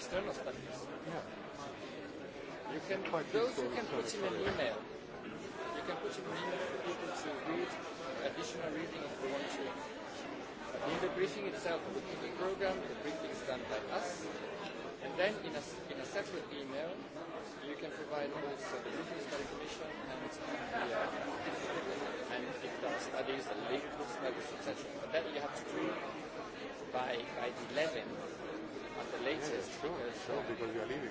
external studies. Yeah. You can those you can put in an email. You can put in an email for people to read additional reading if they want to. In the briefing itself, the briefing program, the briefing is done by us, and then in a, in a separate email, you can provide also the briefing study commission and, uh, and if there are studies, the link to studies, etc. But then you have to do by, by the 11th the latest. Yeah, sure, sure, because you are leaving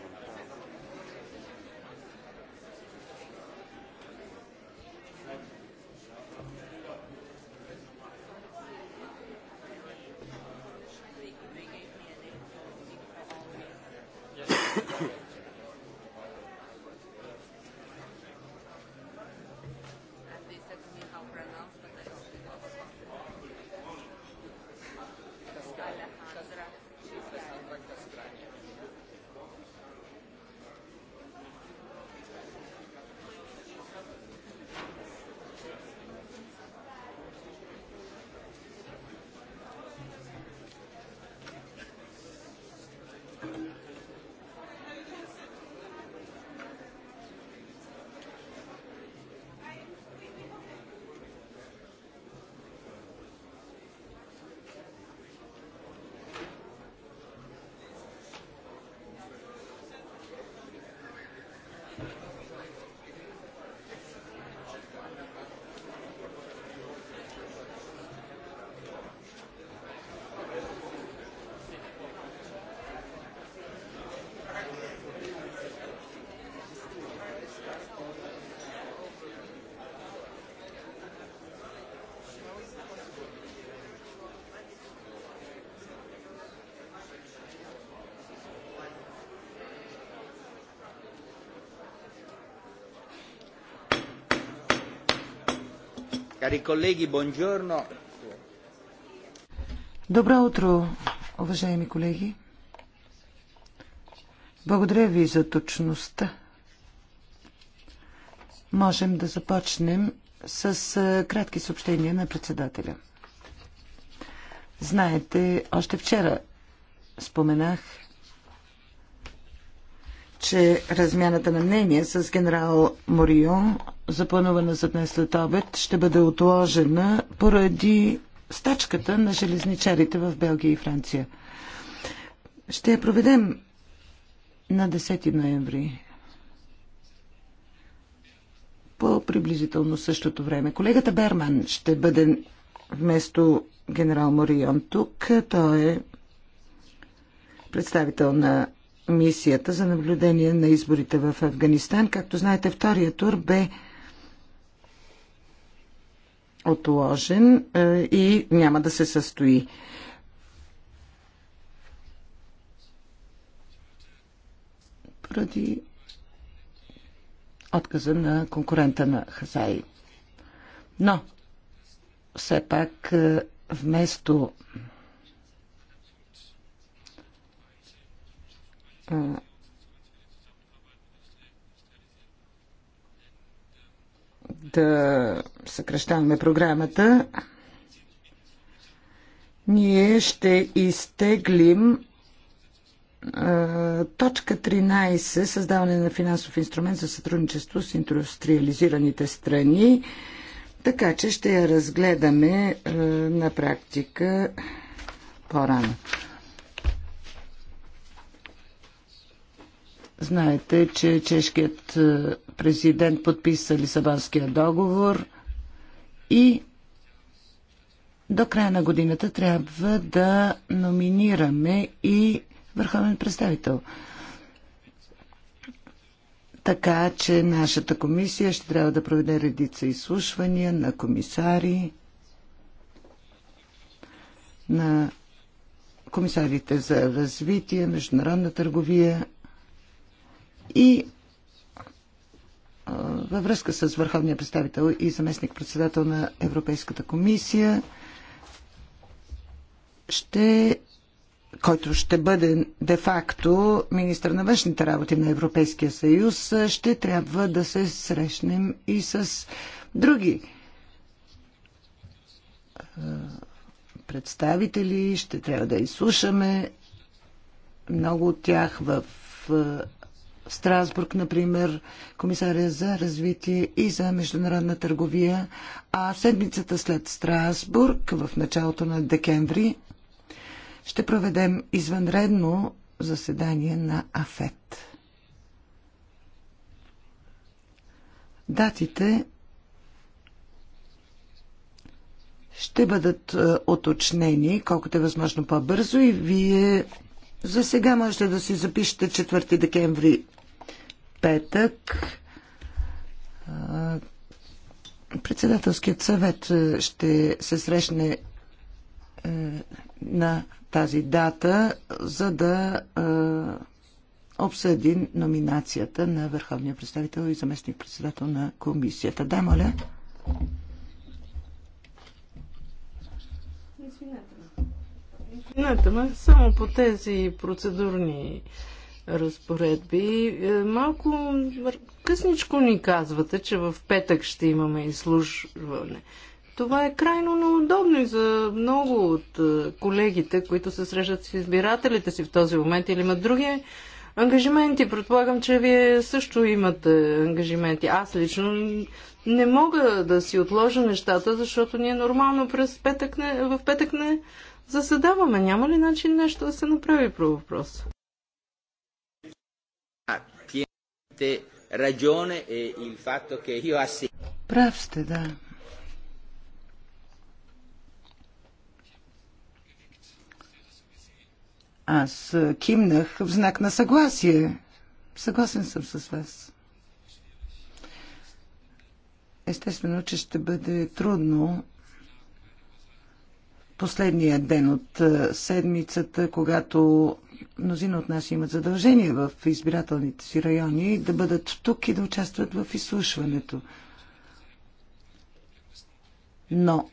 Добро утро, уважаеми колеги. Благодаря ви за точността. Можем да започнем с кратки съобщения на председателя. Знаете, още вчера споменах, че размяната на мнение с генерал Морион запланувана за днес след обед, ще бъде отложена поради стачката на железничарите в Белгия и Франция. Ще я проведем на 10 ноември по приблизително същото време. Колегата Берман ще бъде вместо генерал Морион тук. Той е представител на мисията за наблюдение на изборите в Афганистан. Както знаете, втория тур бе отложен е, и няма да се състои. Поради отказа на конкурента на Хазай. Но, все пак, е, вместо е, да съкрещаваме програмата, ние ще изтеглим точка 13 създаване на финансов инструмент за сътрудничество с индустриализираните страни, така че ще я разгледаме на практика по-рано. Знаете, че чешкият е, президент подписа Лисабонския договор и до края на годината трябва да номинираме и върховен представител. Така че нашата комисия ще трябва да проведе редица изслушвания на комисари, на комисарите за развитие, международна търговия и във връзка с върховния представител и заместник-председател на Европейската комисия, ще, който ще бъде де-факто министър на външните работи на Европейския съюз, ще трябва да се срещнем и с други представители, ще трябва да изслушаме много от тях в Страсбург, например, комисаря за развитие и за международна търговия, а седмицата след Страсбург, в началото на декември, ще проведем извънредно заседание на АФЕТ. Датите ще бъдат оточнени е, колкото е възможно по-бързо и вие за сега можете да си запишете 4 декември петък председателският съвет ще се срещне на тази дата, за да обсъди номинацията на върховния представител и заместник председател на комисията. Да, моля. Извинете ме. Извинете ме. Само по тези процедурни разпоредби. Е, малко късничко ни казвате, че в петък ще имаме изслужване. Това е крайно неудобно и за много от е, колегите, които се срещат с избирателите си в този момент или имат други ангажименти. Предполагам, че вие също имате ангажименти. Аз лично не мога да си отложа нещата, защото ние нормално през петък не, в петък не заседаваме. Няма ли начин нещо да се направи про въпрос? ragione e il fatto che io Прав сте, да. Аз е, кимнах в знак на съгласие. Съгласен съм с вас. Естествено, че ще бъде трудно последния ден от е, седмицата, когато мнозина от нас имат задължение в избирателните си райони да бъдат тук и да участват в изслушването. Но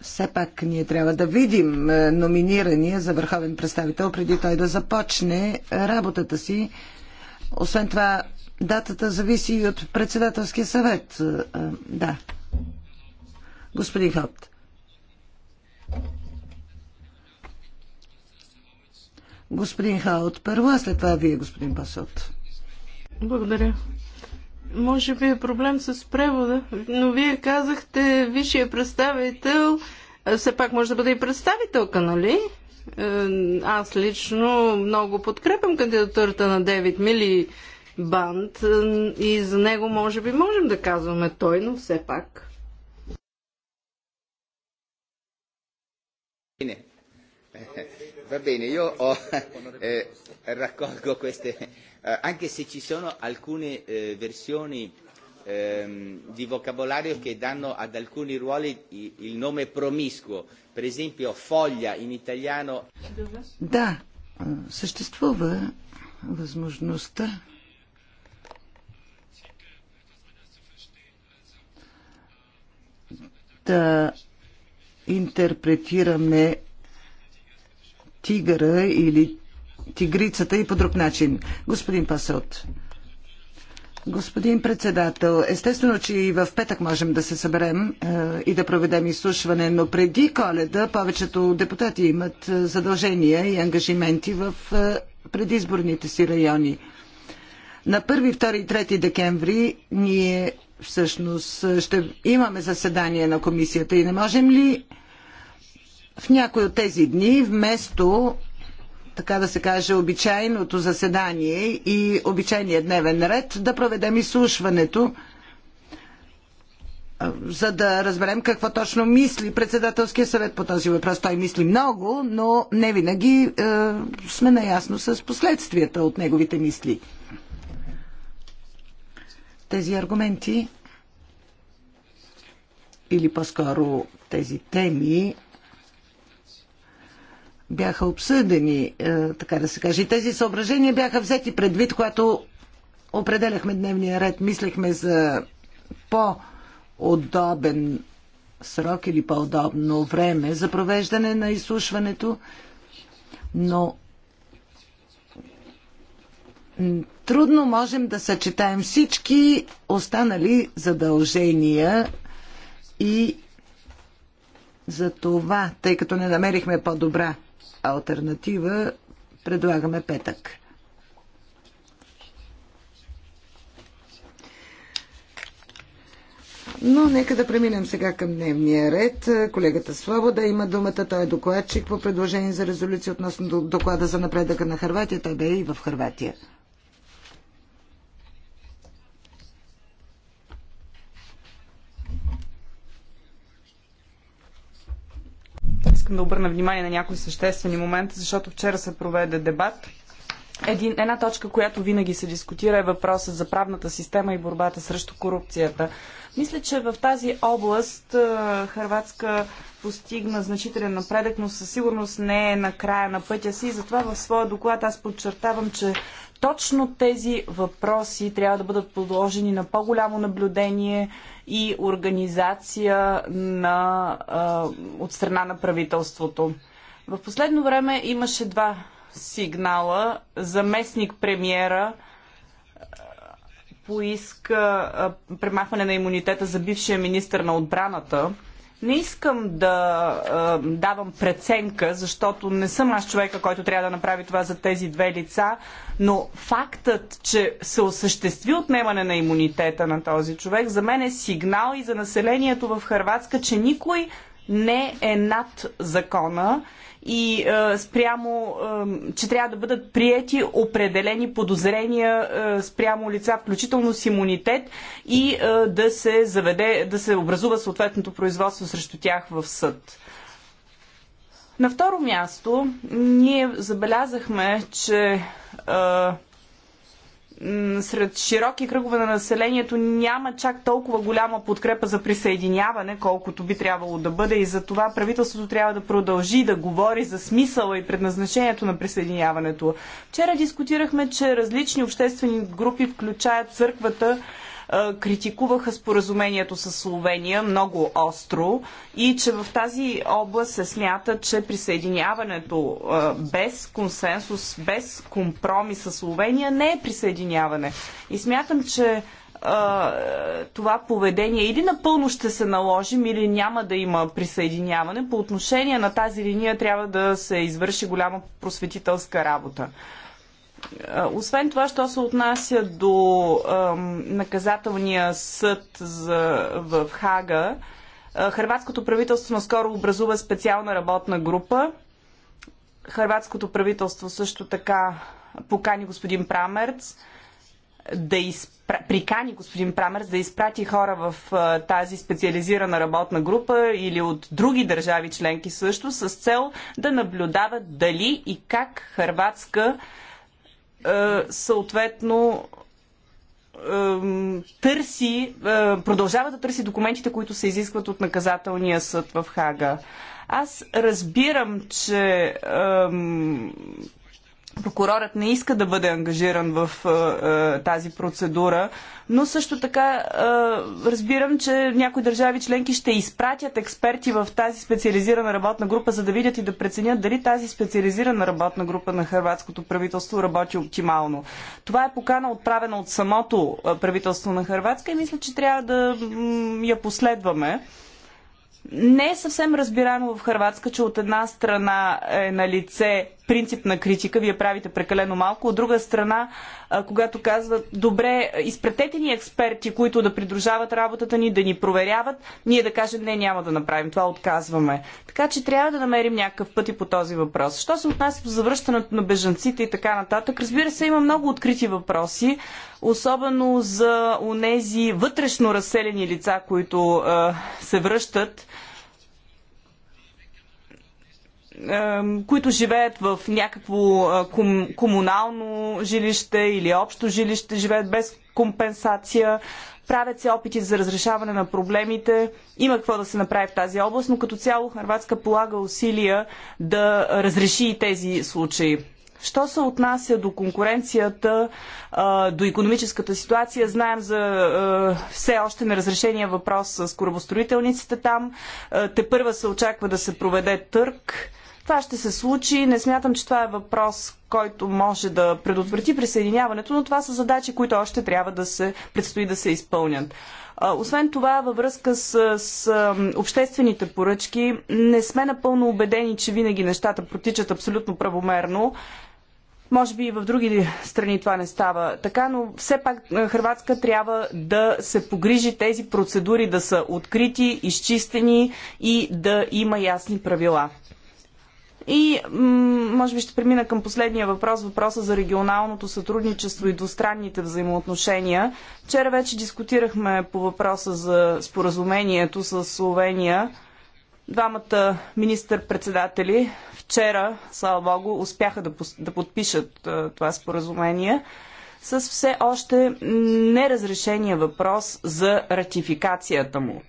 все пак ние трябва да видим е, номинирания за върховен представител преди той да започне работата си. Освен това, датата зависи и от председателския съвет. Е, е, да. Господин Хопт. Господин Хаут първо, а след това вие, господин Пасот. Благодаря. Може би е проблем с превода, но вие казахте висшия представител, все пак може да бъде и представителка, нали? Е, аз лично много подкрепям кандидатурата на Девит Мили Банд е, и за него може би можем да казваме той, но все пак. Не. Va bene, io ho, eh, raccolgo queste, eh, anche se ci sono alcune eh, versioni ehm, di vocabolario che danno ad alcuni ruoli il nome promiscuo, per esempio foglia in italiano. Да, съществува възможността да интерпретираме тигъра или тигрицата и по друг начин. Господин Пасот. Господин председател, естествено, че и в петък можем да се съберем е, и да проведем изслушване, но преди коледа повечето депутати имат е, задължения и ангажименти в е, предизборните си райони. На 1, 2 и 3 декември ние всъщност е, ще имаме заседание на комисията и не можем ли в някои от тези дни, вместо така да се каже, обичайното заседание и обичайния дневен ред, да проведем изслушването, за да разберем какво точно мисли председателския съвет по този въпрос. Той мисли много, но не винаги е, сме наясно с последствията от неговите мисли. Тези аргументи или по-скоро тези теми бяха обсъдени, е, така да се каже. И тези съображения бяха взети предвид, когато определяхме дневния ред. Мислехме за по-удобен срок или по-удобно време за провеждане на изслушването, но трудно можем да съчетаем всички останали задължения и за това, тъй като не намерихме по-добра альтернатива предлагаме петък. Но нека да преминем сега към дневния ред. Колегата Свобода има думата. Той е докладчик по предложение за резолюция относно доклада за напредъка на Харватия. Той бе и в Харватия. Искам да обърна внимание на някои съществени моменти, защото вчера се проведе дебат един, една точка, която винаги се дискутира е въпросът за правната система и борбата срещу корупцията. Мисля, че в тази област Харватска постигна значителен напредък, но със сигурност не е на края на пътя си. Затова в своя доклад аз подчертавам, че точно тези въпроси трябва да бъдат подложени на по-голямо наблюдение и организация на, от страна на правителството. В последно време имаше два сигнала, заместник премьера поиска премахване на имунитета за бившия министр на отбраната. Не искам да давам преценка, защото не съм аз човека, който трябва да направи това за тези две лица, но фактът, че се осъществи отнемане на имунитета на този човек, за мен е сигнал и за населението в Харватска, че никой не е над закона и а, е, спрямо, а, е, че трябва да бъдат приети определени подозрения а, е, спрямо лица, включително с имунитет и а, да се заведе, да се образува съответното производство срещу тях в съд. На второ място, ние забелязахме, че а, сред широки кръгове на населението няма чак толкова голяма подкрепа за присъединяване, колкото би трябвало да бъде и за това правителството трябва да продължи да говори за смисъла и предназначението на присъединяването. Вчера дискутирахме, че различни обществени групи, включая църквата, критикуваха споразумението с Словения много остро и че в тази област се смята, че присъединяването без консенсус, без компромис с Словения не е присъединяване. И смятам, че това поведение или напълно ще се наложим, или няма да има присъединяване. По отношение на тази линия трябва да се извърши голяма просветителска работа. Освен това, що се отнася до наказателния съд за, в Хага, Хрватското правителство наскоро образува специална работна група. Хрватското правителство също така покани господин Прамерц да изпра... прикани господин Прамерц да изпрати хора в а, тази специализирана работна група или от други държави членки също с цел да наблюдават дали и как Хрватска е, съответно търси, е, продължава да търси документите, които се изискват от наказателния съд в Хага. Аз разбирам, че Прокурорът не иска да бъде ангажиран в е, е, тази процедура, но също така е, разбирам, че някои държави членки ще изпратят експерти в тази специализирана работна група, за да видят и да преценят дали тази специализирана работна група на хърватското правителство работи оптимално. Това е покана отправена от самото правителство на Хърватска и мисля, че трябва да я последваме. Не е съвсем разбираемо в Хрватска, че от една страна е на лице принципна критика, вие правите прекалено малко. От друга страна, когато казват, добре, изпратете ни експерти, които да придружават работата ни, да ни проверяват, ние да кажем, не, няма да направим, това отказваме. Така че трябва да намерим някакъв път и по този въпрос. Що се отнася до завръщането на бежанците и така нататък, разбира се, има много открити въпроси, особено за онези вътрешно разселени лица, които е, се връщат които живеят в някакво комунално жилище или общо жилище, живеят без компенсация, правят се опити за разрешаване на проблемите. Има какво да се направи в тази област, но като цяло Харватска полага усилия да разреши и тези случаи. Що се отнася до конкуренцията, до економическата ситуация, знаем за все още неразрешения въпрос с корабостроителниците там. Те първа се очаква да се проведе търк това ще се случи. Не смятам, че това е въпрос, който може да предотврати присъединяването, но това са задачи, които още трябва да се предстои да се изпълнят. Освен това, във връзка с, с обществените поръчки, не сме напълно убедени, че винаги нещата протичат абсолютно правомерно. Може би и в други страни това не става така, но все пак Хрватска трябва да се погрижи тези процедури да са открити, изчистени и да има ясни правила. И може би ще премина към последния въпрос, въпроса за регионалното сътрудничество и двустранните взаимоотношения. Вчера вече дискутирахме по въпроса за споразумението с Словения. Двамата министър-председатели вчера, слава богу, успяха да, да подпишат това споразумение с все още неразрешения въпрос за ратификацията му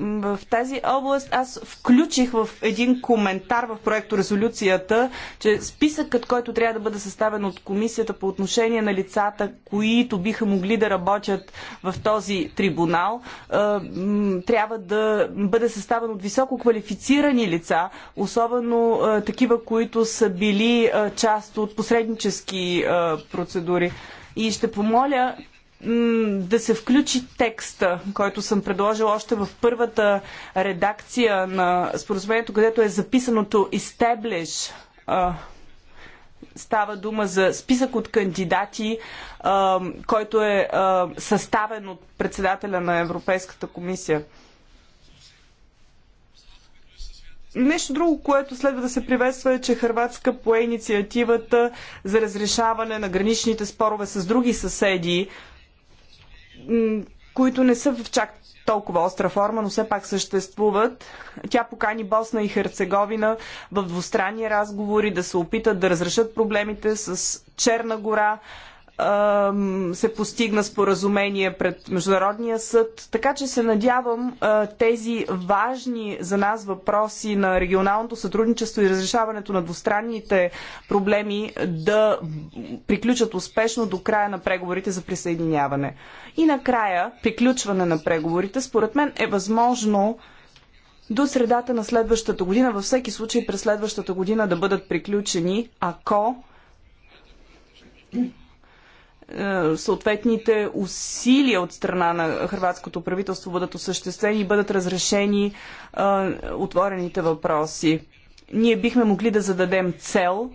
в тази област аз включих в един коментар в проекта резолюцията, че списъкът, който трябва да бъде съставен от комисията по отношение на лицата, които биха могли да работят в този трибунал, трябва да бъде съставен от високо квалифицирани лица, особено такива, които са били част от посреднически процедури. И ще помоля да се включи текста, който съм предложил още в първата редакция на споразумението, където е записаното establish. Става дума за списък от кандидати, който е съставен от председателя на Европейската комисия. Нещо друго, което следва да се приветства е, че Хрватска пое инициативата за разрешаване на граничните спорове с други съседи, които не са в чак толкова остра форма, но все пак съществуват. Тя покани Босна и Херцеговина в двустранни разговори да се опитат да разрешат проблемите с Черна гора, се постигна споразумение пред Международния съд. Така че се надявам тези важни за нас въпроси на регионалното сътрудничество и разрешаването на двустранните проблеми да приключат успешно до края на преговорите за присъединяване. И накрая, приключване на преговорите, според мен е възможно до средата на следващата година, във всеки случай през следващата година да бъдат приключени, ако е, съответните усилия от страна на хрватското правителство бъдат осъществени и бъдат разрешени е, отворените въпроси. Ние бихме могли да зададем цел.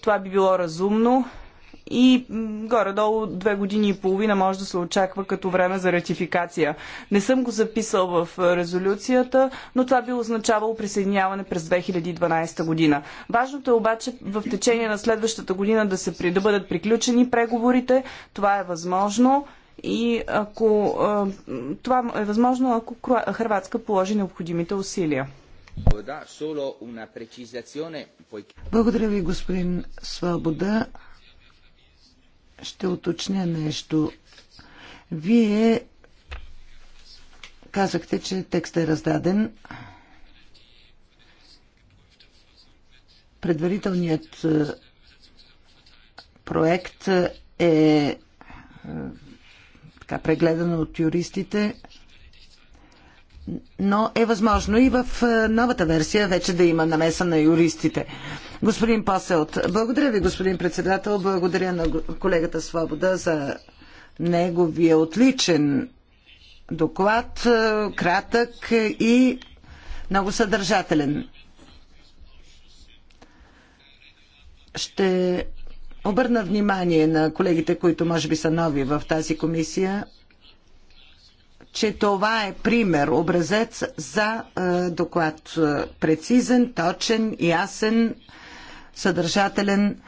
Това би било разумно и горе-долу две години и половина може да се очаква като време за ратификация. Не съм го записал в резолюцията, но това би означавало присъединяване през 2012 година. Важното е обаче в течение на следващата година да, се, да бъдат приключени преговорите. Това е възможно. И ако това е възможно, ако Хрватска положи необходимите усилия. Благодаря ви, господин Свобода ще уточня нещо. Вие казахте, че текстът е раздаден. Предварителният е, проект е, е така прегледан от юристите но е възможно и в е, новата версия вече да има намеса на юристите. Господин Поселт, благодаря ви, господин председател, благодаря на колегата Свобода за неговия отличен доклад, е, кратък и много съдържателен. Ще обърна внимание на колегите, които може би са нови в тази комисия, че това е пример, образец за е, доклад. Е, прецизен, точен, ясен, съдържателен.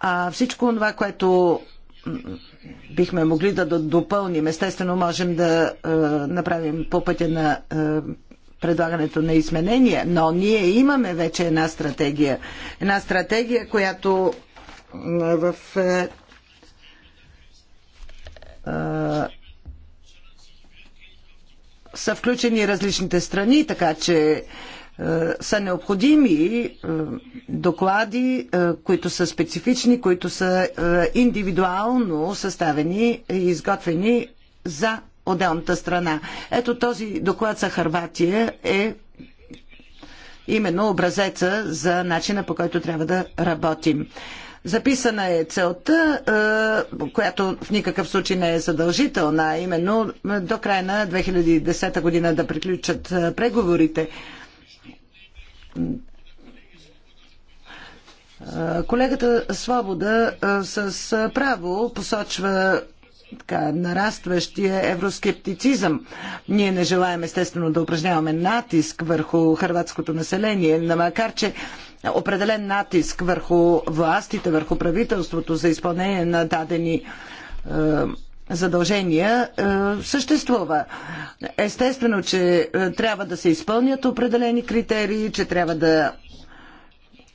А всичко това, което бихме могли да допълним, естествено можем да е, направим по пътя на предлагането на изменения, но ние имаме вече една стратегия. Една стратегия, която в са включени различните страни, така че са необходими доклади, които са специфични, които са индивидуално съставени и изготвени за отделната страна. Ето този доклад за Харватия е именно образеца за начина по който трябва да работим. Записана е целта, е, която в никакъв случай не е задължителна, а именно е, до края на 2010 година да приключат е, преговорите. Колегата Свобода с право посочва така, нарастващия евроскептицизъм. Ние не желаем естествено да упражняваме натиск върху хрватското население, макар че определен натиск върху властите, върху правителството за изпълнение на дадени е, задължения е, съществува. Естествено, че е, трябва да се изпълнят определени критерии, че трябва да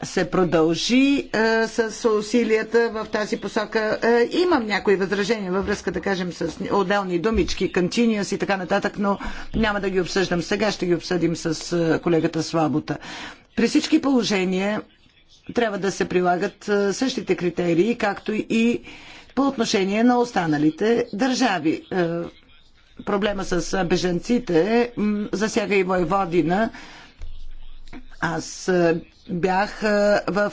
се продължи с усилията в тази посока. имам някои възражения във връзка, да кажем, с отделни думички, continuous и така нататък, но няма да ги обсъждам сега, ще ги обсъдим с колегата Слабота. При всички положения трябва да се прилагат същите критерии, както и по отношение на останалите държави. проблема с беженците засяга и Войводина. Аз бях в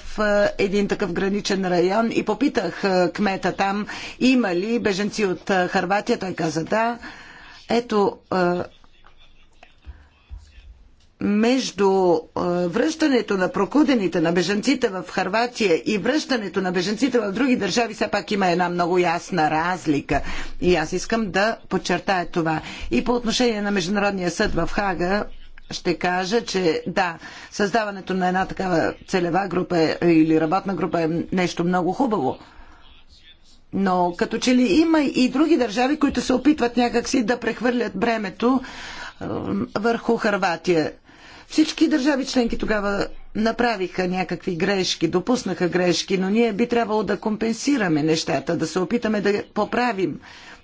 един такъв граничен район и попитах кмета там има ли беженци от Харватия. Той каза да. Ето, между връщането на прокудените на бежанците в Харватия и връщането на бежанците в други държави все пак има една много ясна разлика. И аз искам да подчертая това. И по отношение на Международния съд в Хага, ще кажа, че да, създаването на една такава целева група е, или работна група е нещо много хубаво. Но като че ли има и други държави, които се опитват някакси да прехвърлят бремето е, върху Харватия. Всички държави членки тогава направиха някакви грешки, допуснаха грешки, но ние би трябвало да компенсираме нещата, да се опитаме да поправим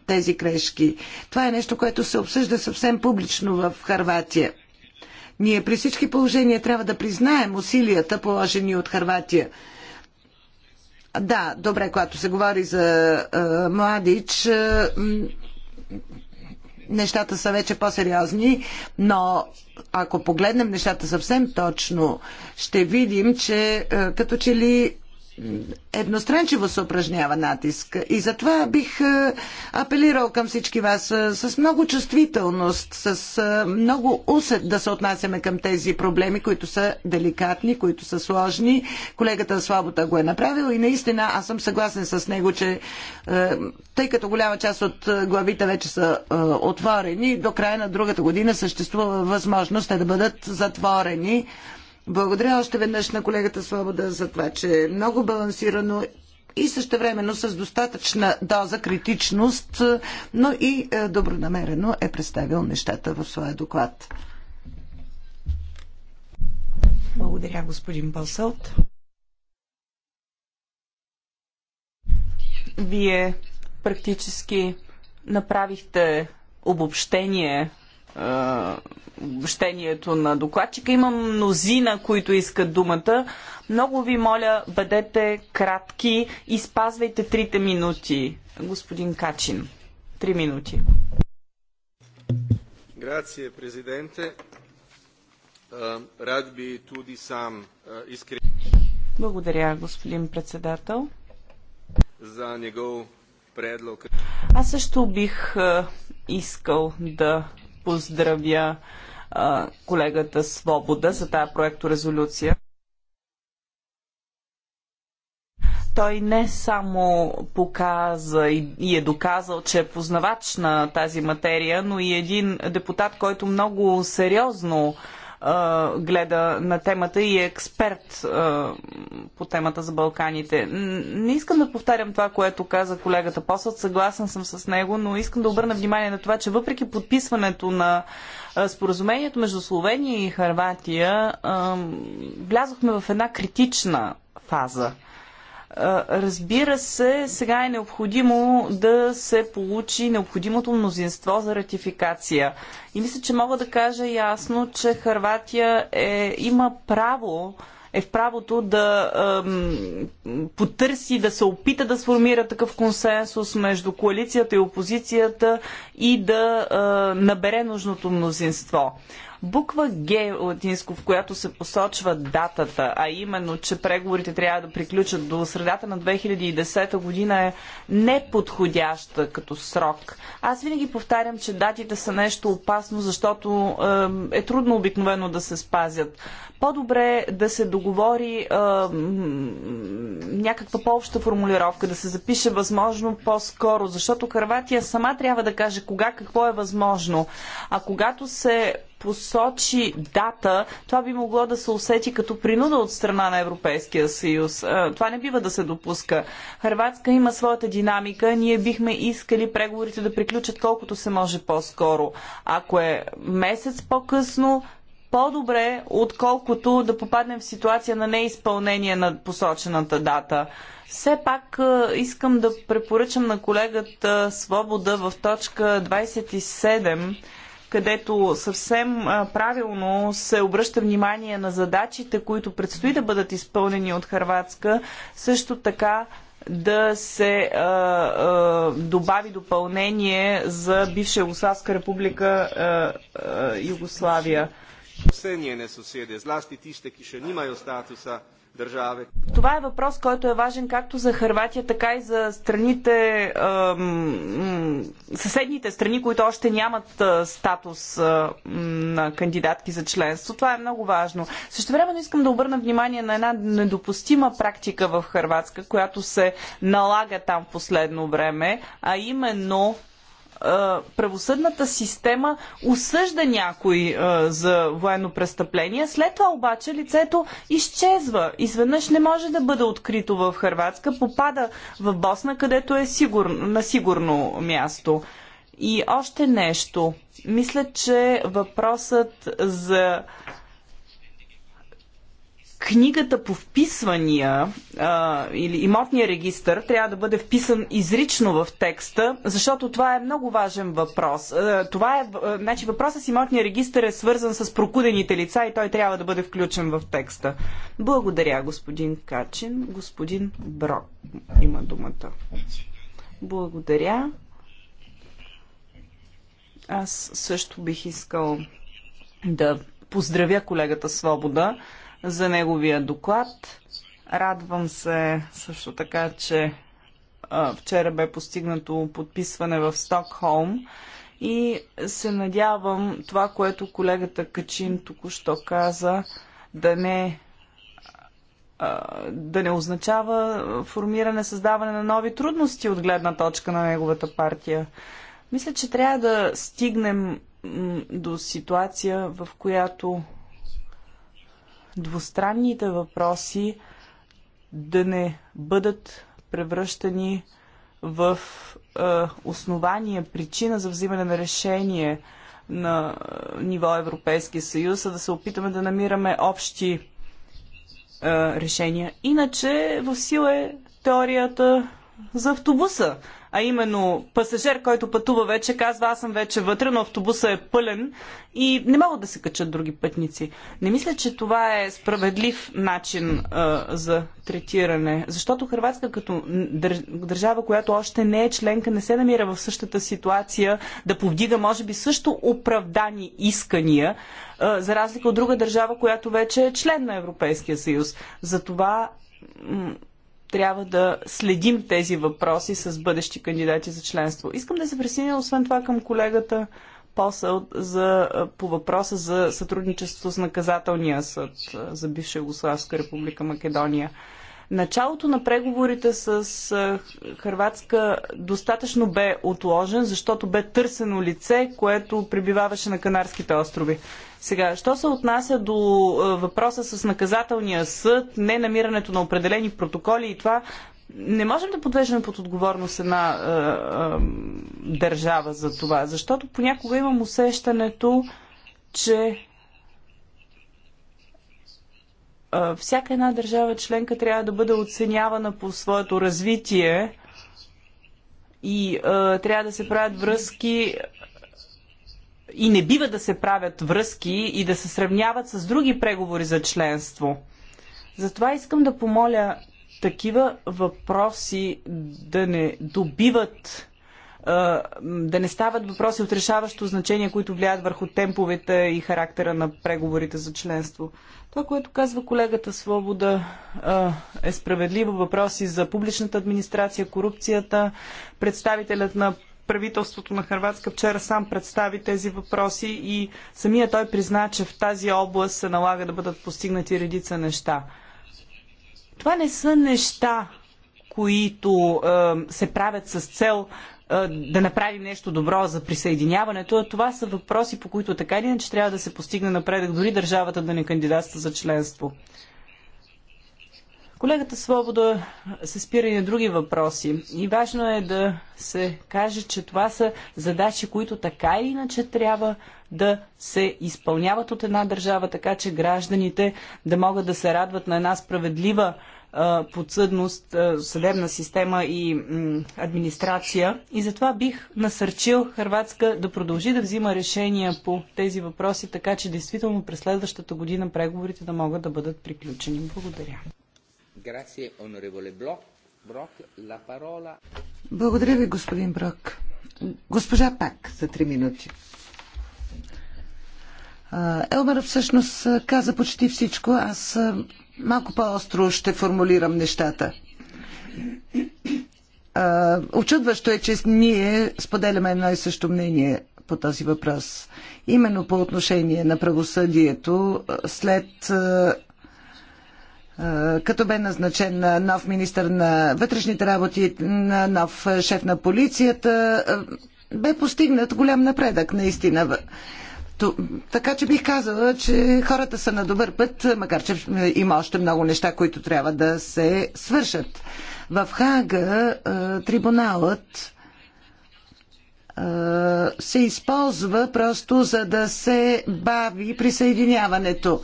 тези грешки. Това е нещо, което се обсъжда съвсем публично в Харватия. Ние при всички положения трябва да признаем усилията, положени от Харватия. Да, добре, когато се говори за е, младич, е, нещата са вече по-сериозни, но ако погледнем нещата съвсем точно, ще видим, че е, като че ли едностранчиво се упражнява натиск. И затова бих е, апелирал към всички вас е, с много чувствителност, с е, много усет да се отнасяме към тези проблеми, които са деликатни, които са сложни. Колегата Слабота го е направил и наистина аз съм съгласен с него, че тъй като голяма част от главите вече са отворени, до края на другата година съществува възможност те да бъдат затворени благодаря още веднъж на колегата Свобода за това, че е много балансирано и също времено с достатъчна доза критичност, но и е, добронамерено е представил нещата в своя доклад. Благодаря, господин Басълт. Вие практически направихте обобщение обобщението на докладчика. Има мнозина, които искат думата. Много ви моля, бъдете кратки и спазвайте трите минути. Господин Качин, три минути. Грация, президенте. Рад би туди сам искрен. Благодаря, господин председател. За негов предлог. Аз също бих искал да поздравя а, колегата Свобода за тази проекторезолюция. той не само показа и, е доказал, че е познавач на тази материя, но и един депутат, който много сериозно гледа на темата и е експерт по темата за Балканите. Не искам да повтарям това, което каза колегата Посът, съгласен съм с него, но искам да обърна внимание на това, че въпреки подписването на споразумението между Словения и Харватия, влязохме в една критична фаза – Разбира се, сега е необходимо да се получи необходимото мнозинство за ратификация. И мисля, че мога да кажа ясно, че Харватия е, има право е в правото да ем, потърси, да се опита да сформира такъв консенсус между коалицията и опозицията и да е, набере нужното мнозинство буква Г латинско, в която се посочва датата, а именно, че преговорите трябва да приключат до средата на 2010 година е неподходяща като срок. Аз винаги повтарям, че датите са нещо опасно, защото е, е трудно обикновено да се спазят. По-добре да се договори е, някаква по-обща формулировка, да се запише възможно по-скоро, защото Харватия сама трябва да каже кога какво е възможно. А когато се посочи дата, това би могло да се усети като принуда от страна на Европейския съюз. Е, това не бива да се допуска. Хрватска има своята динамика. Ние бихме искали преговорите да приключат колкото се може по-скоро. Ако е месец по-късно, по-добре, отколкото да попаднем в ситуация на неизпълнение на посочената дата. Все пак е, искам да препоръчам на колегата Свобода в точка 27 където съвсем правилно се обръща внимание на задачите, които предстои да бъдат изпълнени от Харватска, също така да се а, а, добави допълнение за бивша Югославска република а, а, Югославия. Vse не съседи, зласти тиште, ki še nimajo държави. Това е въпрос, който е важен както за Харватия, така и за страните, съседните страни, които още нямат статус на кандидатки за членство. Това е много важно. Също време искам да обърна внимание на една недопустима практика в Харватска, която се налага там в последно време, а именно правосъдната система осъжда някой за военно престъпление. След това обаче лицето изчезва. Изведнъж не може да бъде открито в Харватска, попада в Босна, където е сигур... на сигурно място. И още нещо. Мисля, че въпросът за книгата по вписвания а, или имотния регистр трябва да бъде вписан изрично в текста, защото това е много важен въпрос. А, това е, а, значи въпросът с имотния регистр е свързан с прокудените лица и той трябва да бъде включен в текста. Благодаря, господин Качин. Господин Брок има думата. Благодаря. Аз също бих искал да поздравя колегата Свобода за неговия доклад. Радвам се също така, че а, вчера бе постигнато подписване в Стокхолм и се надявам това, което колегата Качин току-що каза, да не да не означава формиране, създаване на нови трудности от гледна точка на неговата партия. Мисля, че трябва да стигнем до ситуация, в която двустранните въпроси да не бъдат превръщани в е, основание, причина за взимане на решение на е, ниво Европейския съюз, а да се опитаме да намираме общи е, решения. Иначе в сила е теорията за автобуса а именно пасажир, който пътува вече, казва аз съм вече вътре, но автобуса е пълен и не могат да се качат други пътници. Не мисля, че това е справедлив начин а, за третиране, защото Хрватска като държава, която още не е членка, не се намира в същата ситуация да повдига, може би, също оправдани искания, а, за разлика от друга държава, която вече е член на Европейския съюз. Затова трябва да следим тези въпроси с бъдещи кандидати за членство. Искам да се присъединя освен това към колегата Посъл за, по въпроса за сътрудничество с наказателния съд за бивша Югославска република Македония. Началото на преговорите с Хрватска достатъчно бе отложен, защото бе търсено лице, което пребиваваше на Канарските острови. Сега, що се отнася до въпроса с наказателния съд, не намирането на определени протоколи и това, не можем да подвеждаме под отговорност една е, е, държава за това, защото понякога имам усещането, че всяка една държава членка трябва да бъде оценявана по своето развитие и а, трябва да се правят връзки и не бива да се правят връзки и да се сравняват с други преговори за членство. Затова искам да помоля такива въпроси да не добиват да не стават въпроси от решаващо значение, които влияят върху темповете и характера на преговорите за членство. Това, което казва колегата Свобода, е справедливо. Въпроси за публичната администрация, корупцията. Представителят на правителството на Харватска вчера сам представи тези въпроси и самия той призна, че в тази област се налага да бъдат постигнати редица неща. Това не са неща, които е, се правят с цел да направим нещо добро за присъединяването, а това са въпроси, по които така или иначе трябва да се постигне напредък, дори държавата да не кандидатства за членство. Колегата Свобода се спира и на други въпроси. И важно е да се каже, че това са задачи, които така или иначе трябва да се изпълняват от една държава, така че гражданите да могат да се радват на една справедлива подсъдност, съдебна система и администрация. И затова бих насърчил Харватска да продължи да взима решения по тези въпроси, така че действително през следващата година преговорите да могат да бъдат приключени. Благодаря. Благодаря ви, господин Брок. Госпожа Пак за три минути. Елмар всъщност каза почти всичко. Аз малко по-остро ще формулирам нещата. Очудващо е, че ние споделяме едно и също мнение по този въпрос. Именно по отношение на правосъдието, след като бе назначен нов министр на вътрешните работи, на нов шеф на полицията, бе постигнат голям напредък, наистина. Така че бих казала, че хората са на добър път, макар че е, има още много неща, които трябва да се свършат. В Хага е, трибуналът е, се използва просто за да се бави присъединяването.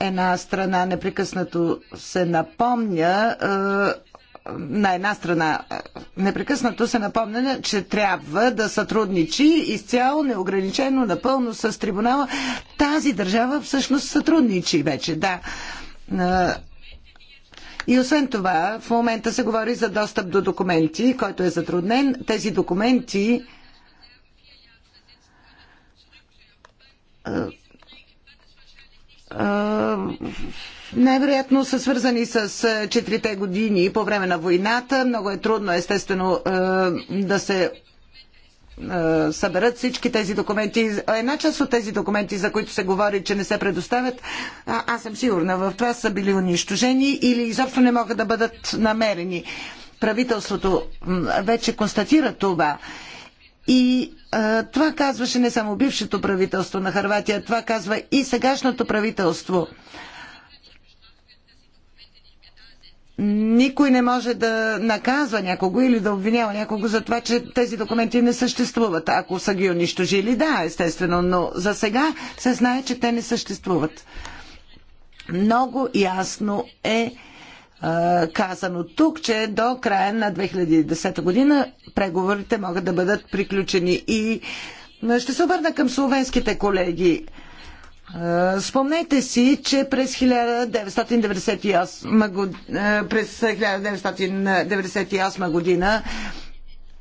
Една страна непрекъснато се напомня на една страна е, непрекъснато се напомня, че трябва да сътрудничи изцяло, неограничено, напълно с трибунала. Тази държава всъщност сътрудничи вече, да. Е, и освен това, в момента се говори за достъп до документи, който е затруднен. Тези документи а, е, а, най-вероятно са свързани с четирите години по време на войната. Много е трудно, естествено, да се съберат всички тези документи. Една част от тези документи, за които се говори, че не се предоставят, аз съм сигурна, в това са били унищожени или изобщо не могат да бъдат намерени. Правителството вече констатира това. И а, това казваше не само бившето правителство на Харватия, това казва и сегашното правителство никой не може да наказва някого или да обвинява някого за това, че тези документи не съществуват. Ако са ги унищожили, да, естествено, но за сега се знае, че те не съществуват. Много ясно е казано тук, че до края на 2010 година преговорите могат да бъдат приключени. И ще се обърна към словенските колеги. Е, спомнете си, че през 1998, год... Е, през 1998 година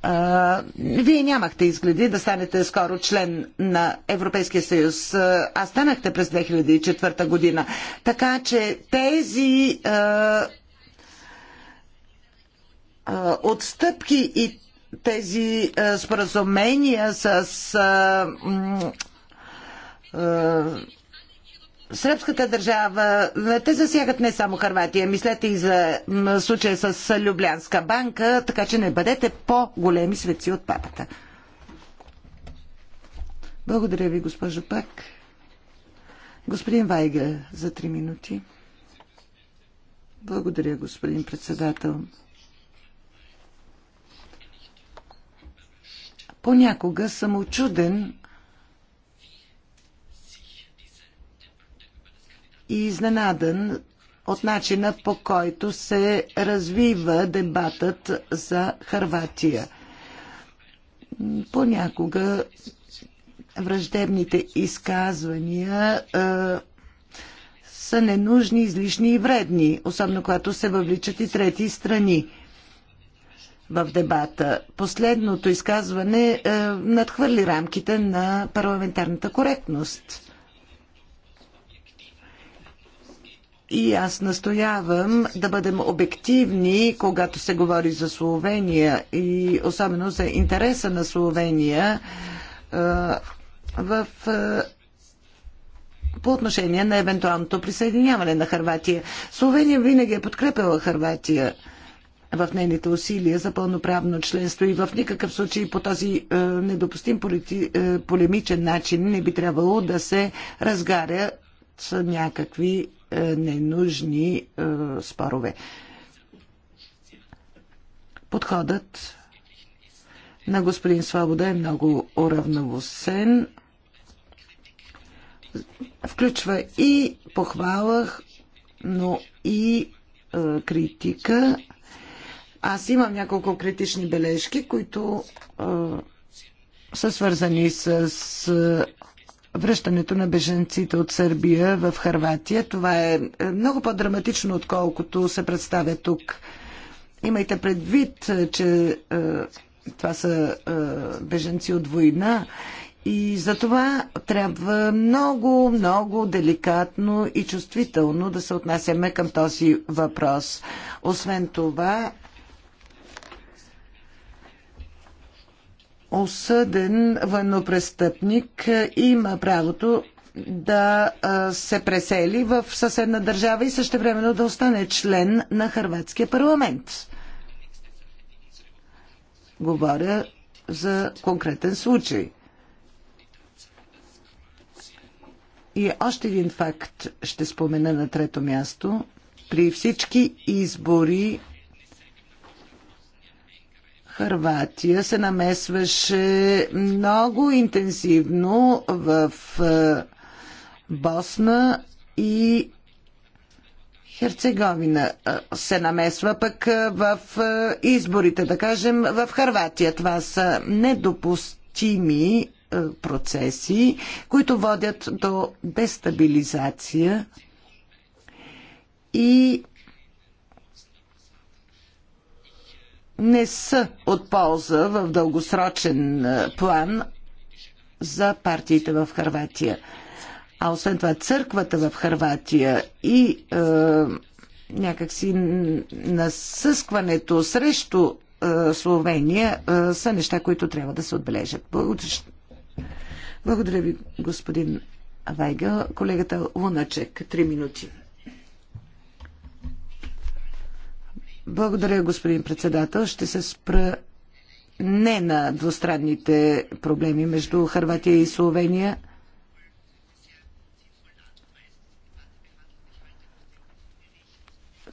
а, е, вие нямахте изгледи да станете скоро член на Европейския съюз. А станахте през 2004 година. Така че тези а, а, отстъпки и тези споразумения с сръбската държава, е, те засягат не само Харватия. Мислете и за случая с Люблянска банка, така че не бъдете по-големи светци от папата. Благодаря ви, госпожо Пак. Господин Вайга, за три минути. Благодаря, господин председател. Понякога съм очуден и изненадан от начина по който се развива дебатът за Харватия. Понякога враждебните изказвания е, са ненужни, излишни и вредни, особено когато се въвличат и трети страни в дебата. Последното изказване е, надхвърли рамките на парламентарната коректност. И аз настоявам да бъдем обективни, когато се говори за Словения и особено за интереса на Словения в по отношение на евентуалното присъединяване на Харватия. Словения винаги е подкрепила Харватия в нейните усилия за пълноправно членство и в никакъв случай по този е, недопустим полити, е, полемичен начин не би трябвало да се разгаря с някакви е, ненужни е, спорове. Подходът на господин Свобода е много уравновосен, Включва и похвала, но и е, критика. Аз имам няколко критични бележки, които е, са свързани с връщането на беженците от Сърбия в Харватия. Това е, е много по-драматично, отколкото се представя тук. Имайте предвид, е, че е, това са е, беженци от война и за това трябва много, много деликатно и чувствително да се отнасяме към този въпрос. Освен това, осъден военнопрестъпник е, има правото да е, се пресели в съседна държава и също времено да остане член на Харватския парламент. Говоря за конкретен случай. И още един факт ще спомена на трето място. При всички избори Харватия се намесваше много интензивно в е, Босна и Херцеговина е, се намесва пък е, в изборите, да кажем, в Харватия. Това са недопустими процеси, които водят до дестабилизация и не са от полза в дългосрочен е, план за партиите в Харватия. А освен това, църквата в Харватия и е, някакси насъскването срещу е, Словения е, са неща, които трябва да се отбележат. Благодаря, Благодаря ви, господин Вайга. Колегата Луначек, три минути. Благодаря, господин председател. Ще се спра не на двустранните проблеми между Харватия и Словения.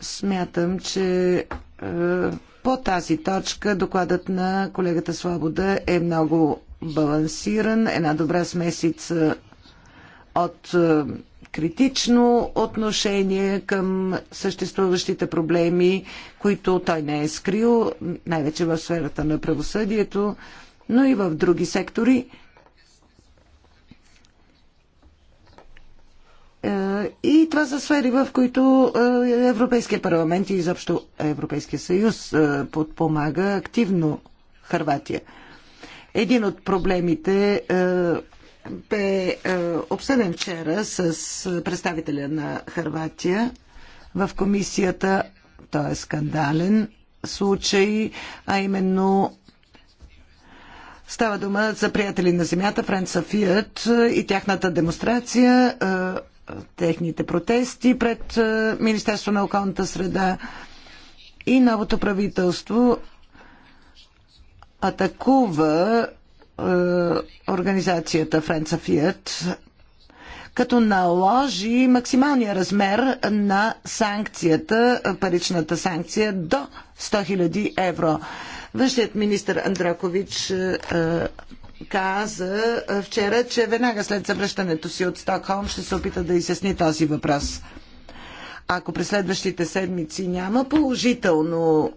Смятам, че е, по тази точка докладът на колегата Слабода е много балансиран, една добра смесица от е, критично отношение към съществуващите проблеми, които той не е скрил, най-вече в сферата на правосъдието, но и в други сектори. Е, и това са сфери, в които е, Европейския парламент и изобщо Европейския съюз е, подпомага активно Харватия. Един от проблемите бе е, обсъден вчера с представителя на Харватия в комисията. Той е скандален случай, а именно става дума за приятели на земята, Френца Фиат и тяхната демонстрация, е, техните протести пред е, Министерство на околната среда и новото правителство атакува е, организацията of Фиат, като наложи максималния размер на санкцията, паричната санкция до 100 000 евро. Външният министр Андракович е, е, каза вчера, че веднага след завръщането си от Стокхолм ще се опита да изясни този въпрос. Ако през следващите седмици няма положително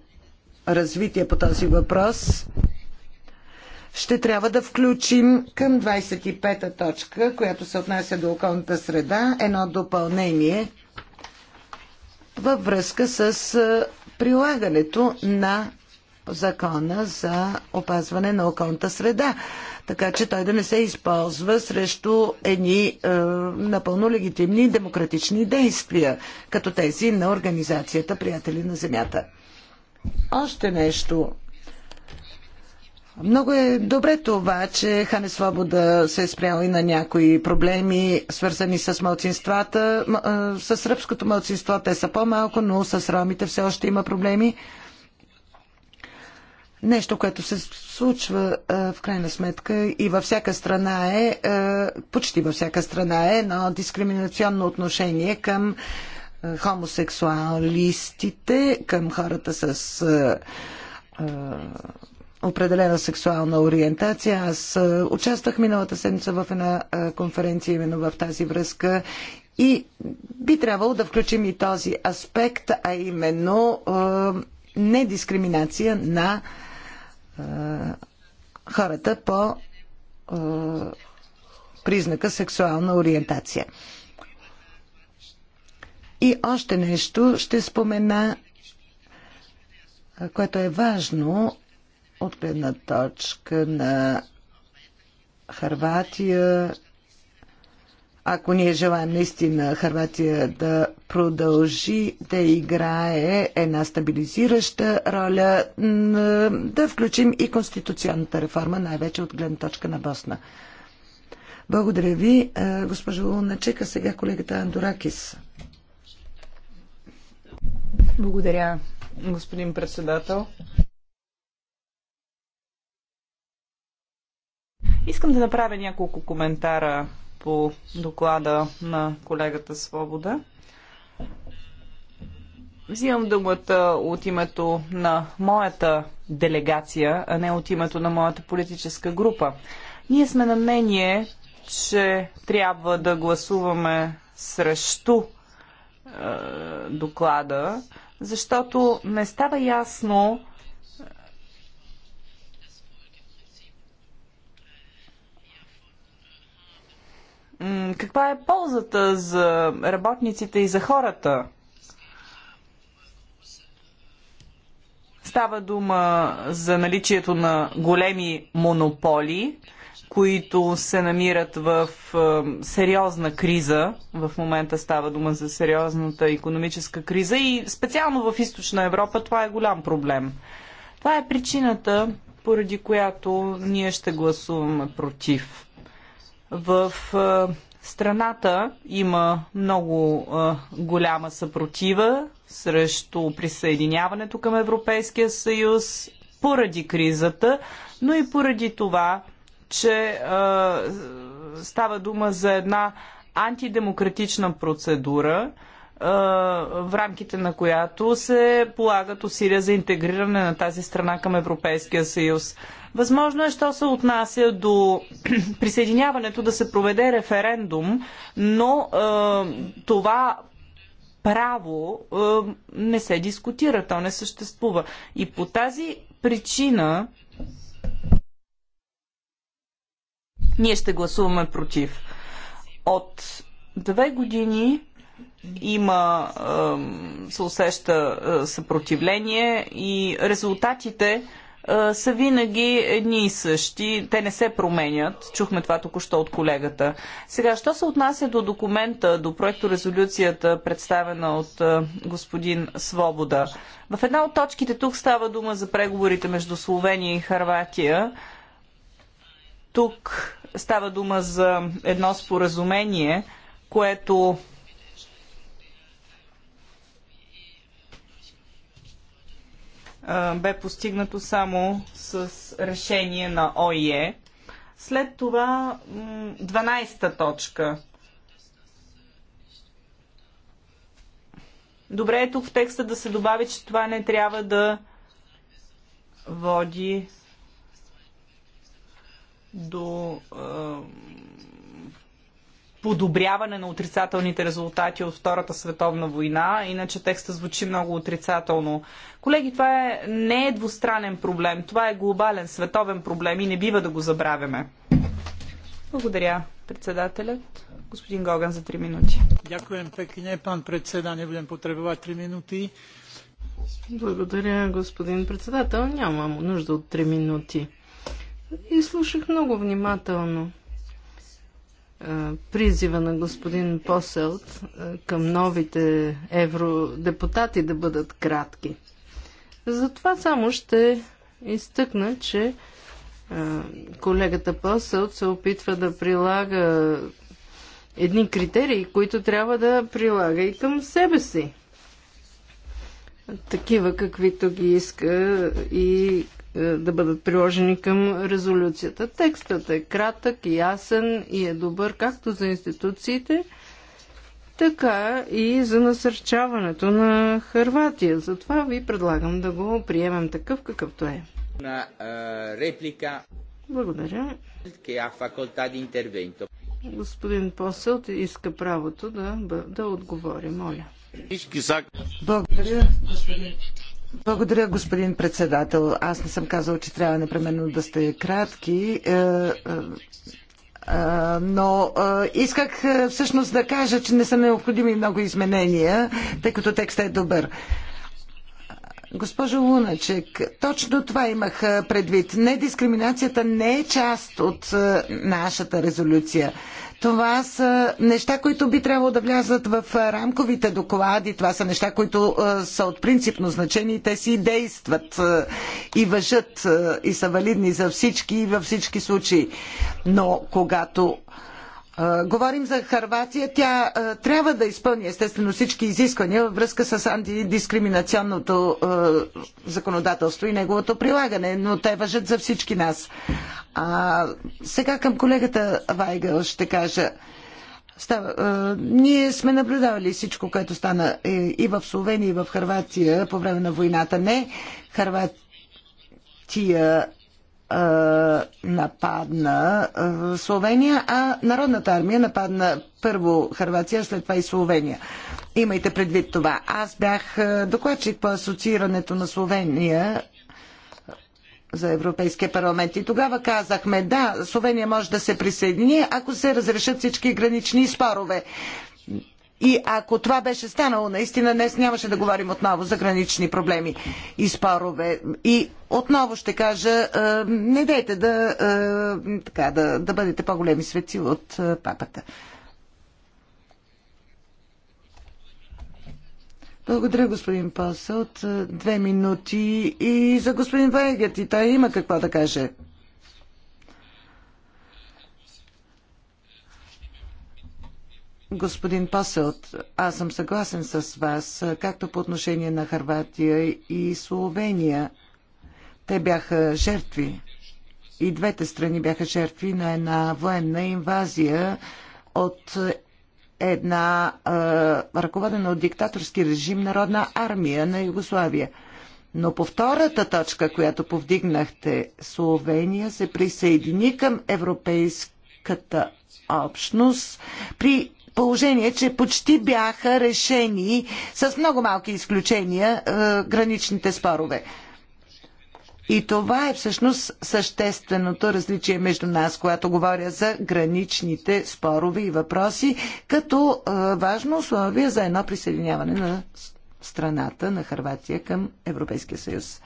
развитие по този въпрос, ще трябва да включим към 25-та точка, която се отнася до околната среда, едно допълнение във връзка с прилагането на закона за опазване на околната среда, така че той да не се използва срещу едни е, напълно легитимни демократични действия, като тези на организацията Приятели на Земята. Още нещо много е добре това, че Хане Свобода се е спрял и на някои проблеми, свързани с мълцинствата. С сръбското мълцинство те са по-малко, но с ромите все още има проблеми. Нещо, което се случва в крайна сметка и във всяка страна е, почти във всяка страна е, едно дискриминационно отношение към хомосексуалистите, към хората с определена сексуална ориентация. Аз е, участвах миналата седмица в една е, конференция именно в тази връзка и би трябвало да включим и този аспект, а именно е, недискриминация на е, хората по е, признака сексуална ориентация. И още нещо ще спомена, е, което е важно от гледна точка на Харватия, ако ние желаем наистина Харватия да продължи да играе една стабилизираща роля, да включим и конституционната реформа, най-вече от гледна точка на Босна. Благодаря ви, е, госпожо Луначека. Сега колегата Андоракис. Благодаря, господин председател. Искам да направя няколко коментара по доклада на колегата Свобода. Взимам думата от името на моята делегация, а не от името на моята политическа група. Ние сме на мнение, че трябва да гласуваме срещу е, доклада, защото не става ясно каква е ползата за работниците и за хората? Става дума за наличието на големи монополи, които се намират в е, сериозна криза. В момента става дума за сериозната економическа криза и специално в Източна Европа това е голям проблем. Това е причината, поради която ние ще гласуваме против в страната има много голяма съпротива срещу присъединяването към Европейския съюз поради кризата, но и поради това, че става дума за една антидемократична процедура, в рамките на която се полагат усилия за интегриране на тази страна към Европейския съюз. Възможно е, що се отнася до присъединяването да се проведе референдум, но е, това право е, не се дискутира, то не съществува. И по тази причина ние ще гласуваме против. От две години има, се усеща съпротивление и резултатите са винаги едни и същи. Те не се променят. Чухме това току-що от колегата. Сега, що се отнася до документа, до проекто резолюцията, представена от господин Свобода? В една от точките тук става дума за преговорите между Словения и Харватия. Тук става дума за едно споразумение, което бе постигнато само с решение на ОИЕ. След това 12-та точка. Добре е тук в текста да се добави, че това не трябва да води до подобряване на отрицателните резултати от Втората световна война, иначе текста звучи много отрицателно. Колеги, това е, не е двустранен проблем, това е глобален, световен проблем и не бива да го забравяме. Благодаря, председателят. Господин Гоган за 3 минути. Дякуем Пекине. пан председа, не будем потребовать 3 минути. Благодаря, господин председател. Нямам нужда от 3 минути. И слушах много внимателно призива на господин Поселт към новите евродепутати да бъдат кратки. Затова само ще изтъкна, че колегата Поселт се опитва да прилага едни критерии, които трябва да прилага и към себе си. Такива, каквито ги иска и е, да бъдат приложени към резолюцията. Текстът е кратък и ясен и е добър както за институциите, така и за насърчаването на Харватия. Затова ви предлагам да го приемем такъв какъвто е. На е, реплика. Благодаря. Господин Посълт иска правото да, да отговори, моля. Благодаря, господин. Благодаря, господин председател. Аз не съм казал, че трябва непременно да сте кратки е, е, е, но исках всъщност да кажа, че не са необходими много изменения, тъй като текстът е добър. Госпожо Луначек, точно това имах предвид. Не дискриминацията не е част от нашата резолюция. Това са неща, които би трябвало да влязат в рамковите доклади. Това са неща, които са от принципно значение и те си действат и въжат и са валидни за всички и във всички случаи. Но когато Говорим за Харватия. Тя трябва да изпълни естествено всички изисквания във връзка с антидискриминационното законодателство и неговото прилагане, но те въжат за всички нас. А сега към колегата Вайгъл ще кажа. Става, а, е, ние сме наблюдавали всичко, което стана и в Словения, и в Харватия по време на войната. Не, Харватия а, е, нападна а, е, Словения, а Народната армия нападна първо Харватия, след това и Словения. Имайте предвид това. Аз бях докладчик по асоциирането на Словения за Европейския парламент. И тогава казахме, да, Словения може да се присъедини, ако се разрешат всички гранични спорове. И ако това беше станало, наистина днес нямаше да говорим отново за гранични проблеми и спорове. И отново ще кажа, е, не дейте да, е, така, да, да бъдете по-големи свети от е, папата. Благодаря, господин Паса. От е, две минути и за господин Вайгет. И той има какво да каже. Господин Паселт, аз съм съгласен с вас, е, както по отношение на Харватия и Словения. Те бяха жертви. И двете страни бяха жертви на една военна инвазия от една а, ръководена от диктаторски режим народна армия на Югославия. Но по втората точка, която повдигнахте, Словения се присъедини към европейската общност при положение, че почти бяха решени с много малки изключения граничните спорове. И това е всъщност същественото различие между нас, когато говоря за граничните спорове и въпроси, като важно условие за едно присъединяване на страната на Харватия към Европейския съюз.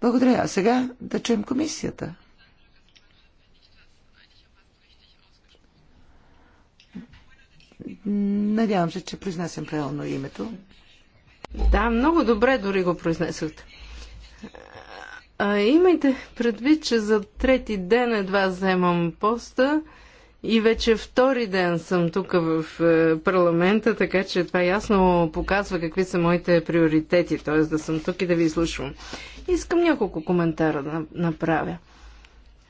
Благодаря. А сега да чуем комисията. Надявам се, че произнасям правилно името. Да, много добре дори го произнесохте. А, имайте предвид, че за трети ден едва вземам поста и вече втори ден съм тук в е, парламента, така че това ясно показва какви са моите приоритети, т.е. да съм тук и да ви слушам. Искам няколко коментара да направя.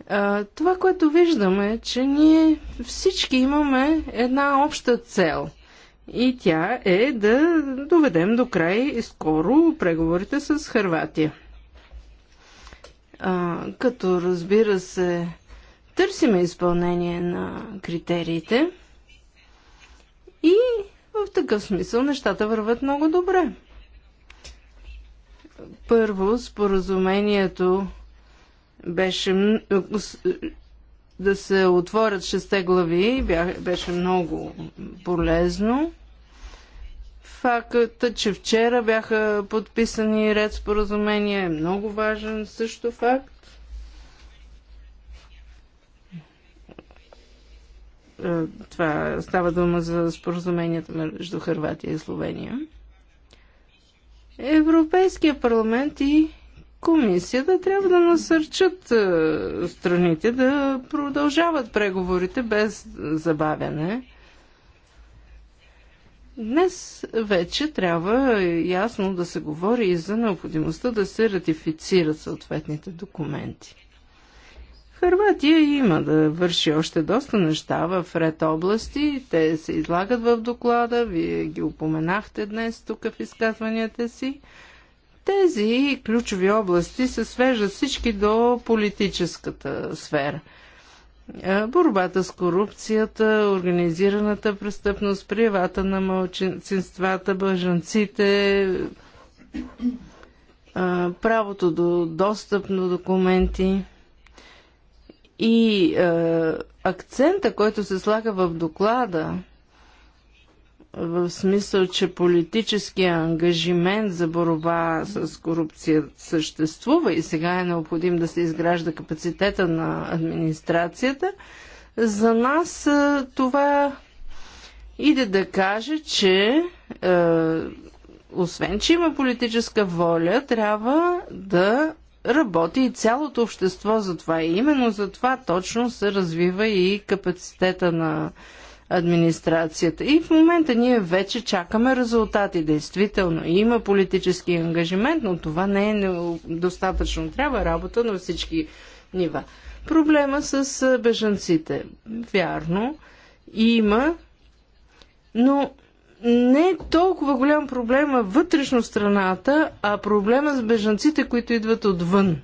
А, това, което виждаме, е, че ние всички имаме една обща цел – и тя е да доведем до край скоро преговорите с Харватия. А, като разбира се, търсиме изпълнение на критериите и в такъв смисъл нещата върват много добре. Първо, споразумението беше да се отворят шесте глави беше много полезно. Факта, че вчера бяха подписани ред споразумения е много важен също факт. Е, това става дума за споразуменията между Хърватия и Словения. Европейския парламент и комисията трябва да насърчат е, страните да продължават преговорите без забавяне. Днес вече трябва ясно да се говори и за необходимостта да се ратифицират съответните документи. Харватия има да върши още доста неща в ред области. Те се излагат в доклада, вие ги упоменахте днес тук в изказванията си. Тези ключови области се свеждат всички до политическата сфера – борбата с корупцията, организираната престъпност, приевата на малцинствата, бъжанците, правото до достъп до документи и акцента, който се слага в доклада в смисъл, че политическия ангажимент за борба с корупция съществува и сега е необходим да се изгражда капацитета на администрацията, за нас това иде да каже, че е, освен, че има политическа воля, трябва да работи и цялото общество за това. И именно за това точно се развива и капацитета на администрацията. И в момента ние вече чакаме резултати. Действително, има политически ангажимент, но това не е достатъчно. Трябва работа на всички нива. Проблема с бежанците. Вярно, има, но не е толкова голям проблема вътрешно страната, а проблема с бежанците, които идват отвън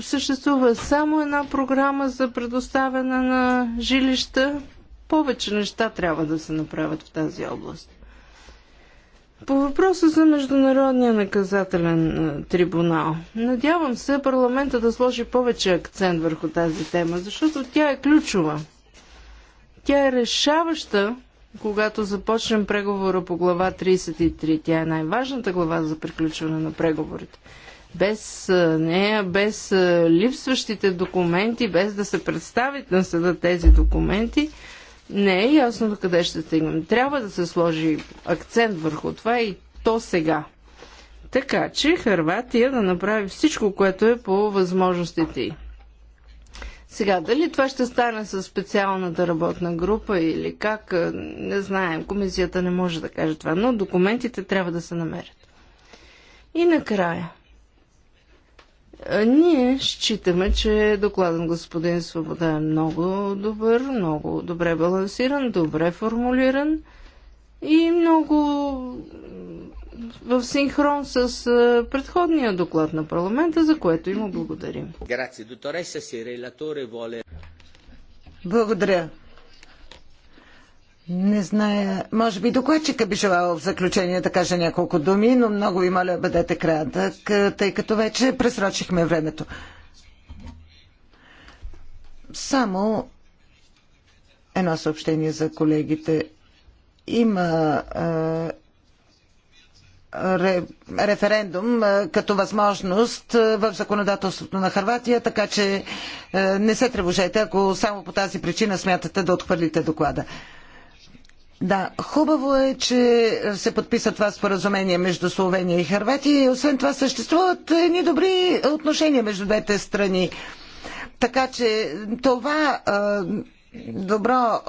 съществува само една програма за предоставяне на жилища. Повече неща трябва да се направят в тази област. По въпроса за Международния наказателен трибунал. Надявам се парламента да сложи повече акцент върху тази тема, защото тя е ключова. Тя е решаваща, когато започнем преговора по глава 33. Тя е най-важната глава за приключване на преговорите без нея, без липсващите документи, без да се представят на съда тези документи, не е ясно до къде ще стигнем. Трябва да се сложи акцент върху това и то сега. Така че Харватия да направи всичко, което е по възможностите й. Сега, дали това ще стане с специалната работна група или как, не знаем. Комисията не може да каже това, но документите трябва да се намерят. И накрая. Ние считаме, че докладът господин Свобода е много добър, много добре балансиран, добре формулиран и много в синхрон с предходния доклад на парламента, за което им благодарим. Благодаря. Не зная. Може би докладчика би желал в заключение да каже няколко думи, но много ви моля, бъдете кратък, тъй като вече пресрочихме времето. Само едно съобщение за колегите. Има е, референдум е, като възможност в законодателството на Харватия, така че не се тревожете, ако само по тази причина смятате да отхвърлите доклада. Да, хубаво е, че се подписа това споразумение между Словения и Харватия и освен това съществуват едни добри отношения между двете страни. Така че това добро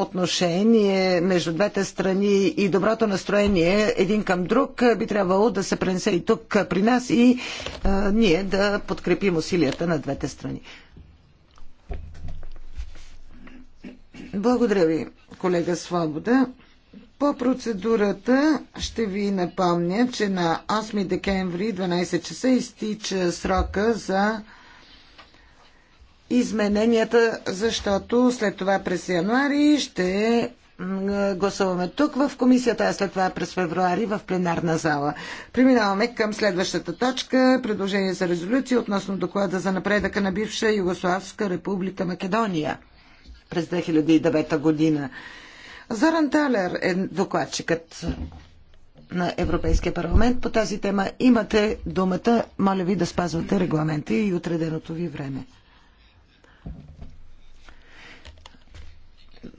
отношение между двете страни и доброто настроение един към друг би трябвало да се пренесе и тук при нас и ние да подкрепим усилията на двете страни. Благодаря ви, колега Свобода. По процедурата ще ви напомня, че на 8 декември 12 часа изтича срока за измененията, защото след това през януари ще гласуваме тук в комисията, а след това през февруари в пленарна зала. Преминаваме към следващата точка. Предложение за резолюция относно доклада за напредъка на бивша Югославска република Македония през 2009 година. Зоран Талер е докладчикът на Европейския парламент по тази тема. Имате думата, моля ви да спазвате регламента и отреденото ви време.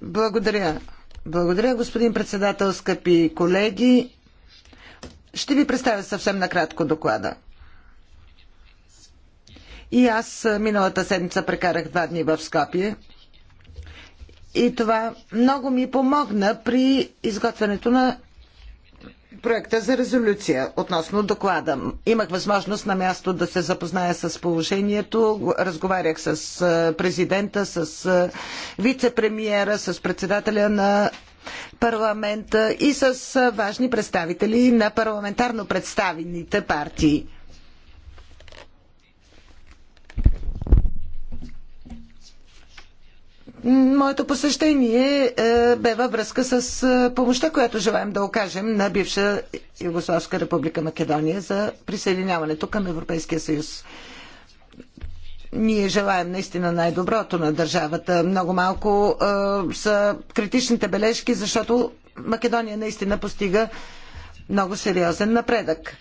Благодаря. Благодаря, господин председател, скъпи колеги. Ще ви представя съвсем накратко доклада. И аз миналата седмица прекарах два дни в Скопие – и това много ми помогна при изготвянето на проекта за резолюция относно доклада. Имах възможност на място да се запозная с положението. Разговарях с президента, с вице премьера, с председателя на парламента и с важни представители на парламентарно представените партии. Моето посещение е, бе във връзка с е, помощта, която желаем да окажем на бивша Югославска република Македония за присъединяването към Европейския съюз. Ние желаем наистина най-доброто на държавата. Много малко е, са критичните бележки, защото Македония наистина постига много сериозен напредък.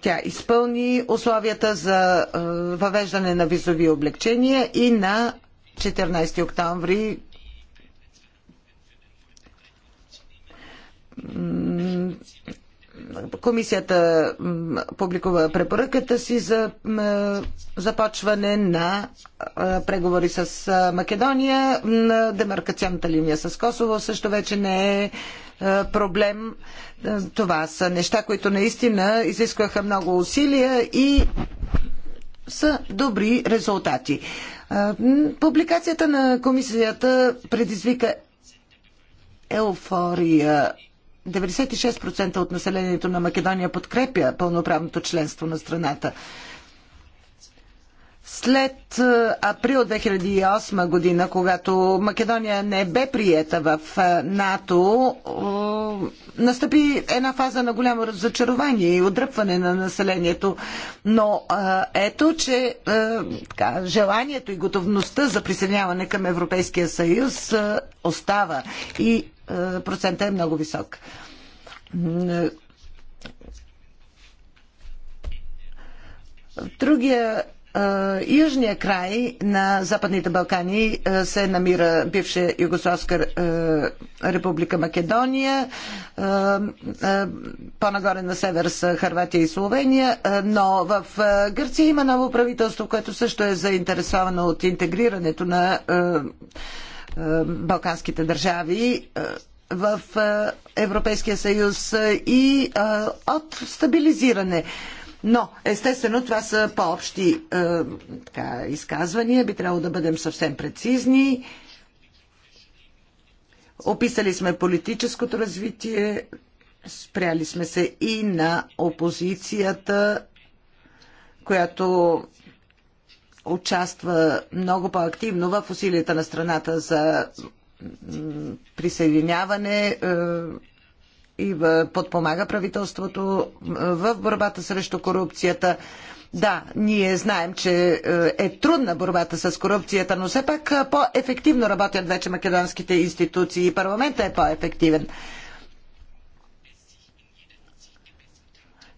Тя изпълни условията за е, въвеждане на визови облегчения и на 14 октомври комисията публикува препоръката си за започване на преговори с Македония. Демаркационната линия с Косово също вече не е проблем. Това са неща, които наистина изискваха много усилия и са добри резултати. Публикацията на комисията предизвика еуфория. 96% от населението на Македония подкрепя пълноправното членство на страната след е, април 2008 година, когато Македония не бе приета в е, НАТО, е, настъпи една фаза на голямо разочарование и отдръпване на населението. Но ето, че така, желанието и готовността за присъединяване към Европейския съюз остава и процентът е много висок. Другия южния край на Западните Балкани се намира бивша Югославска република Македония, по-нагоре на север са Харватия и Словения, но в Гърция има ново правителство, което също е заинтересовано от интегрирането на балканските държави в Европейския съюз и от стабилизиране. Но, естествено, това са по-общи е, така, изказвания. Би трябвало да бъдем съвсем прецизни. Описали сме политическото развитие, спряли сме се и на опозицията, която участва много по-активно в усилията на страната за присъединяване. Е, и подпомага правителството в борбата срещу корупцията. Да, ние знаем, че е, е трудна борбата с корупцията, но все пак по-ефективно работят вече македонските институции и парламентът е по-ефективен.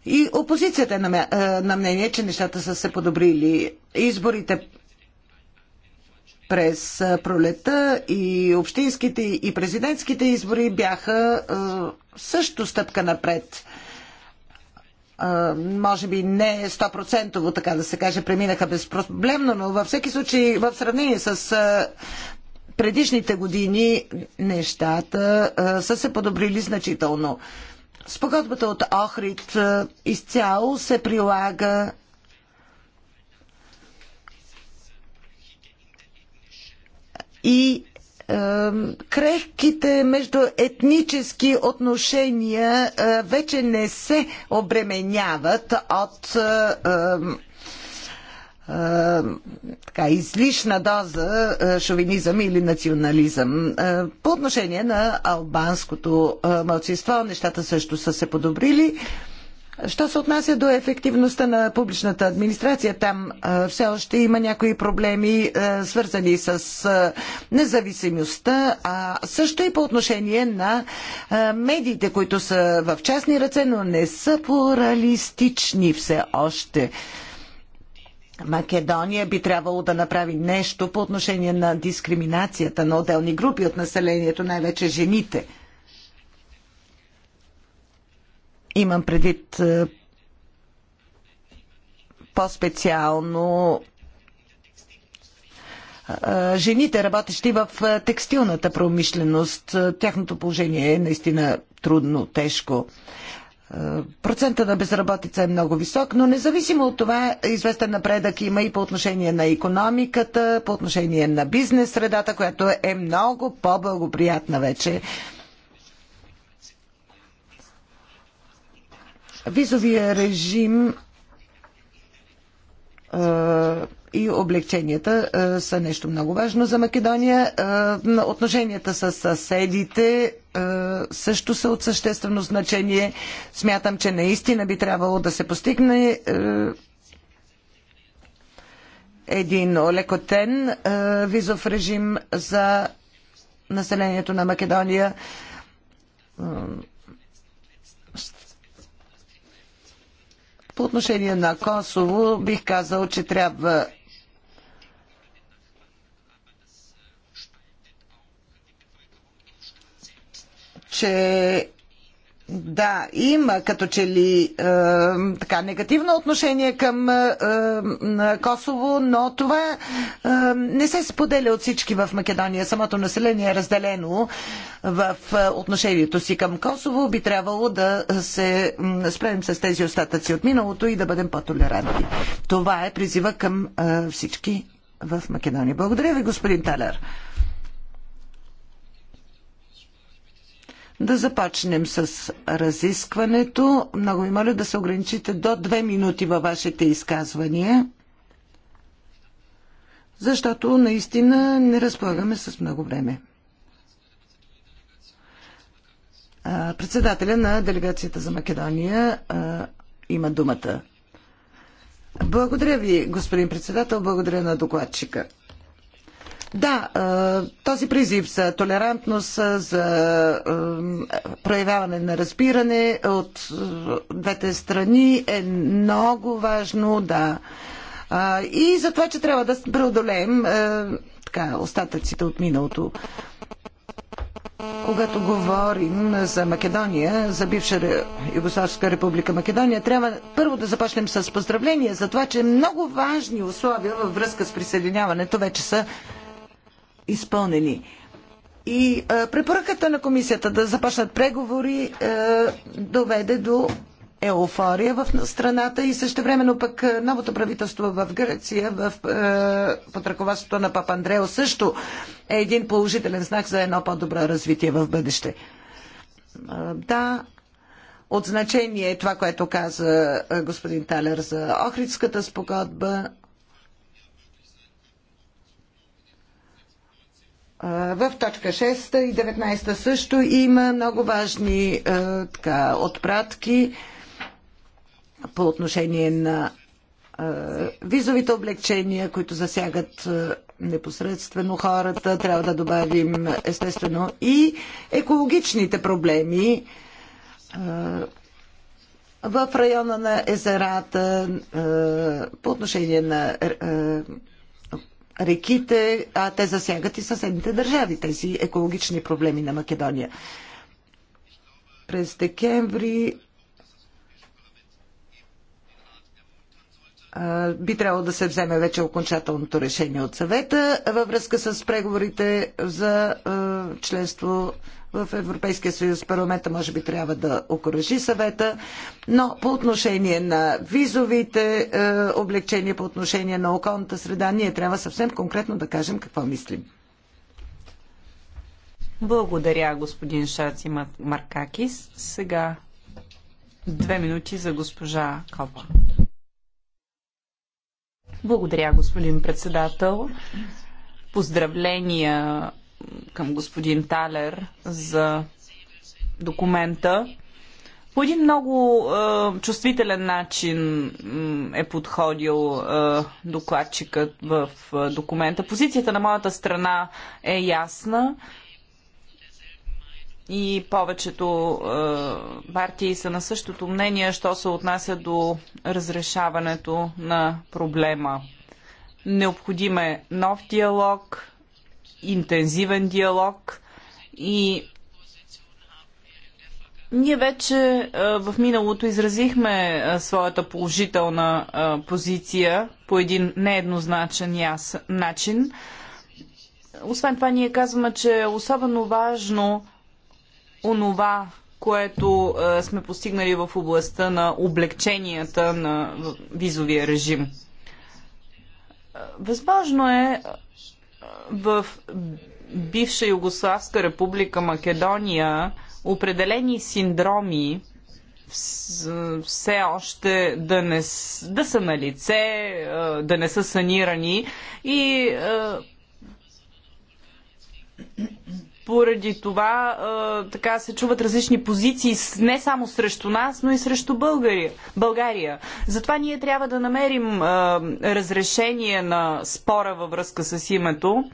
И опозицията е на е, мнение, че нещата са се подобрили. Изборите през пролета и общинските и президентските избори бяха също стъпка напред може би не 100%, така да се каже, преминаха безпроблемно, но във всеки случай в сравнение с предишните години нещата са се подобрили значително. Спогодбата от Охрид изцяло се прилага и крехките между етнически отношения е, вече не се обременяват от е, така, излишна доза е, шовинизъм или национализъм. По отношение на албанското мълчество, нещата също са се подобрили. Що се отнася до ефективността на публичната администрация, там все още има някои проблеми, свързани с независимостта, а също и по отношение на медиите, които са в частни ръце, но не са плуралистични все още. Македония би трябвало да направи нещо по отношение на дискриминацията на отделни групи от населението, най-вече жените – Имам предвид е, по-специално е, жените, работещи в е, текстилната промишленост. Тяхното положение е наистина трудно, тежко. Процента на безработица е много висок, но независимо от това, известен напредък има и по отношение на економиката, по отношение на бизнес средата, която е много по-благоприятна вече визовия режим и облегченията са нещо много важно за Македония. Отношенията с съседите също са от съществено значение. Смятам, че наистина би трябвало да се постигне един олекотен визов режим за населението на Македония По отношение на Косово бих казал, че трябва че да, има като че ли е, така негативно отношение към е, Косово, но това е, не се споделя от всички в Македония. Самото население е разделено в е, отношението си към Косово. Би трябвало да се спрем с тези остатъци от миналото и да бъдем по-толерантни. Това е призива към е, всички в Македония. Благодаря ви, господин Талер. да започнем с разискването. Много ви моля да се ограничите до две минути във вашите изказвания, защото наистина не разполагаме с много време. Председателя на делегацията за Македония има думата. Благодаря ви, господин председател, благодаря на докладчика. Да, този призив за толерантност, за проявяване на разбиране от двете страни е много важно, да. И за това, че трябва да преодолеем така, остатъците от миналото. Когато говорим за Македония, за бивша Югославска република Македония, трябва първо да започнем с поздравления за това, че много важни условия във връзка с присъединяването вече са изпълнени. И а, препоръката на комисията да започнат преговори а, доведе до еуфория в страната и също времено пък новото правителство в Гърция в, е, под ръководството на Пап Андрео също е един положителен знак за едно по-добро развитие в бъдеще. да, от значение е това, което каза господин Талер за Охридската спогодба, В точка 6 и 19 също има много важни така, отпратки по отношение на визовите облегчения, които засягат непосредствено хората. Трябва да добавим естествено и екологичните проблеми в района на езерата по отношение на реките, а те засягат и съседните държави, тези екологични проблеми на Македония. През декември би трябвало да се вземе вече окончателното решение от съвета във връзка с преговорите за членство в Европейския съюз. Парламента може би трябва да окоръжи съвета, но по отношение на визовите е, облегчения, по отношение на околната среда, ние трябва съвсем конкретно да кажем какво мислим. Благодаря, господин Шаци Маркакис. Сега две минути за госпожа Копа. Благодаря, господин председател. Поздравления към господин Талер за документа. По един много е, чувствителен начин е подходил е, докладчикът в е, документа. Позицията на моята страна е ясна и повечето е, партии са на същото мнение, що се отнася до разрешаването на проблема. Необходим е нов диалог, интензивен диалог и ние вече в миналото изразихме своята положителна позиция по един нееднозначен яс, начин. Освен това, ние казваме, че е особено важно онова, което сме постигнали в областта на облегченията на визовия режим. Възможно е в бивша Югославска република Македония определени синдроми все още да, не, да са на лице, да не са санирани и поради това а, така се чуват различни позиции не само срещу нас, но и срещу България. България. Затова ние трябва да намерим а, разрешение на спора във връзка с името.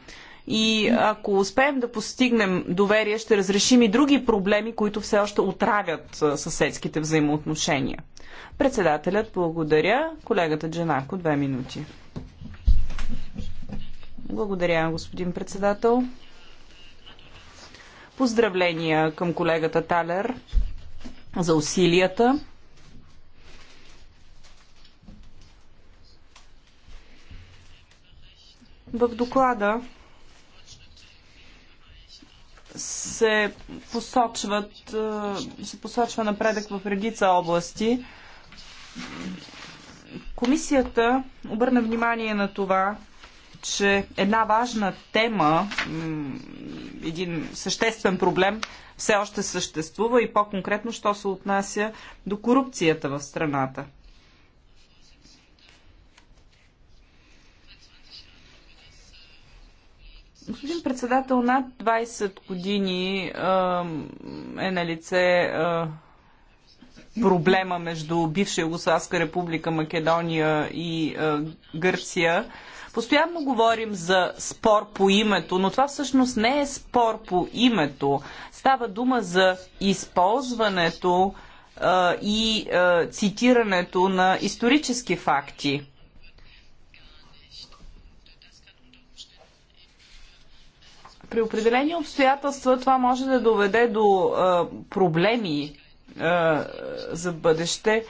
И ако успеем да постигнем доверие, ще разрешим и други проблеми, които все още отравят съседските взаимоотношения. Председателят, благодаря. Колегата Дженако, две минути. Благодаря, господин председател. Поздравления към колегата Талер за усилията. В доклада се, посочват, е, се посочва напредък в редица области. Комисията обърна внимание на това, че една важна тема, един съществен проблем все още съществува и по-конкретно, що се отнася до корупцията в страната. Господин председател, над 20 години е на лице проблема между бивша Югославска република Македония и Гърция Постоянно говорим за спор по името, но това всъщност не е спор по името. Става дума за използването а, и а, цитирането на исторически факти. При определени обстоятелства това може да доведе до а, проблеми а, за бъдеще.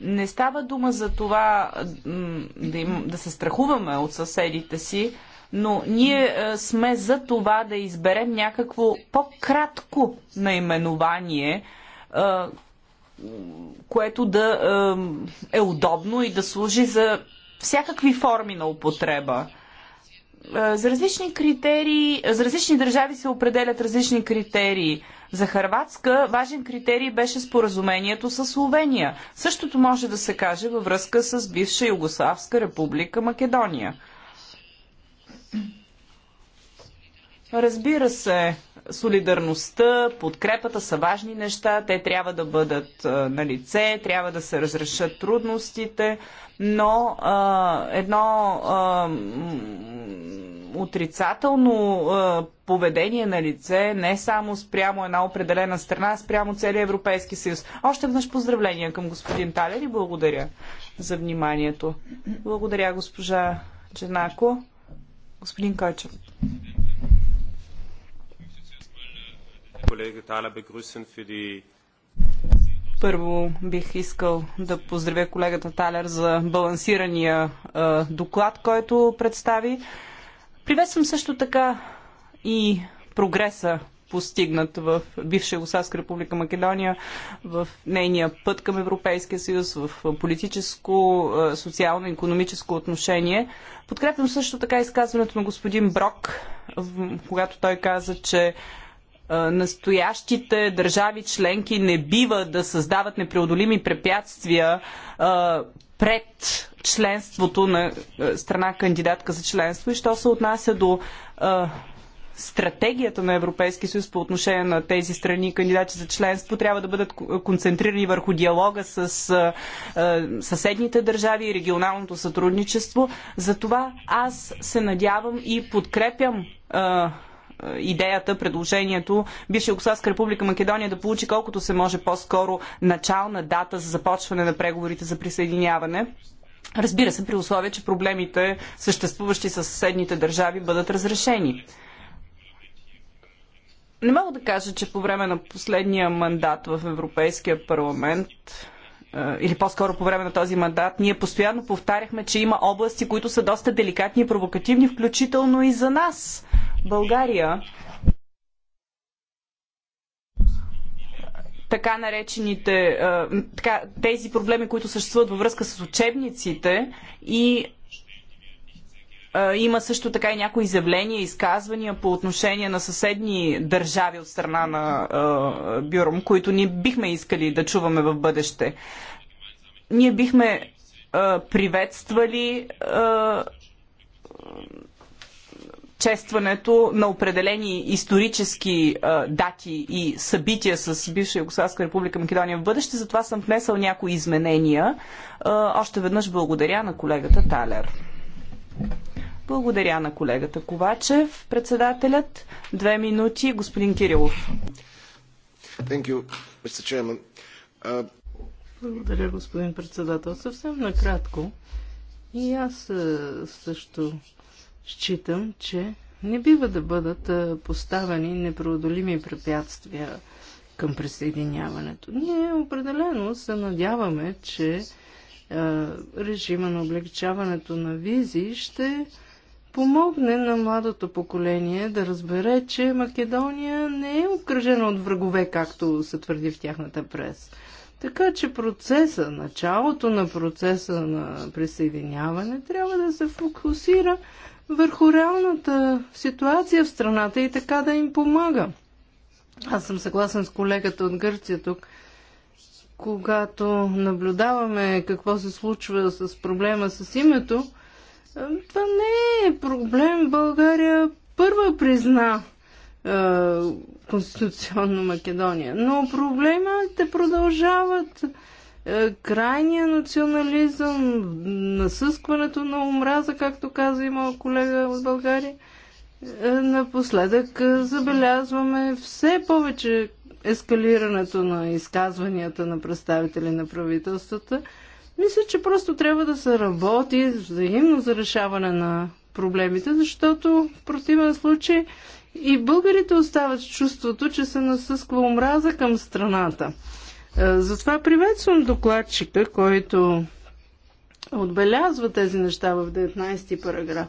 Не става дума за това да, им, да се страхуваме от съседите си, но ние е, сме за това да изберем някакво по-кратко наименование, е, което да е, е удобно и да служи за всякакви форми на употреба. Е, за различни критерии, за различни държави се определят различни критерии. За Харватска важен критерий беше споразумението с Словения. Същото може да се каже във връзка с бивша Югославска република Македония. Разбира се, солидарността, подкрепата са важни неща, те трябва да бъдат на лице, трябва да се разрешат трудностите, но а, едно а, отрицателно а, поведение на лице не само спрямо една определена страна, а спрямо целия Европейски съюз. Още веднъж поздравления към господин Талер и благодаря за вниманието. Благодаря, госпожа Дженако. Господин Кочев. Колега Thaler begrüßen първо бих искал да поздравя колегата Талер за балансирания доклад, който представи. Приветствам също така и прогреса, постигнат в бивша Югославска република Македония, в нейния път към Европейския съюз, в политическо, социално и економическо отношение. Подкрепям също така изказването на господин Брок, когато той каза, че настоящите държави членки не бива да създават непреодолими препятствия пред членството на страна кандидатка за членство и що се отнася до стратегията на Европейския съюз по отношение на тези страни кандидати за членство трябва да бъдат концентрирани върху диалога с съседните държави и регионалното сътрудничество. Затова аз се надявам и подкрепям идеята, предложението бивша Югославска република Македония да получи колкото се може по-скоро начална дата за започване на преговорите за присъединяване. Разбира се, при условие, че проблемите, съществуващи с съседните държави, бъдат разрешени. Не мога да кажа, че по време на последния мандат в Европейския парламент е, или по-скоро по време на този мандат, ние постоянно повтаряхме, че има области, които са доста деликатни и провокативни, включително и за нас. България така наречените, така, тези проблеми, които съществуват във връзка с учебниците и има също така и някои изявления, изказвания по отношение на съседни държави от страна на Бюром, които ние бихме искали да чуваме в бъдеще. Ние бихме приветствали честването на определени исторически а, дати и събития с бивша Югославска република Македония в бъдеще. Затова съм внесъл някои изменения. А, още веднъж благодаря на колегата Талер. Благодаря на колегата Ковачев, председателят. Две минути, господин Кирилов. You, uh... Благодаря, господин председател. Съвсем накратко. И аз също считам, че не бива да бъдат поставени непреодолими препятствия към присъединяването. Ние определено се надяваме, че режима на облегчаването на визи ще помогне на младото поколение да разбере, че Македония не е обкръжена от врагове, както се твърди в тяхната прес. Така че процеса, началото на процеса на присъединяване трябва да се фокусира върху реалната ситуация в страната и така да им помага. Аз съм съгласен с колегата от Гърция тук. Когато наблюдаваме какво се случва с проблема с името, е, това не е проблем. България първа призна е, конституционно Македония. Но проблемите продължават. Е, е, крайния национализъм, насъскването на омраза, както каза и моят колега от България, е, напоследък е, забелязваме все повече ескалирането на изказванията на представители на правителствата. Мисля, че просто трябва да се работи взаимно за решаване на проблемите, защото в противен случай и българите остават с чувството, че се насъсква омраза към страната. Е, затова приветствам докладчика, който отбелязва тези неща в 19 ти параграф.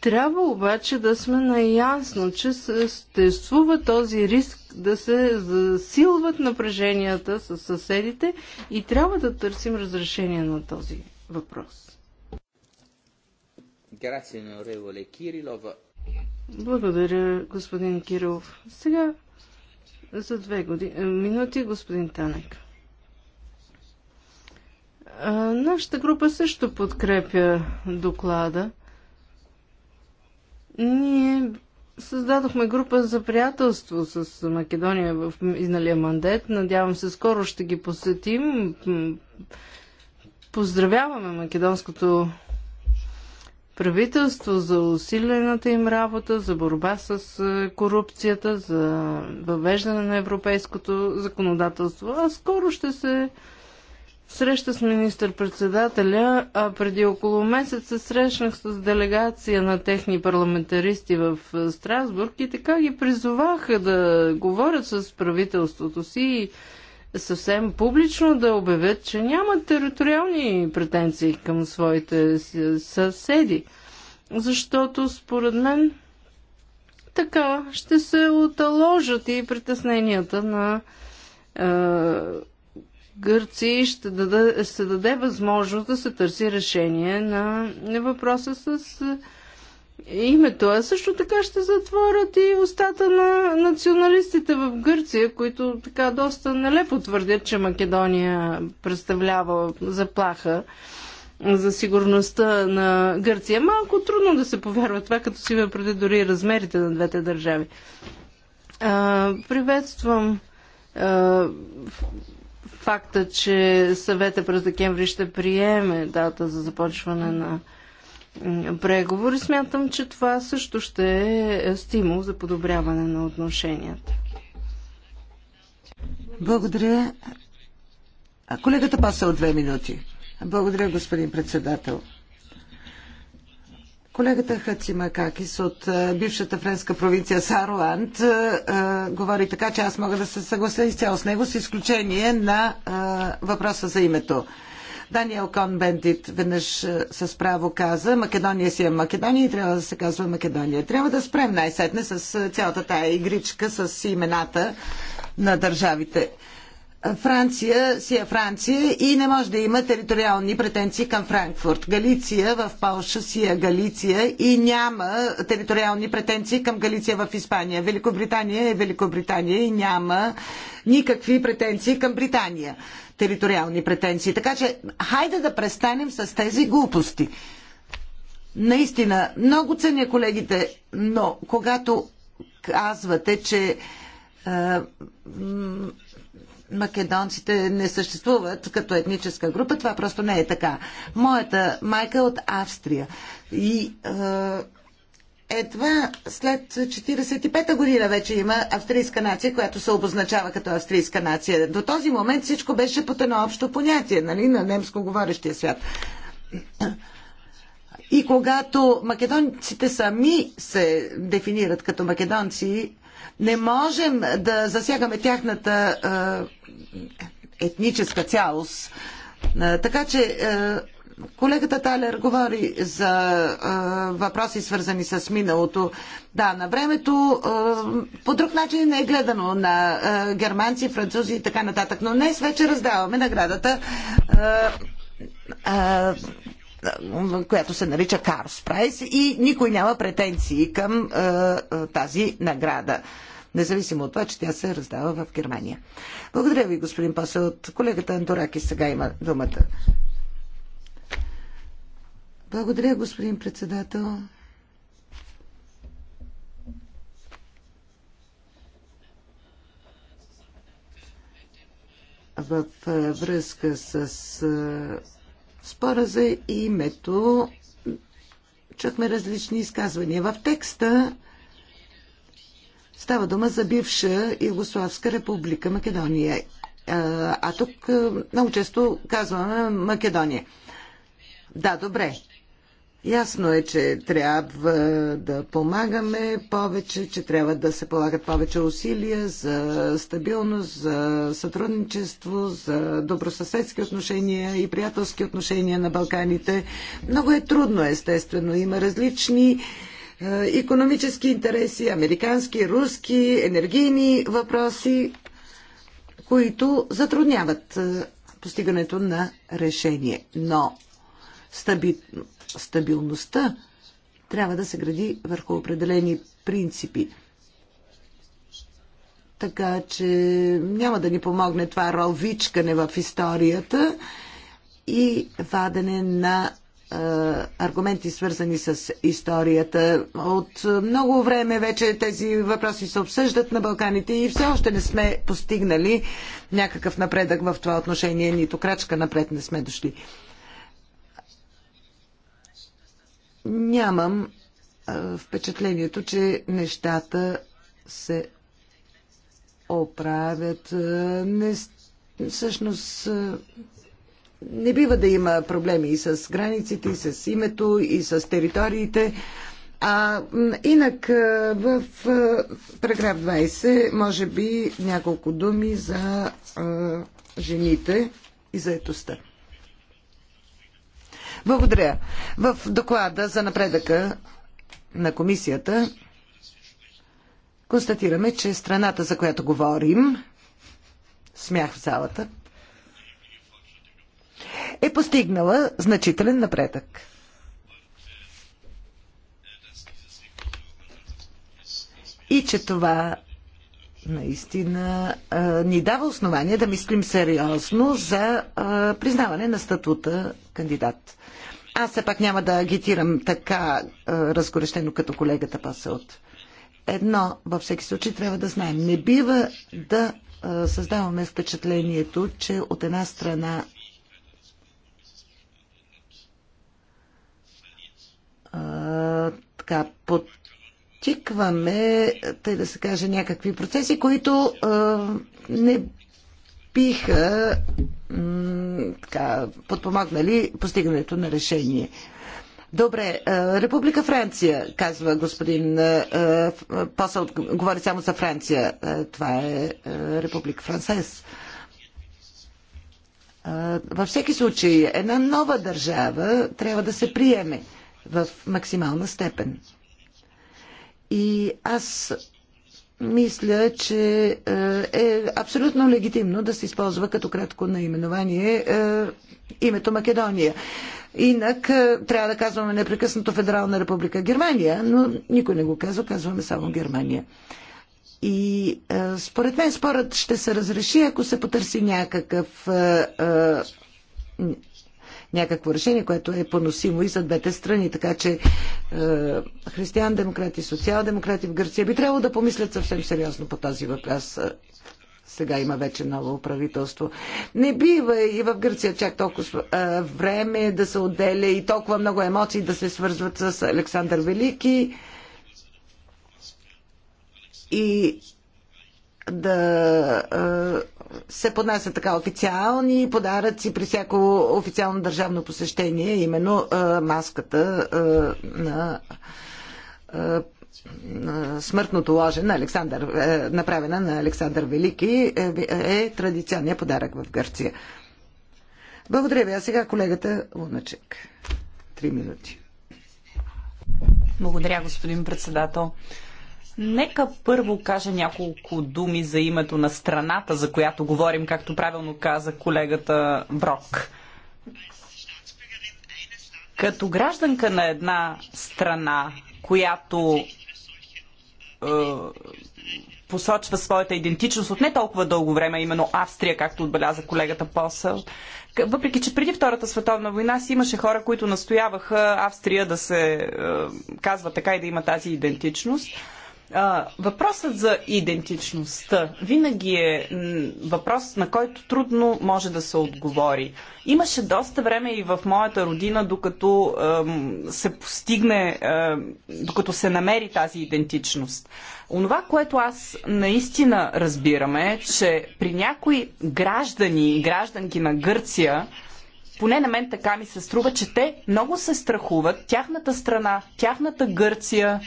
Трябва обаче да сме наясно, че съществува този риск да се засилват напреженията с съседите и трябва да търсим разрешение на този въпрос. Благодаря, господин Кирилов. Сега за две години, е, минути, господин Танек. нашата група също подкрепя доклада. Ние създадохме група за приятелство с Македония в изналия мандет. Надявам се, скоро ще ги посетим. Поздравяваме македонското правителство за усилената им работа, за борба с е, корупцията, за въвеждане на европейското законодателство. А скоро ще се среща с министър-председателя, а преди около месец се срещнах с делегация на техни парламентаристи в е, Страсбург и така ги призоваха да говорят с правителството си и съвсем публично да обявят, че нямат териториални претенции към своите съседи. Защото според мен така ще се оталожат и притесненията на е, Гърция ще даде, се даде възможност да се търси решение на въпроса с името, а също така ще затворят и устата на националистите в Гърция, които така доста нелепо твърдят, че Македония представлява заплаха за сигурността на Гърция. Малко трудно да се повярва това, като си има преди дори размерите на двете държави. А, приветствам а, факта, че съвета през декември ще приеме дата за започване на преговори. Смятам, че това също ще е стимул за подобряване на отношенията. Благодаря. Колегата паса от две минути. Благодаря, господин председател. Колегата Макакис от бившата френска провинция Сароланд говори така, че аз мога да се съглася изцяло с него, с изключение на въпроса за името. Даниел Конбендит веднъж е, с право каза, Македония си е Македония и трябва да се казва Македония. Трябва да спрем най-сетне с е, цялата тая игричка с имената на държавите. Франция си е Франция и не може да има териториални претенции към Франкфурт. Галиция в Полша си е Галиция и няма териториални претенции към Галиция в Испания. Великобритания е Великобритания и няма никакви претенции към Британия териториални претенции. Така че, хайде да престанем с тези глупости. Наистина, много ценя колегите, но когато казвате, че е, македонците не съществуват като етническа група, това просто не е така. Моята майка е от Австрия и е, едва след 45-та година вече има австрийска нация, която се обозначава като австрийска нация. До този момент всичко беше под едно общо понятие нали, на немско говорещия свят. И когато македонците сами се дефинират като македонци, не можем да засягаме тяхната е, етническа цялост. Така че е, Колегата Талер говори за а, въпроси, свързани с миналото. Да, на времето а, по друг начин не е гледано на а, германци, французи и така нататък. Но днес вече раздаваме наградата, а, а, която се нарича Карс Прайс и никой няма претенции към а, тази награда независимо от това, че тя се раздава в Германия. Благодаря ви, господин Пасел. От колегата Андораки сега има думата. Благодаря, господин председател. В връзка с спора за името чухме различни изказвания. В текста става дума за бивша Югославска република Македония. А тук много често казваме Македония. Да, добре. Ясно е, че трябва да помагаме повече, че трябва да се полагат повече усилия за стабилност, за сътрудничество, за добросъседски отношения и приятелски отношения на Балканите. Много е трудно, естествено. Има различни економически интереси, американски, руски, енергийни въпроси, които затрудняват е, постигането на решение. Но стаби стабилността трябва да се гради върху определени принципи. Така че няма да ни помогне това ровичкане в историята и вадене на аргументи, свързани с историята. От много време вече тези въпроси се обсъждат на Балканите и все още не сме постигнали някакъв напредък в това отношение, нито крачка напред не сме дошли. нямам впечатлението, че нещата се оправят. Не, всъщност не бива да има проблеми и с границите, и с името, и с териториите. А инак в параграф 20 може би няколко думи за а, жените и заетостта. Благодаря. В доклада за напредъка на комисията констатираме, че страната, за която говорим, смях в залата, е постигнала значителен напредък. И че това наистина ни дава основание да мислим сериозно за признаване на статута кандидат. Аз все пак няма да агитирам така е, разгорещено като колегата Пасълт. Едно във всеки случай трябва да знаем. Не бива да е, създаваме впечатлението, че от една страна е, така, потикваме, тъй да се каже, някакви процеси, които е, не биха така, подпомогнали постигането на решение. Добре, е, Република Франция, казва господин е, е, Посъл, говори само за Франция. Това е Република Францес. Във всеки случай, една нова държава трябва да се приеме в максимална степен. И аз мисля, че е, е абсолютно легитимно да се използва като кратко наименование е, името Македония. Инак е, трябва да казваме непрекъснато Федерална република Германия, но никой не го казва, казваме само Германия. И според мен спорът ще се разреши, ако се потърси някакъв някакво решение, което е поносимо и за двете страни. Така че е, християн-демократи, социал-демократи в Гърция би трябвало да помислят съвсем сериозно по този въпрос. Е, сега има вече ново правителство. Не бива и в Гърция чак толкова е, време да се отделя и толкова много емоции да се свързват с Александър Велики и да е, се поднасят така официални подаръци при всяко официално държавно посещение, именно маската на смъртното ложе на Александър, направена на Александър Велики, е, е традиционният подарък в Гърция. Благодаря ви. А сега колегата Луначек. Три минути. Благодаря, господин председател. Нека първо кажа няколко думи за името на страната, за която говорим, както правилно каза колегата Брок. Като гражданка на една страна, която е, посочва своята идентичност от не толкова дълго време, именно Австрия, както отбеляза колегата Посъл, въпреки, че преди Втората световна война си имаше хора, които настояваха Австрия да се е, казва така и да има тази идентичност. А, въпросът за идентичността винаги е въпрос, на който трудно може да се отговори. Имаше доста време и в моята родина, докато е, се постигне, е, докато се намери тази идентичност. Онова, което аз наистина разбираме, е, че при някои граждани и гражданки на Гърция, поне на мен така ми се струва, че те много се страхуват тяхната страна, тяхната Гърция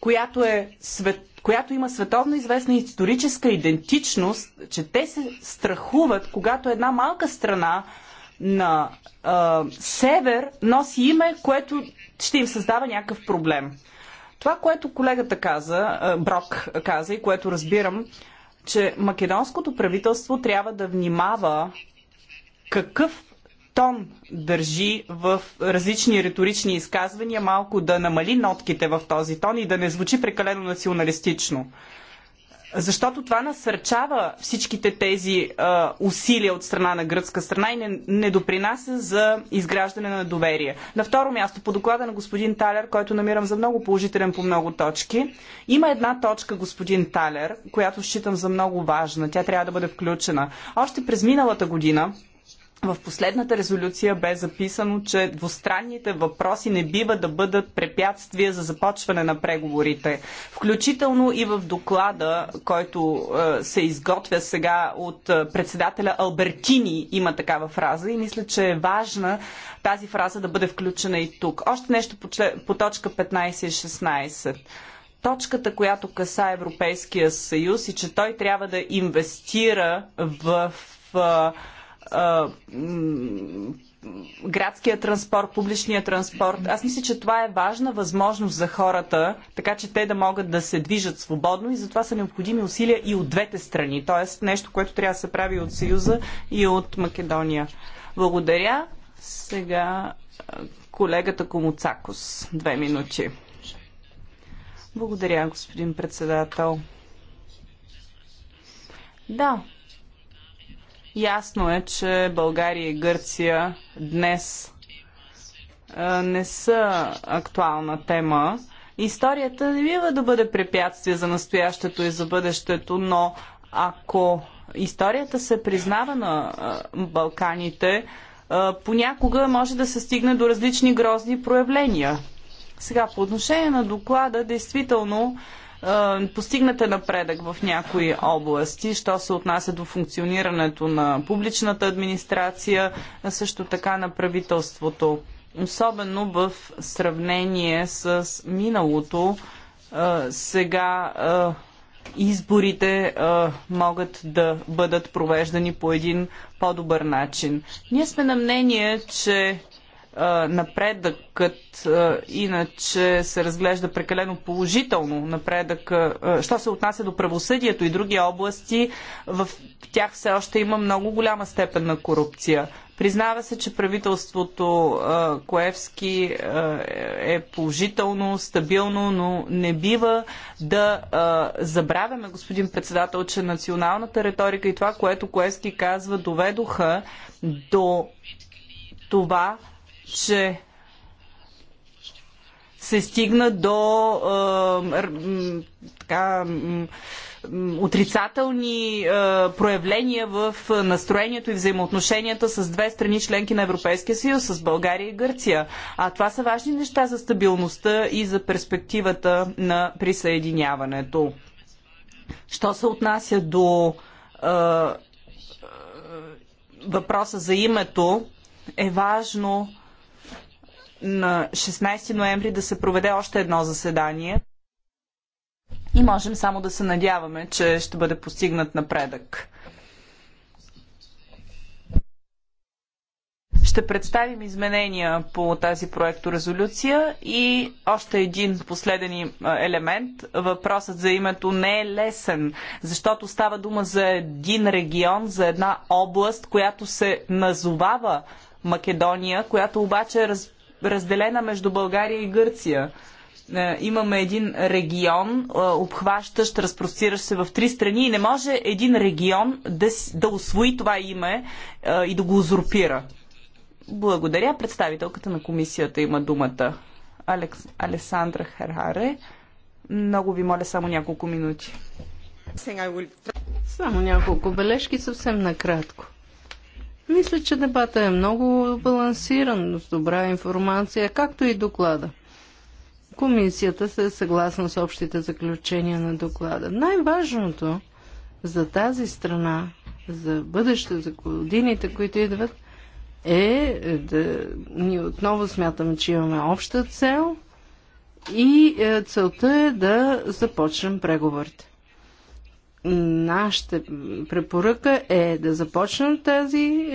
която, е свет, която има световно известна историческа идентичност, че те се страхуват, когато една малка страна на а, север носи име, което ще им създава някакъв проблем. Това, което колегата каза, а, Брок каза и което разбирам, че македонското правителство трябва да внимава какъв тон държи в различни риторични изказвания, малко да намали нотките в този тон и да не звучи прекалено националистично. Защото това насърчава всичките тези а, усилия от страна на гръцка страна и не, не допринася за изграждане на доверие. На второ място, по доклада на господин Талер, който намирам за много положителен по много точки, има една точка, господин Талер, която считам за много важна. Тя трябва да бъде включена. Още през миналата година в последната резолюция бе записано, че двустранните въпроси не бива да бъдат препятствия за започване на преговорите. Включително и в доклада, който е, се изготвя сега от е, председателя Албертини, има такава фраза и мисля, че е важна тази фраза да бъде включена и тук. Още нещо по, по точка 15 и 16 точката, която каса Европейския съюз и че той трябва да инвестира в, в е, градския транспорт, публичния транспорт. Аз мисля, че това е важна възможност за хората, така че те да могат да се движат свободно и затова са необходими усилия и от двете страни. Тоест нещо, което трябва да се прави от Съюза и от Македония. Благодаря. Сега колегата Комуцакос. Две минути. Благодаря, господин председател. Да, Ясно е, че България и Гърция днес не са актуална тема. Историята не бива да бъде препятствие за настоящето и за бъдещето, но ако историята се признава на Балканите, понякога може да се стигне до различни грозни проявления. Сега, по отношение на доклада, действително постигнете напредък в някои области, що се отнася до функционирането на публичната администрация, също така на правителството. Особено в сравнение с миналото, сега изборите могат да бъдат провеждани по един по-добър начин. Ние сме на мнение, че напредъкът иначе се разглежда прекалено положително. Напредък, що се отнася до правосъдието и други области, в тях все още има много голяма степен на корупция. Признава се, че правителството Коевски е положително, стабилно, но не бива да забравяме, господин председател, че националната риторика и това, което Коевски казва, доведоха до това, че се стигна до е, така, отрицателни е, проявления в настроението и взаимоотношенията с две страни членки на Европейския съюз, с България и Гърция. А това са важни неща за стабилността и за перспективата на присъединяването. Що се отнася до е, въпроса за името, е важно на 16 ноември да се проведе още едно заседание и можем само да се надяваме, че ще бъде постигнат напредък. Ще представим изменения по тази проекторезолюция и още един последен елемент. Въпросът за името не е лесен, защото става дума за един регион, за една област, която се назовава Македония, която обаче е раз разделена между България и Гърция. Е, имаме един регион, е, обхващащ, разпростиращ се в три страни и не може един регион да, да освои това име е, и да го узурпира. Благодаря. Представителката на комисията има думата. Алекс... Алесандра Хераре. Много ви моля само няколко минути. Само няколко бележки съвсем накратко. Мисля, че дебата е много балансиран, с добра информация, както и доклада. Комисията се е съгласна с общите заключения на доклада. Най-важното за тази страна, за бъдеще, за годините, които идват, е да ние отново смятаме, че имаме обща цел и е, целта е да започнем преговорите. Нашата препоръка е да започнем тези е,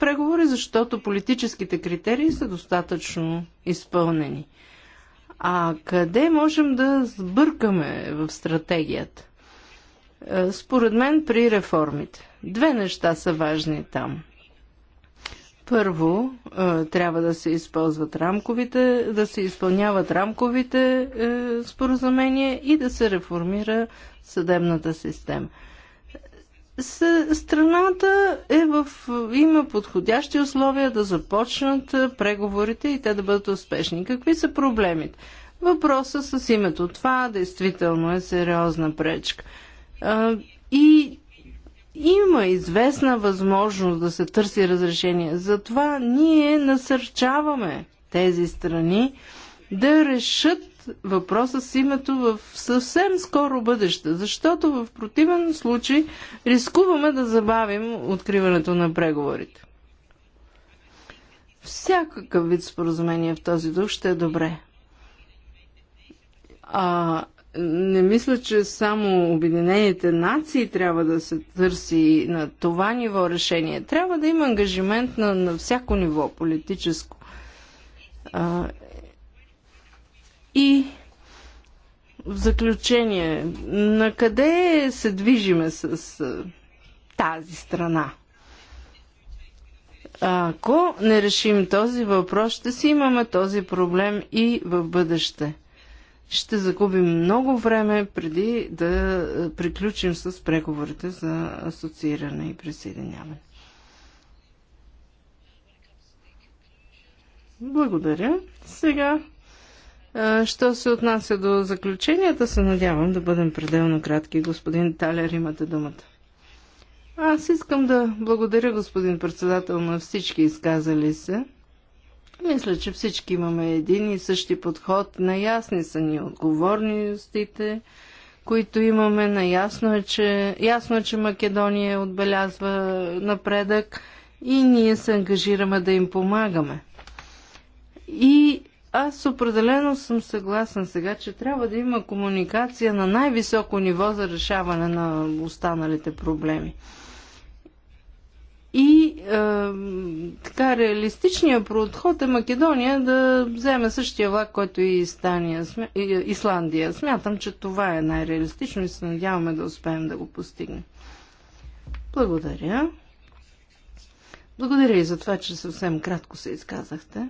преговори, защото политическите критерии са достатъчно изпълнени. А къде можем да сбъркаме в стратегията? Е, според мен при реформите. Две неща са важни там – първо, трябва да се използват рамковите, да се изпълняват рамковите е, споразумения и да се реформира съдебната система. Страната е в, има подходящи условия да започнат е, преговорите и те да бъдат успешни. Какви са проблемите? Въпросът с името. Това действително е сериозна пречка. И има известна възможност да се търси разрешение. Затова ние насърчаваме тези страни да решат въпроса с името в съвсем скоро бъдеще, защото в противен случай рискуваме да забавим откриването на преговорите. Всякакъв вид споразумение в този дух ще е добре. А не мисля, че само Обединените нации трябва да се търси на това ниво решение. Трябва да има ангажимент на, на всяко ниво политическо. А, и в заключение, на къде се движиме с а, тази страна? Ако не решим този въпрос, ще си имаме този проблем и в бъдеще ще загубим много време преди да е, приключим с преговорите за асоцииране и присъединяване. Благодаря. Сега, е, що се отнася до заключенията, се надявам да бъдем пределно кратки. Господин Талер, имате думата. Аз искам да благодаря, господин председател, на всички изказали се. Мисля, че всички имаме един и същи подход. Наясни са ни отговорностите, които имаме. Наясно е, че, ясно е, че Македония отбелязва напредък и ние се ангажираме да им помагаме. И аз определено съм съгласен сега, че трябва да има комуникация на най-високо ниво за решаване на останалите проблеми. И е, така реалистичният подход е Македония да вземе същия влак, който и Истания, Исландия. Смятам, че това е най-реалистично и се надяваме да успеем да го постигнем. Благодаря. Благодаря и за това, че съвсем кратко се изказахте.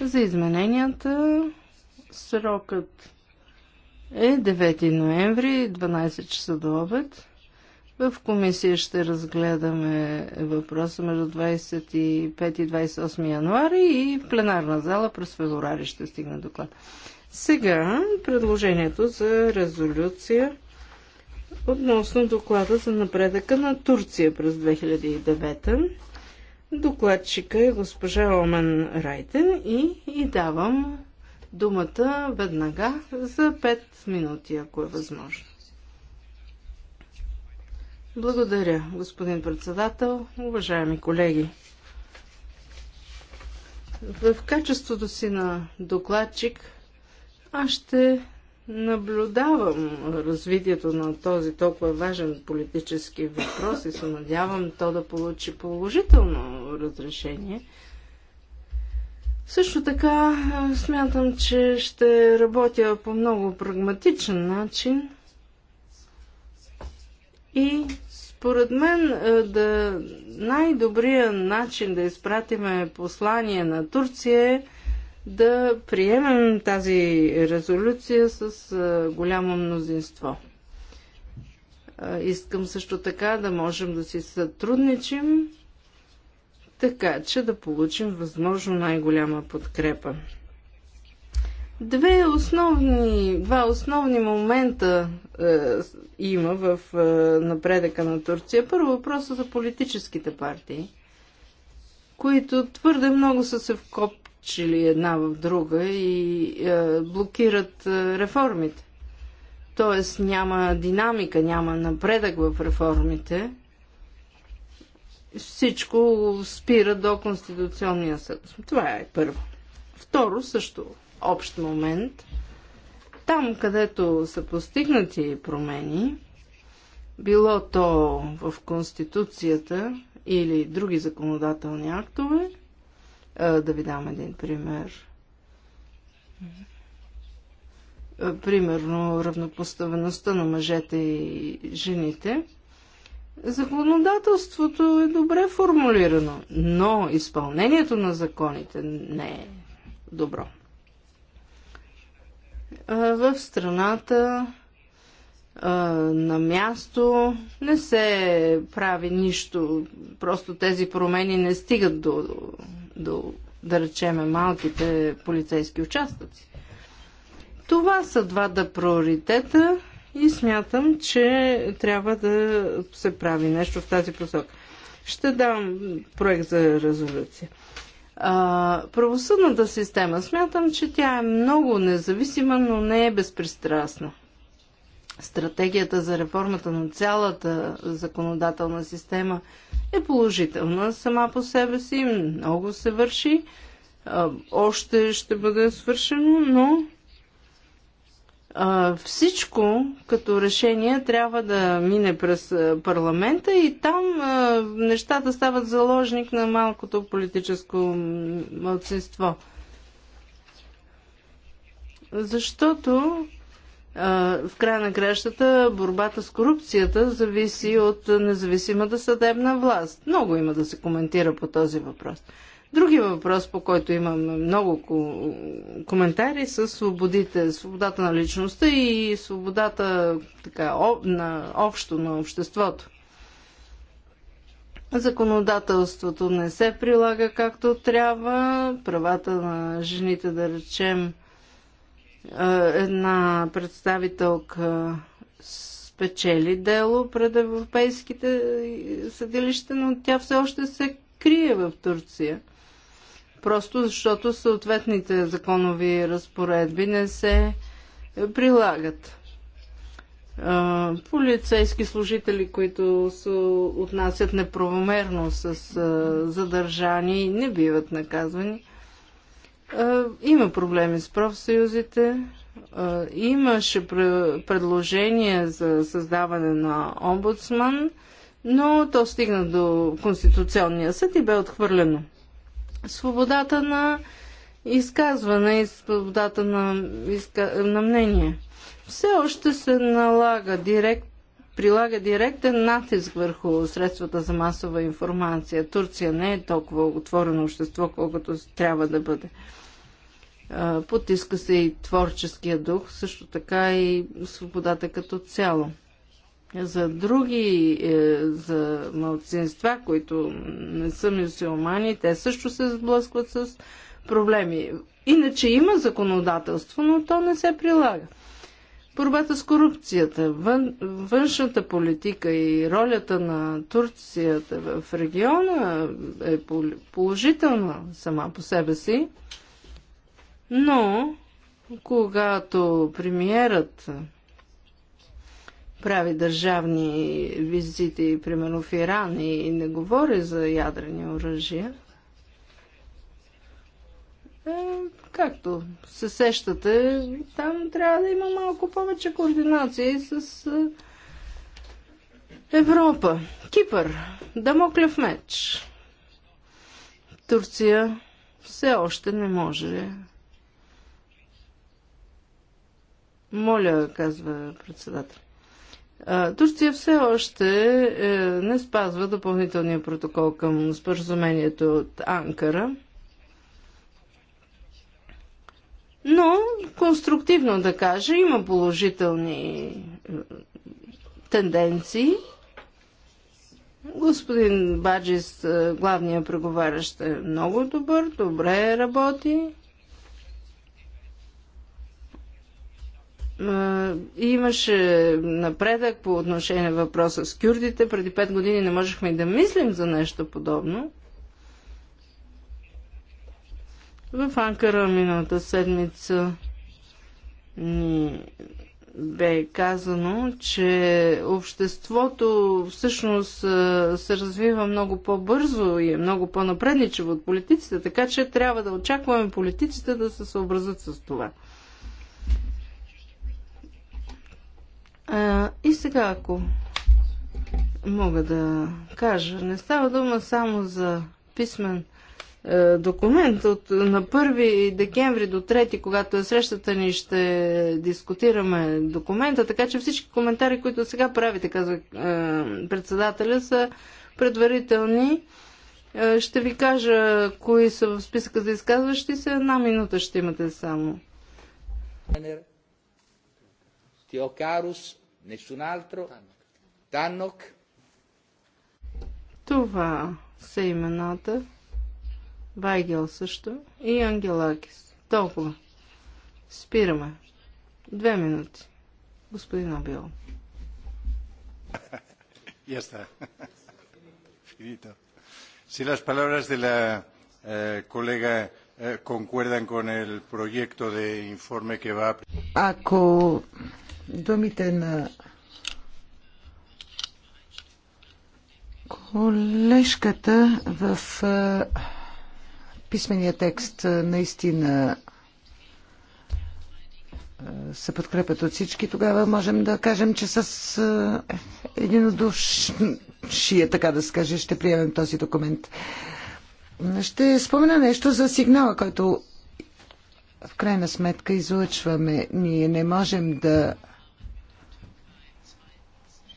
За измененията срокът е 9 ноември, 12 часа до обед. В комисия ще разгледаме въпроса между 25 и 28 януари и в пленарна зала през февруари ще стигне доклад. Сега предложението за резолюция относно доклада за напредъка на Турция през 2009. Докладчика е госпожа Омен Райтен и, и давам думата веднага за 5 минути, ако е възможно. Благодаря, господин председател. Уважаеми колеги, в качеството си на докладчик аз ще наблюдавам развитието на този толкова важен политически въпрос и се надявам то да получи положително разрешение. Също така смятам, че ще работя по много прагматичен начин – и според мен е, да, най-добрият начин да изпратиме послание на Турция е да приемем тази резолюция с е, голямо мнозинство. Е, искам също така да можем да си сътрудничим, така че да получим възможно най-голяма подкрепа. Две основни, два основни момента е, има в е, напредъка на Турция. Първо въпросът за политическите партии, които твърде много са се вкопчили една в друга и е, блокират е, реформите. Тоест няма динамика, няма напредък в реформите. Всичко спира до Конституционния съд. Това е първо. Второ също общ момент. Там, където са постигнати промени, било то в Конституцията или други законодателни актове, да ви дам един пример. Примерно равнопоставеността на мъжете и жените. Законодателството е добре формулирано, но изпълнението на законите не е добро в страната на място не се прави нищо. Просто тези промени не стигат до, до да речеме, малките полицейски участъци. Това са двата приоритета и смятам, че трябва да се прави нещо в тази посока. Ще дам проект за резолюция. А, правосъдната система смятам, че тя е много независима, но не е безпристрастна. Стратегията за реформата на цялата законодателна система е положителна сама по себе си, много се върши, още ще бъде свършено, но а, всичко като решение трябва да мине през парламента и там а, нещата стават заложник на малкото политическо младсинство. Защото в края на кращата борбата с корупцията зависи от независимата съдебна власт. Много има да се коментира по този въпрос. Другия въпрос, по който имам много коментари, са свободите, свободата на личността и свободата така, на общо на обществото. Законодателството не се прилага както трябва. Правата на жените, да речем, една представителка спечели дело пред европейските съдилища, но тя все още се крие в Турция просто защото съответните законови разпоредби не се прилагат. Полицейски служители, които се отнасят неправомерно с задържани, не биват наказвани. Има проблеми с профсъюзите. Имаше предложение за създаване на омбудсман, но то стигна до Конституционния съд и бе отхвърлено свободата на изказване и свободата на, изка... на мнение. Все още се налага директ прилага директен натиск върху средствата за масова информация. Турция не е толкова отворено общество, колкото трябва да бъде. Потиска се и творческия дух, също така и свободата като цяло за други, е, за младсинства, които не са мюсюлмани, те също се сблъскват с проблеми. Иначе има законодателство, но то не се прилага. Борбата с корупцията, вън, външната политика и ролята на Турцията в региона е положителна сама по себе си, но когато премиерът прави държавни визити, примерно в Иран, и не говори за ядрени оръжия, е, както се сещате, там трябва да има малко повече координация с е, Европа. Кипър, Дамоклев меч. Турция все още не може. Моля, казва председател. Турция все още е, не спазва допълнителния протокол към споразумението от Анкара, но конструктивно да кажа, има положителни е, тенденции. Господин Баджис, е, главният преговарящ е много добър, добре работи. Имаше напредък по отношение на въпроса с кюрдите. Преди пет години не можехме и да мислим за нещо подобно. В Анкара миналата седмица ни бе казано, че обществото всъщност се развива много по-бързо и е много по-напредничево от политиците, така че трябва да очакваме политиците да се съобразят с това. А, и сега, ако мога да кажа, не става дума само за писмен е, документ. От, на 1 декември до 3, когато е срещата ни, ще дискутираме документа, така че всички коментари, които сега правите, казва е, председателя, са предварителни. Е, ще ви кажа кои са в списъка за изказващи се. Една минута ще имате само. Теокарус Nessun altro? Танок. Това са имената. Байгел също. И Ангелакис. Толкова. Спираме. Две минути. Господин Абил. Ya está. Finito. Si las palabras de la eh, colega eh, concuerdan con el proyecto de informe que va a... Ако думите на колежката в писмения текст наистина се подкрепят от всички, тогава можем да кажем, че с един единодушие, така да се каже, ще приемем този документ. Ще спомена нещо за сигнала, който в крайна сметка излъчваме. Ние не можем да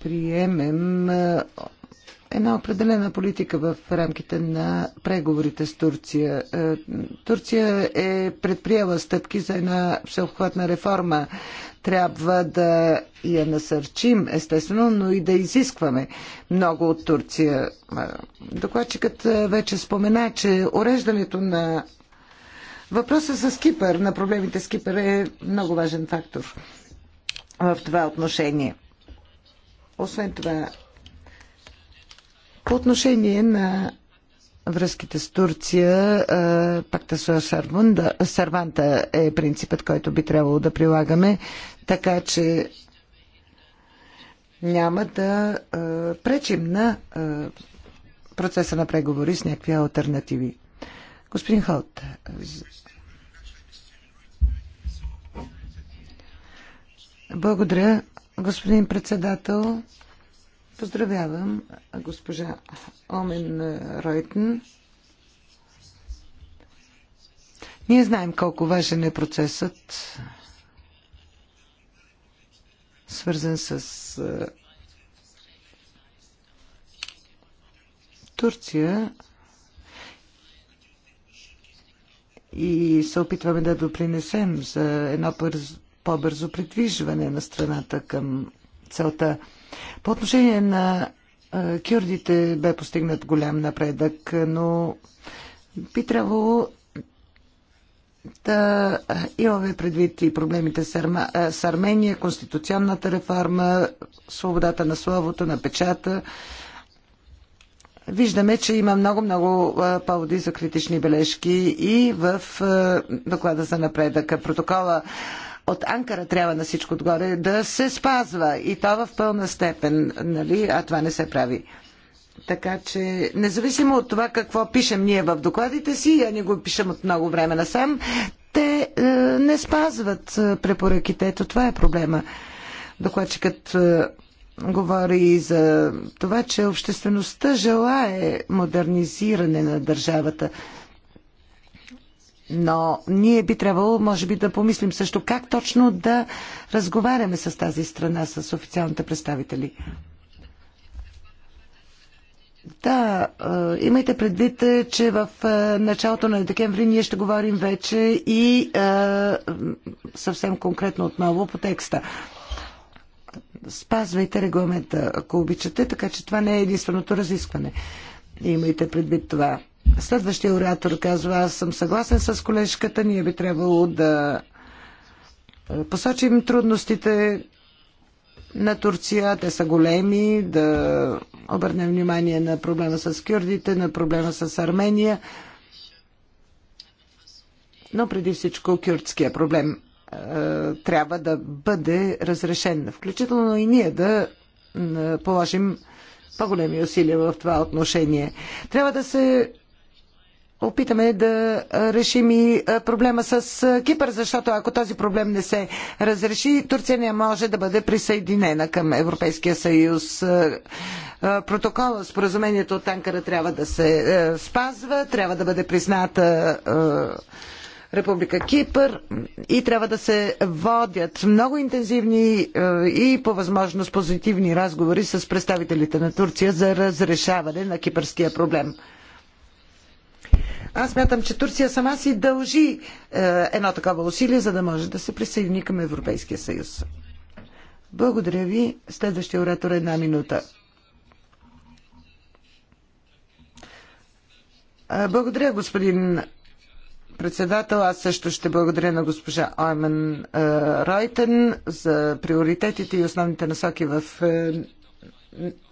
приемем една определена политика в рамките на преговорите с Турция. Турция е предприела стъпки за една всеобхватна реформа. Трябва да я насърчим, естествено, но и да изискваме много от Турция. Докладчикът вече спомена, че уреждането на въпроса с Кипър, на проблемите с Кипър е много важен фактор в това отношение. Освен това, по отношение на връзките с Турция, пакта с Сарванта е принципът, който би трябвало да прилагаме, така че няма да пречим на процеса на преговори с някакви альтернативи. Господин Холт, благодаря господин председател. Поздравявам госпожа Омен Ройтен. Ние знаем колко важен е процесът, свързан с Турция и се опитваме да допринесем за едно по-бързо придвижване на страната към целта. По отношение на кюрдите бе постигнат голям напредък, но би трябвало да имаме предвид и проблемите с, Арма, с Армения, конституционната реформа, свободата на словото, на печата. Виждаме, че има много-много поводи за критични бележки и в доклада за напредъка. Протокола от Анкара трябва на всичко отгоре да се спазва и то в пълна степен, нали? а това не се прави. Така че, независимо от това какво пишем ние в докладите си, а ние го пишем от много време насам, те е, не спазват е, препоръките. Ето това е проблема. Докладчикът е, говори и за това, че обществеността желае модернизиране на държавата. Но ние би трябвало, може би, да помислим също как точно да разговаряме с тази страна, с официалните представители. Да, е, имайте предвид, е, че в е, началото на декември ние ще говорим вече и съвсем конкретно отново по текста. Спазвайте регламента, ако обичате, така че това не е единственото разискване. Имайте предвид това. Следващия оратор казва, аз съм съгласен с колежката, ние би трябвало да е, посочим трудностите на Турция, те са големи, да обърнем внимание на проблема с кюрдите, на проблема с Армения, но преди всичко кюрдския проблем е, трябва да бъде разрешен, включително и ние да е, положим по-големи усилия в това отношение. Трябва да се опитаме да решим и проблема с Кипър, защото ако този проблем не се разреши, Турция не може да бъде присъединена към Европейския съюз. Протокола, споразумението от Анкара трябва да се спазва, трябва да бъде призната Република Кипър и трябва да се водят много интензивни и по възможност позитивни разговори с представителите на Турция за разрешаване на кипърския проблем. Аз мятам, че Турция сама си дължи е, едно такова усилие, за да може да се присъедини към Европейския съюз. Благодаря ви. Следващия оратор е една минута. Е, благодаря, господин председател. Аз също ще благодаря на госпожа Оймен е, Ройтен за приоритетите и основните насоки в е,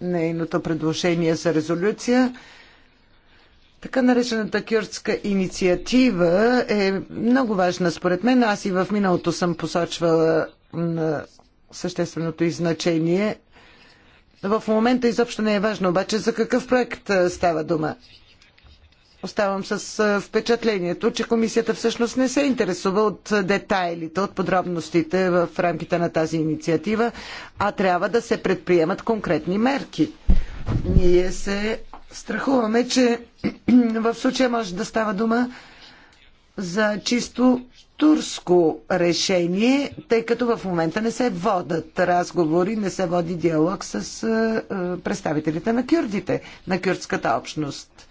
нейното предложение за резолюция. Така наречената кюртска инициатива е много важна според мен. Аз и в миналото съм посочвала на същественото значение. В момента изобщо не е важно обаче за какъв проект става дума. Оставам с впечатлението, че комисията всъщност не се интересува от детайлите, от подробностите в рамките на тази инициатива, а трябва да се предприемат конкретни мерки. Ние се страхуваме, че в случая може да става дума за чисто турско решение, тъй като в момента не се водат разговори, не се води диалог с е, е, представителите на кюрдите, на кюрдската общност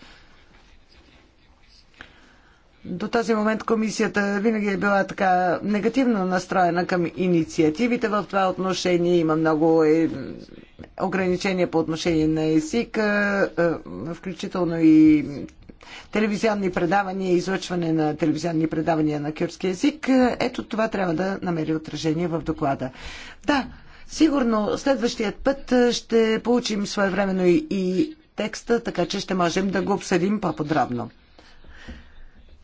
до този момент комисията винаги е била така негативно настроена към инициативите в това отношение. Има много е, ограничения по отношение на е, е, включително и телевизионни предавания, излъчване на телевизионни предавания на кюрски език. Ето това трябва да намери отражение в доклада. Да, сигурно следващият път е, ще получим своевременно и, и текста, така че ще можем да го обсъдим по-подробно.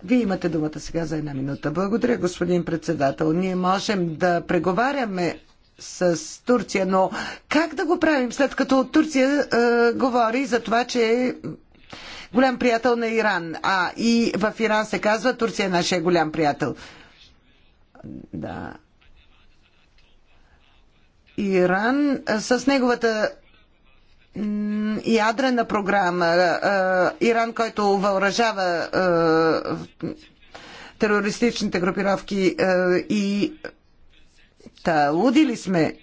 Вие имате думата сега за една минута. Благодаря, господин председател. Ние можем да преговаряме с Турция, но как да го правим, след като Турция е, говори за това, че е голям приятел на Иран, а и в Иран се казва Турция е нашия голям приятел. Да. Иран е, с неговата ядрена програма, Иран, който въоръжава терористичните групировки и та, луди ли сме?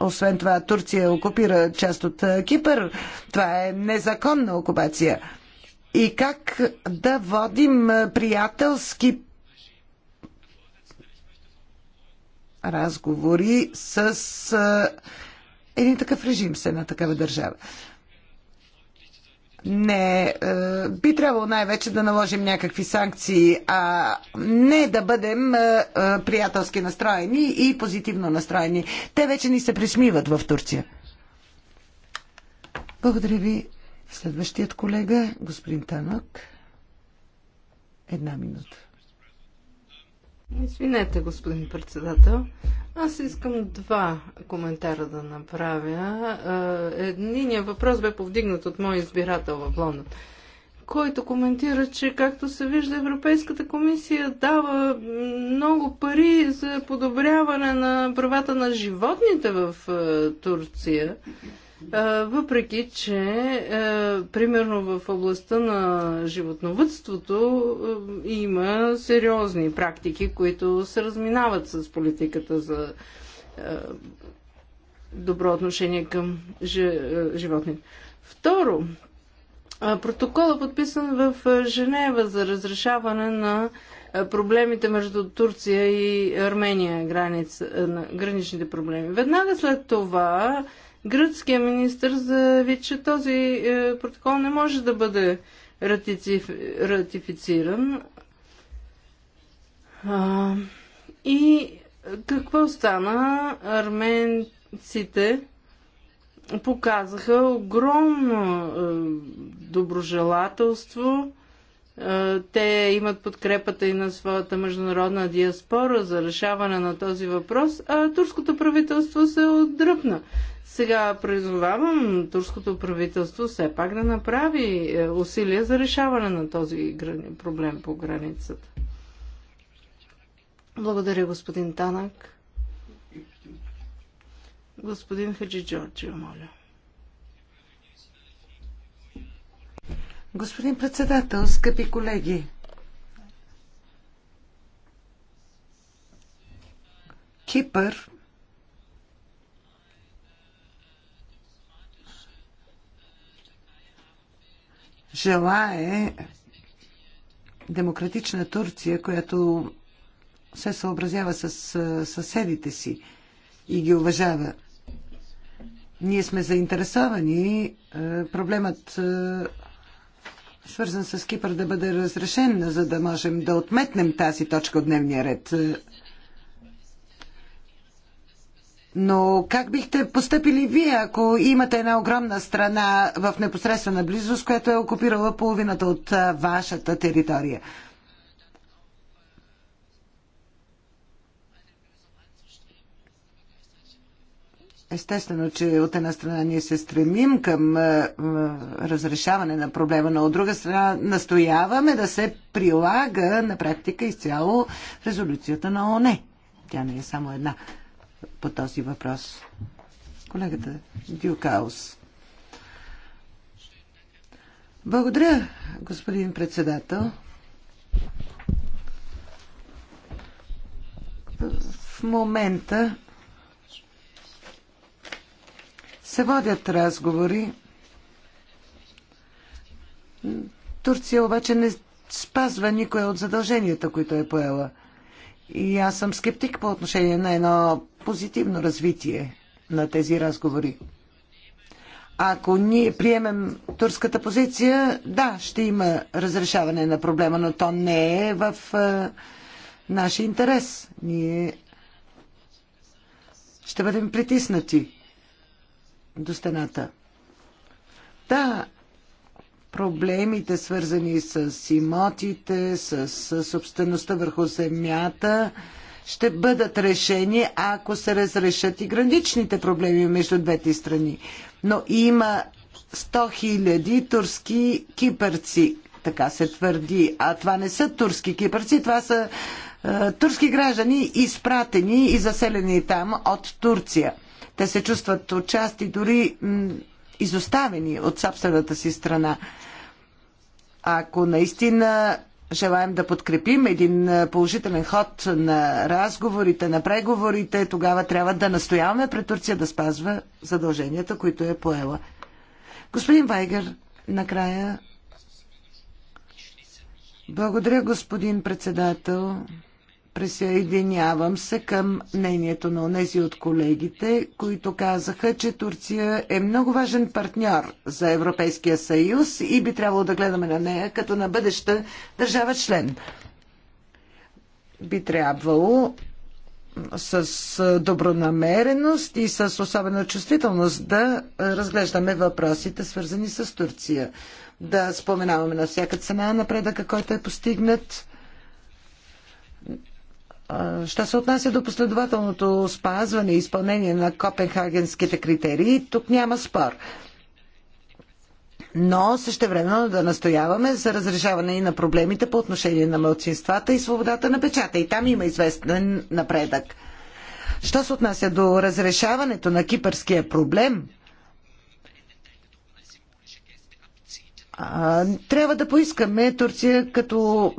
Освен това, Турция окупира част от Кипър. Това е незаконна окупация. И как да водим приятелски разговори с един такъв режим с една такава държава. Не, е, би трябвало най-вече да наложим някакви санкции, а не да бъдем е, е, приятелски настроени и позитивно настроени. Те вече ни се присмиват в Турция. Благодаря ви. Следващият колега, господин Танок. Една минута. Извинете, господин председател. Аз искам два коментара да направя. Е, единият въпрос бе повдигнат от мой избирател в Лондон, който коментира, че както се вижда Европейската комисия дава много пари за подобряване на правата на животните в е, Турция. Въпреки, че примерно в областта на животновътството има сериозни практики, които се разминават с политиката за добро отношение към животните. Второ, е подписан в Женева за разрешаване на проблемите между Турция и Армения, граничните проблеми. Веднага след това гръцкия министр заяви, че този е, протокол не може да бъде ратифициран. А, и какво стана? Арменците показаха огромно е, доброжелателство е, те имат подкрепата и на своята международна диаспора за решаване на този въпрос, а турското правителство се отдръпна. Сега призовавам турското правителство все пак да направи е, усилия за решаване на този проблем по границата. Благодаря, господин Танак. Господин Хаджи Джорджи, моля. Господин председател, скъпи колеги, Кипър желае демократична Турция, която се съобразява с съседите си и ги уважава. Ние сме заинтересовани проблемът свързан с Кипър, да бъде разрешен, за да можем да отметнем тази точка от дневния ред. Но как бихте поступили вие, ако имате една огромна страна в непосредствена близост, която е окупирала половината от вашата територия? Естествено, че от една страна ние се стремим към е, е, разрешаване на проблема, но от друга страна настояваме да се прилага на практика изцяло резолюцията на ОНЕ. Тя не е само една по този въпрос. Колегата Дюкаус. Благодаря, господин председател. В момента се водят разговори. Турция обаче не спазва никое от задълженията, които е поела. И аз съм скептик по отношение на едно позитивно развитие на тези разговори. Ако ние приемем турската позиция, да, ще има разрешаване на проблема, но то не е в е, нашия интерес. Ние ще бъдем притиснати до стената. Да, проблемите, свързани с имотите, с, с собствеността върху земята, ще бъдат решени, ако се разрешат и граничните проблеми между двете страни. Но има 100 000 турски кипърци, така се твърди. А това не са турски кипърци, това са е, турски граждани, изпратени и заселени там от Турция – те се чувстват отчасти дори изоставени от собствената си страна. Ако наистина желаем да подкрепим един положителен ход на разговорите, на преговорите, тогава трябва да настояваме пред Турция да спазва задълженията, които е поела. Господин Вайгер, накрая. Благодаря, господин председател. Присъединявам се към мнението на онези от колегите, които казаха, че Турция е много важен партньор за Европейския съюз и би трябвало да гледаме на нея като на бъдеща държава член. Би трябвало с добронамереност и с особена чувствителност да разглеждаме въпросите, свързани с Турция. Да споменаваме на всяка цена напредъка, който е постигнат Що се отнася до последователното спазване и изпълнение на копенхагенските критерии, тук няма спор. Но същевременно да настояваме за разрешаване и на проблемите по отношение на мълцинствата и свободата на печата. И там има известен напредък. Що се отнася до разрешаването на кипърския проблем – трябва да поискаме Турция като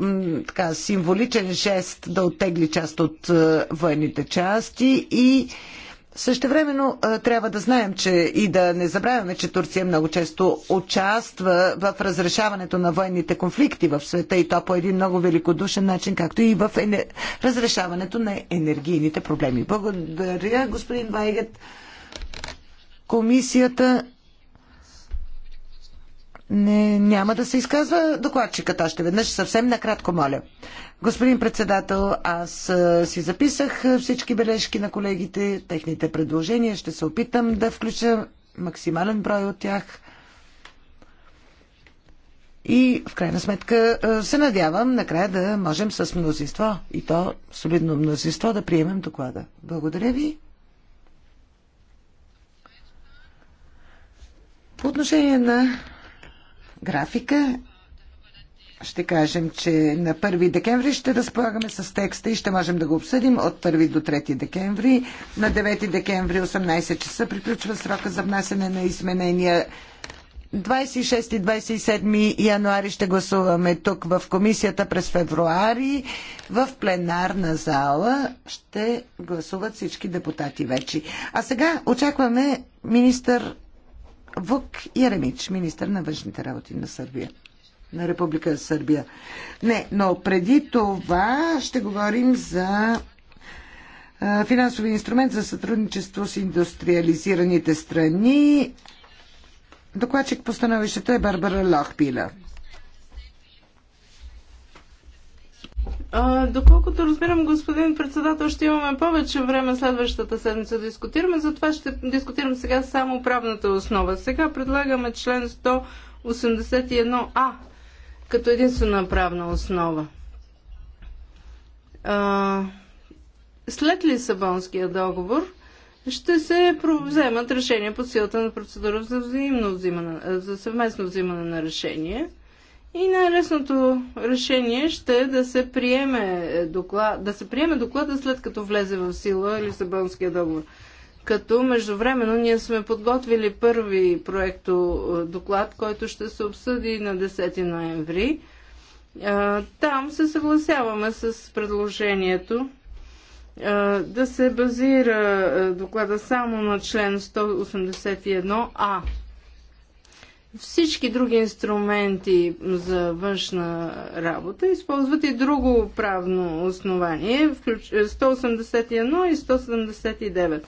така, символичен жест да оттегли част от военните части и Същевременно трябва да знаем, че и да не забравяме, че Турция много често участва в разрешаването на военните конфликти в света и то по един много великодушен начин, както и в разрешаването на енергийните проблеми. Благодаря, господин Вайгът. Комисията не, няма да се изказва докладчиката още веднъж. Съвсем накратко, моля. Господин председател, аз си записах всички бележки на колегите, техните предложения. Ще се опитам да включа максимален брой от тях. И в крайна сметка се надявам накрая да можем с мнозинство и то солидно мнозинство да приемем доклада. Благодаря ви. По отношение на графика. Ще кажем, че на 1 декември ще разполагаме с текста и ще можем да го обсъдим от 1 до 3 декември. На 9 декември 18 часа приключва срока за внасяне на изменения. 26 и 27 януари ще гласуваме тук в комисията през февруари. В пленарна зала ще гласуват всички депутати вече. А сега очакваме министър Вук Яремич, министър на външните работи на Сърбия на Република Сърбия. Не, но преди това ще говорим за финансови инструмент за сътрудничество с индустриализираните страни. Докладчик по становището е Барбара Лохпила. А, доколкото разбирам, господин председател, ще имаме повече време следващата седмица да дискутираме, затова ще дискутирам сега само правната основа. Сега предлагаме член 181А като единствена правна основа. А, след Лисабонския договор ще се вземат решения по силата на процедура за, взаимно взимане, за съвместно взимане на решение – и най-лесното решение ще е да се приеме е, доклада, да се приеме доклада след като влезе в сила Лисабонския договор. Като междувременно ние сме подготвили първи проекто е, доклад, който ще се обсъди на 10 ноември. Е, там се съгласяваме с предложението да се базира доклада само на член 181а всички други инструменти за външна работа използват и друго правно основание, 181 и 179.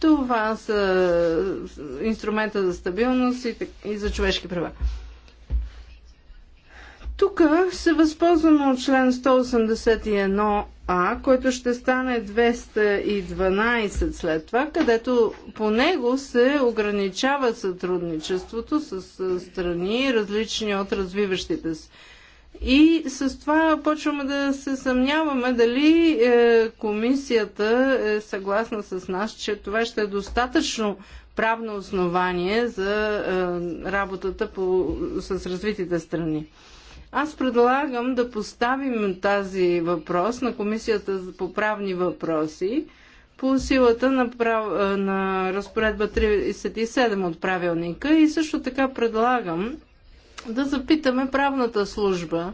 Това са инструмента за стабилност и за човешки права. Тук се възползваме от член 181 а, който ще стане 212 след това, където по него се ограничава сътрудничеството с страни, различни от развиващите се. И с това почваме да се съмняваме дали е, комисията е съгласна с нас, че това ще е достатъчно правно основание за е, работата по, с развитите страни. Аз предлагам да поставим тази въпрос на Комисията по правни въпроси по силата на, прав... на разпоредба 37 от правилника и също така предлагам да запитаме правната служба,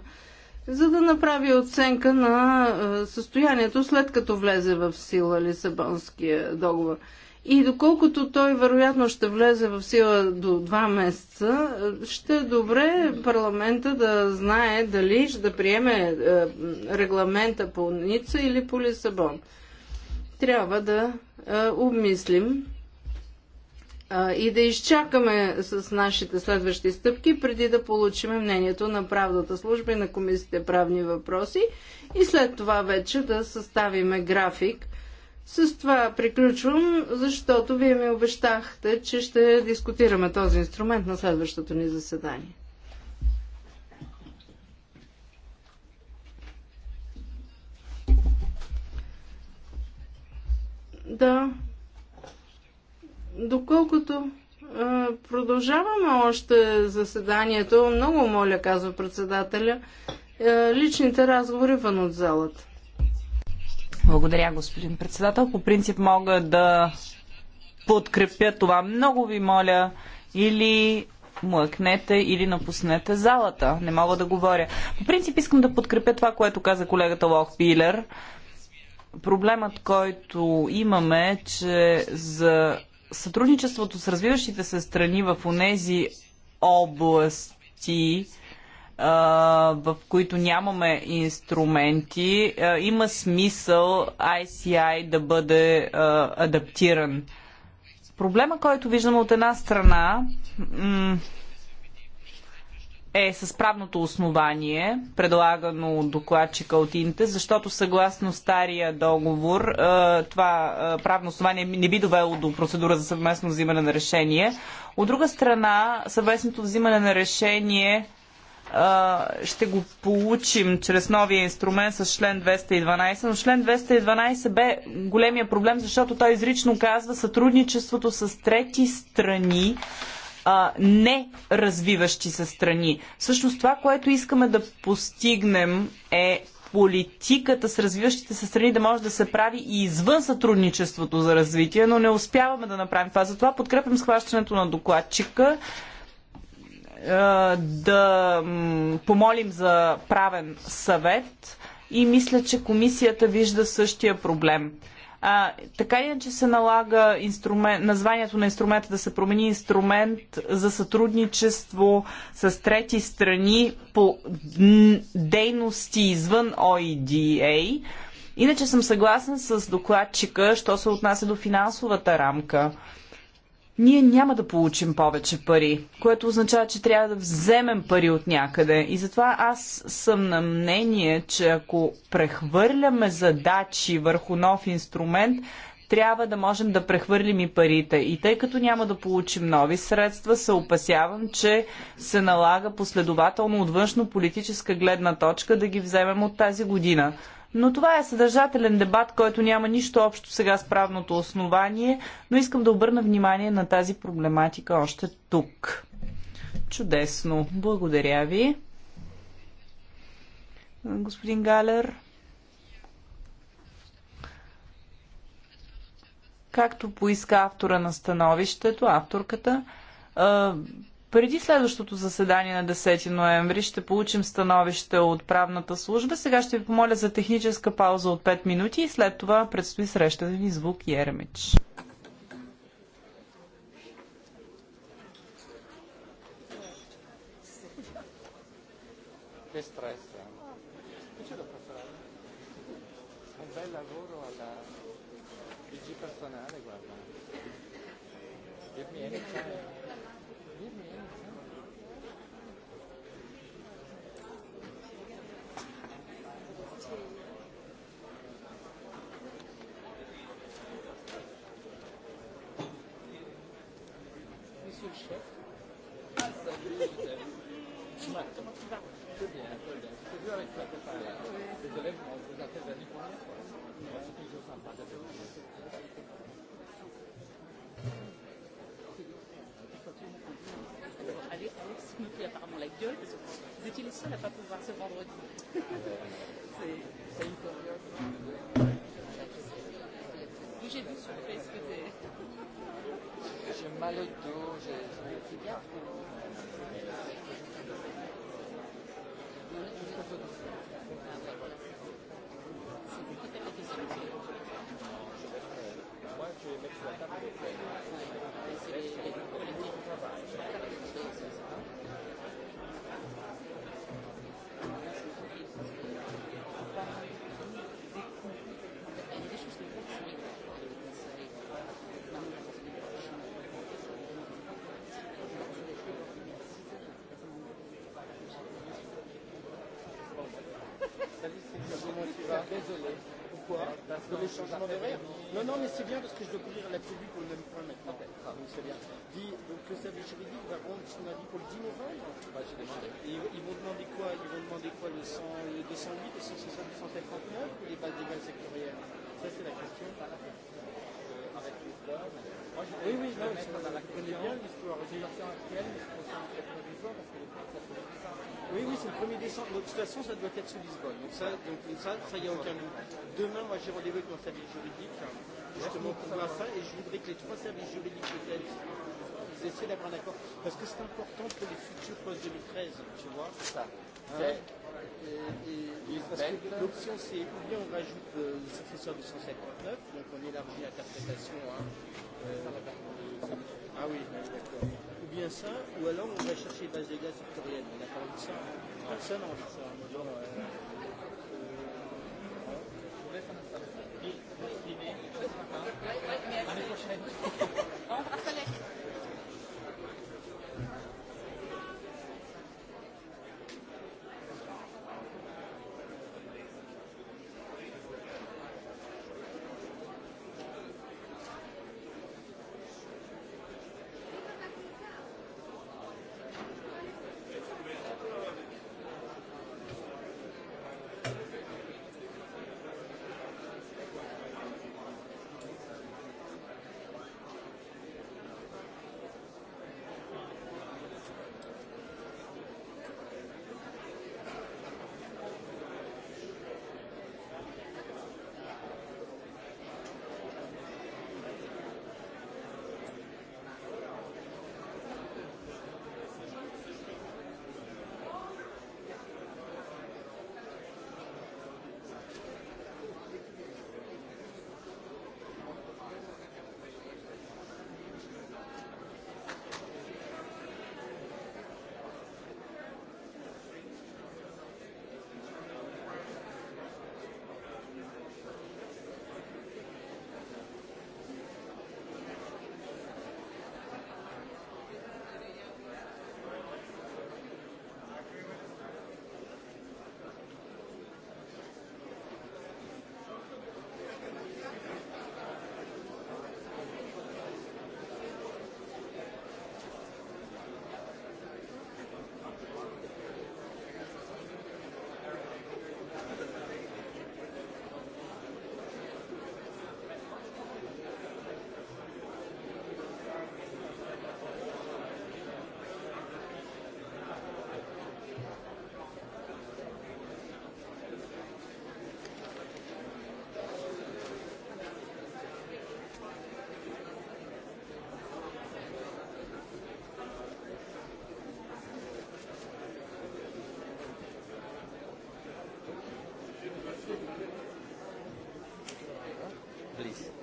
за да направи оценка на състоянието след като влезе в сила Лисабонския договор. И доколкото той вероятно ще влезе в сила до два месеца, ще е добре парламента да знае дали ще да приеме е, регламента по Ница или по Лисабон. Трябва да е, обмислим е, и да изчакаме с нашите следващи стъпки, преди да получим мнението на правдата служба и на комисията правни въпроси и след това вече да съставиме график с това приключвам, защото вие ми обещахте, че ще дискутираме този инструмент на следващото ни заседание. Да. Доколкото продължаваме още заседанието, много моля, казва председателя, личните разговори вън от залата. Благодаря, господин председател. По принцип мога да подкрепя това. Много ви моля или млъкнете или напуснете залата. Не мога да говоря. По принцип искам да подкрепя това, което каза колегата Лох Пилер. Проблемът, който имаме, е, че за сътрудничеството с развиващите се страни в онези области, в които нямаме инструменти, има смисъл ICI да бъде адаптиран. Проблема, който виждам от една страна, е с правното основание, предлагано от докладчика от Инте, защото съгласно стария договор това правно основание не би довело до процедура за съвместно взимане на решение. От друга страна, съвместното взимане на решение ще го получим чрез новия инструмент с член 212, но член 212 бе големия проблем, защото той изрично казва сътрудничеството с трети страни, а, не развиващи се страни. Всъщност това, което искаме да постигнем е политиката с развиващите се страни да може да се прави и извън сътрудничеството за развитие, но не успяваме да направим това. Затова подкрепям схващането на докладчика е, да помолим за правен съвет и мисля, че комисията вижда същия проблем. А, така иначе се налага инструмент, названието на инструмента да се промени инструмент за сътрудничество с трети страни по дейности извън OEDA. Иначе съм съгласен с докладчика, що се отнася до финансовата рамка ние няма да получим повече пари, което означава, че трябва да вземем пари от някъде. И затова аз съм на мнение, че ако прехвърляме задачи върху нов инструмент, трябва да можем да прехвърлим и парите. И тъй като няма да получим нови средства, се опасявам, че се налага последователно от външно-политическа гледна точка да ги вземем от тази година. Но това е съдържателен дебат, който няма нищо общо сега с правното основание, но искам да обърна внимание на тази проблематика още тук. Чудесно. Благодаря ви. Господин Галер. Както поиска автора на становището, авторката, преди следващото заседание на 10 ноември ще получим становище от правната служба. Сега ще ви помоля за техническа пауза от 5 минути и след това предстои срещата ни звук Еремич. pas. Désolé. Pourquoi Parce que les changements d'horaire. Non, non, mais c'est bien parce que je dois couvrir la tribu pour le même point maintenant. Ah, Donc c'est bien. Dis, donc le service juridique va rendre son avis pour le 10 novembre bah, j'ai demandé. Ils, ils vont demander quoi Ils vont demander quoi le, 100, le 208, le 160, le 139 ou les bases légales sectorielles Ça, c'est la question. Avec l'histoire. Oui, oui, non, je connais bien l'histoire. J'ai l'histoire actuelle, mais je pense que c'est un peu provisoire parce que les points, ça se Oui, oui, c'est le 1er décembre. Donc, de toute façon, ça doit être sous Lisbonne. Donc, ça, donc, ça, ça y a aucun doute. Demain, moi, j'ai rendez-vous avec mon service juridique, justement, pour voir ça, et je voudrais que les trois services juridiques peut-être ils essaient d'avoir un accord. Parce que c'est important pour les futurs post-2013, tu vois. C'est ça. Hein et, et, parce que l'option, c'est ou bien on rajoute euh, le successeur du 159, donc on élargit l'interprétation. Hein, euh, ah oui, d'accord bien ça, ou alors on va chercher des bases de gaz victoriennes. On a parlé de ça. Personne n'a envie de ça. L'année prochaine.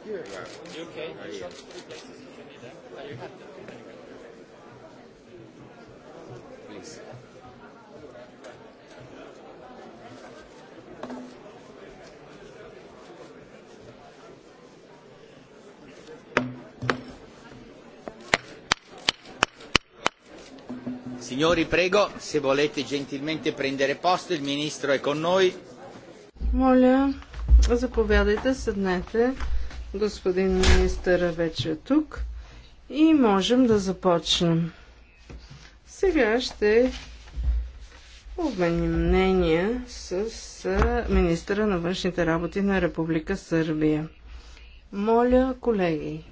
Here. You okay? Are you? Please. Signori, prego, se volete gentilmente prendere posto, il ministro è con noi. Моля, заповядайте, седнете. Господин министър вече е тук и можем да започнем. Сега ще обменим мнения с министъра на външните работи на Република Сърбия. Моля, колеги,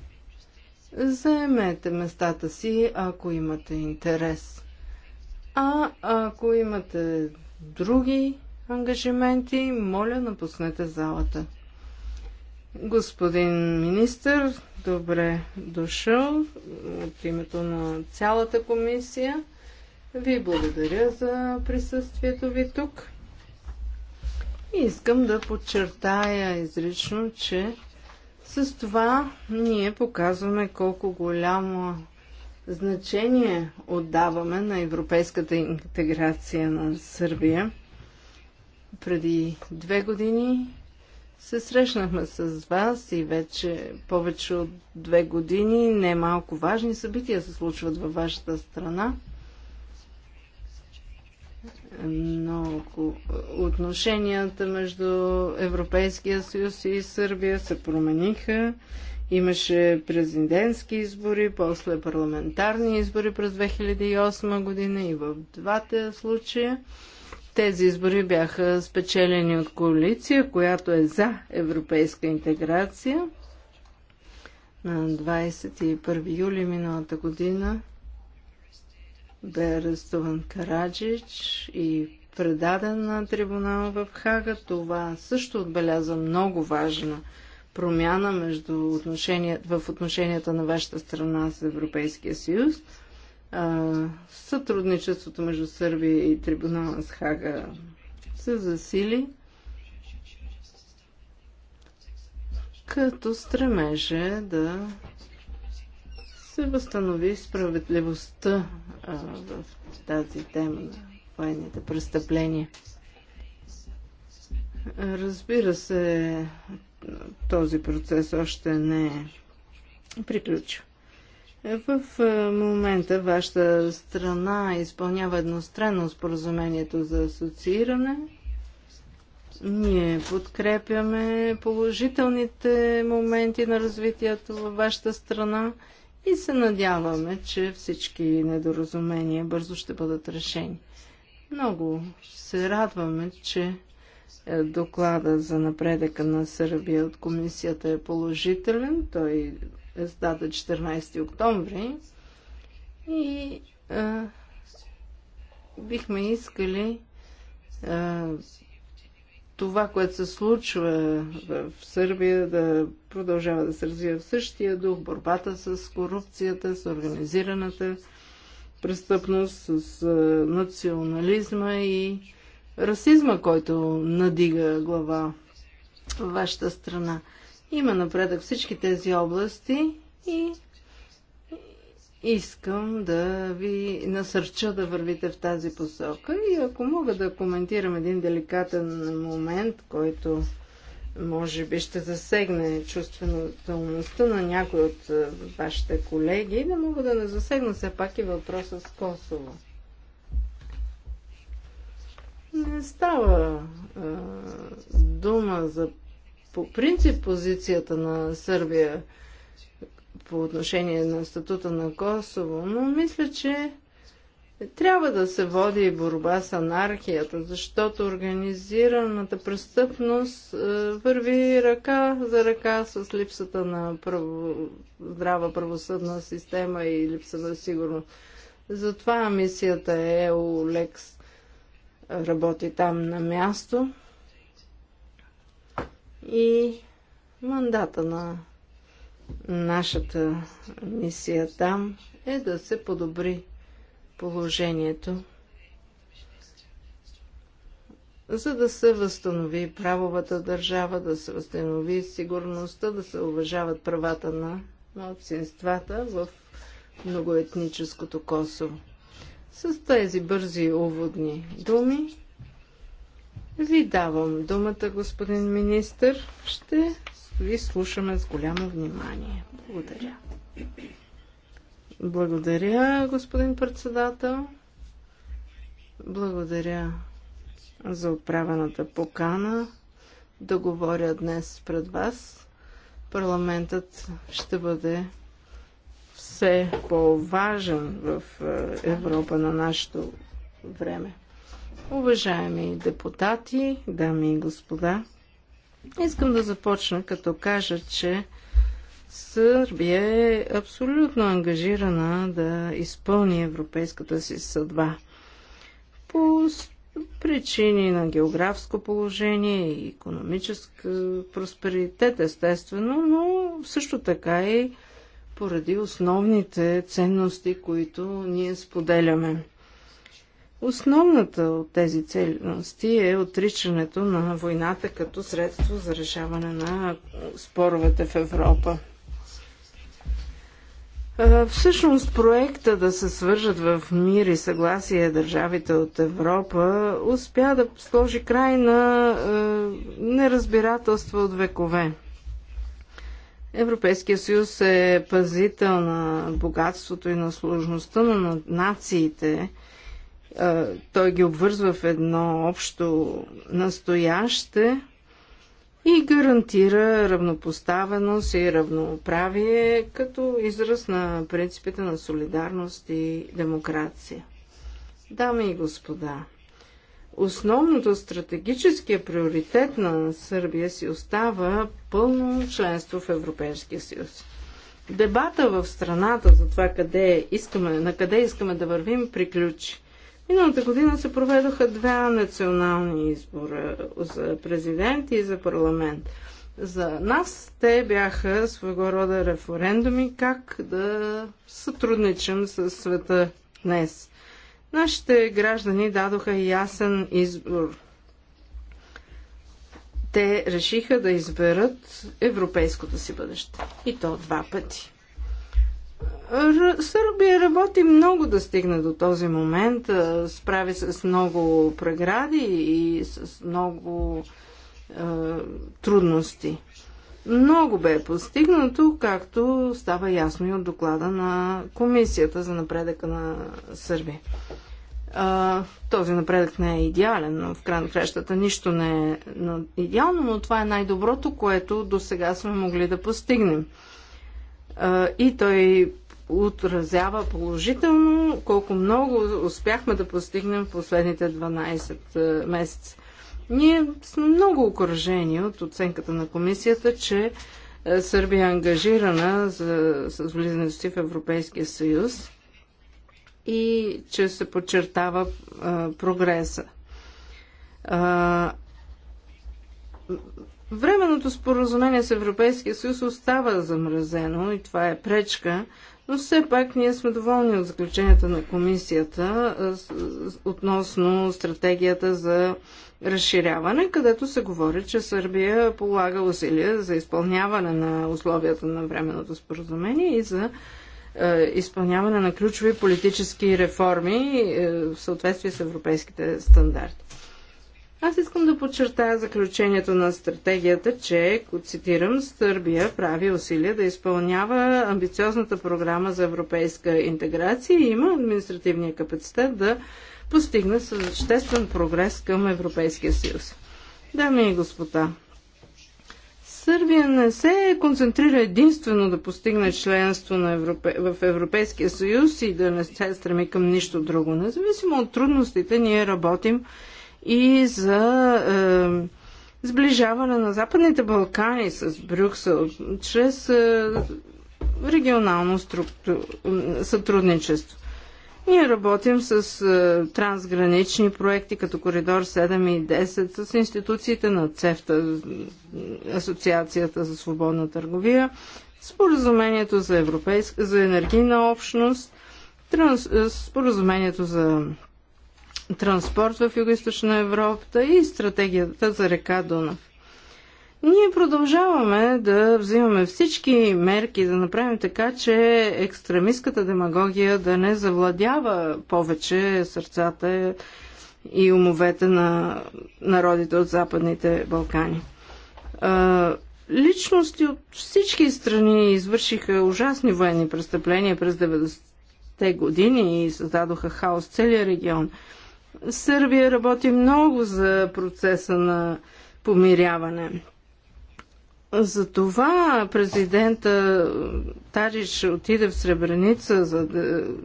заемете местата си, ако имате интерес. А ако имате други ангажименти, моля, напуснете залата. Господин министр, добре дошъл от името на цялата комисия. Ви благодаря за присъствието ви тук. И искам да подчертая изрично, че с това ние показваме колко голямо значение отдаваме на европейската интеграция на Сърбия. Преди две години се срещнахме с вас и вече повече от две години немалко важни събития се случват във вашата страна. Много отношенията между Европейския съюз и Сърбия се промениха. Имаше президентски избори, после парламентарни избори през 2008 година и в двата случая тези избори бяха спечелени от коалиция, която е за европейска интеграция. На 21 юли миналата година бе арестуван Караджич и предаден на трибунал в Хага. Това също отбеляза много важна промяна между отношения, в отношенията на вашата страна с Европейския съюз сътрудничеството между Сърбия и трибунала с Хага се засили, като стремеше да се възстанови справедливостта в тази тема на военните престъпления. Разбира се, този процес още не е приключил. В е, момента вашата страна изпълнява едностранно споразумението за асоцииране. Ние подкрепяме положителните моменти на развитието във вашата страна и се надяваме, че всички недоразумения бързо ще бъдат решени. Много се радваме, че е, доклада за напредъка на Сърбия от комисията е положителен. Той с 14 октомври и а, бихме искали а, това, което се случва в Сърбия, да продължава да се развива в същия дух, борбата с корупцията, с организираната престъпност, с а, национализма и расизма, който надига глава в вашата страна. Има напредък всички тези области и искам да ви насърча да вървите в тази посока. И ако мога да коментирам един деликатен момент, който може би ще засегне чувствеността на някой от вашите колеги, да мога да не засегна все пак и въпроса с Косово. Не става а, дума за по принцип позицията на Сърбия по отношение на статута на Косово, но мисля, че трябва да се води борба с анархията, защото организираната престъпност е, върви ръка за ръка с липсата на право, здрава правосъдна система и липса на сигурност. Затова мисията е Олекс работи там на място и мандата на нашата мисия там е да се подобри положението, за да се възстанови правовата държава, да се възстанови сигурността, да се уважават правата на младсинствата в многоетническото Косово. С тези бързи уводни думи ви давам думата, господин министр. Ще ви слушаме с голямо внимание. Благодаря. Благодаря, господин председател. Благодаря за отправената покана да говоря днес пред вас. Парламентът ще бъде все по-важен в е, Европа на нашето време. Уважаеми депутати, дами и господа, искам да започна като кажа, че Сърбия е абсолютно ангажирана да изпълни европейската си съдба. По причини на географско положение и економическа просперитет, естествено, но също така и поради основните ценности, които ние споделяме. Основната от тези ценности е отричането на войната като средство за решаване на споровете в Европа. Всъщност проекта да се свържат в мир и съгласие държавите от Европа успя да сложи край на е, неразбирателство от векове. Европейския съюз е пазител на богатството и на сложността на нациите – той ги обвързва в едно общо настояще и гарантира равнопоставеност и равноправие като израз на принципите на солидарност и демокрация. Дами и господа, основното стратегическия приоритет на Сърбия си остава пълно членство в Европейския съюз. Дебата в страната за това къде искаме, на къде искаме да вървим приключи. Миналата година се проведоха два национални избора за президент и за парламент. За нас те бяха своего рода референдуми как да сътрудничим с света днес. Нашите граждани дадоха ясен избор. Те решиха да изберат европейското си бъдеще. И то два пъти. Сърбия работи много да стигне до този момент. Справи се с много прегради и с много е, трудности. Много бе постигнато, както става ясно и от доклада на Комисията за напредъка на Сърбия. Е, този напредък не е идеален, но в край на кращата нищо не е идеално, но това е най-доброто, което до сега сме могли да постигнем и той отразява положително колко много успяхме да постигнем в последните 12 месеца. Ние сме много окоръжени от оценката на комисията, че Сърбия е ангажирана за, с влизането си в Европейския съюз и че се подчертава а, прогреса. А, Временното споразумение с Европейския съюз остава замразено и това е пречка, но все пак ние сме доволни от заключенията на комисията относно стратегията за разширяване, където се говори, че Сърбия полага усилия за изпълняване на условията на временното споразумение и за изпълняване на ключови политически реформи е, в съответствие с европейските стандарти. Аз искам да подчертая заключението на стратегията, че, цитирам, Сърбия прави усилия да изпълнява амбициозната програма за европейска интеграция и има административния капацитет да постигне съществен прогрес към Европейския съюз. Дами и господа, Сърбия не се концентрира единствено да постигне членство на Европе... в Европейския съюз и да не се стреми към нищо друго. Независимо от трудностите, ние работим и за е, сближаване на Западните Балкани с Брюксел чрез е, регионално структу... сътрудничество. Ние работим с е, трансгранични проекти като Коридор 7 и 10, с институциите на ЦЕФТА, Асоциацията за свободна търговия, Споразумението за, европейск... за енергийна общност, транс... Е, Споразумението за транспорт в Юго-Источна Европа и стратегията за река Дунав. Ние продължаваме да взимаме всички мерки, да направим така, че екстремистската демагогия да не завладява повече сърцата и умовете на народите от Западните Балкани. Личности от всички страни извършиха ужасни военни престъпления през 90-те години и създадоха хаос в целия регион. Сърбия работи много за процеса на помиряване. Затова президента Тариш отиде в Сребреница за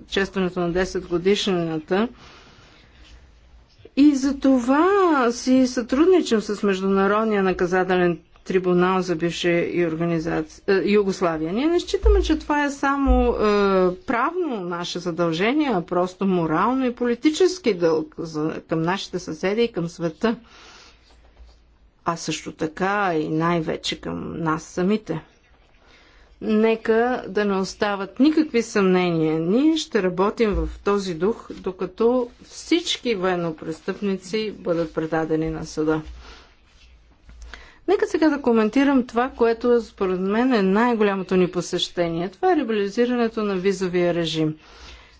честването на 10 годишнината. И за това си сътрудничам с Международния наказателен трибунал за бивша е, Югославия. Ние не считаме, че това е само е, правно наше задължение, а просто морално и политически дълг за, към нашите съседи и към света. А също така и най-вече към нас самите. Нека да не остават никакви съмнения. Ние ще работим в този дух, докато всички военнопрестъпници бъдат предадени на съда. Нека сега да коментирам това, което е, според мен е най-голямото ни посещение. Това е либерализирането на визовия режим.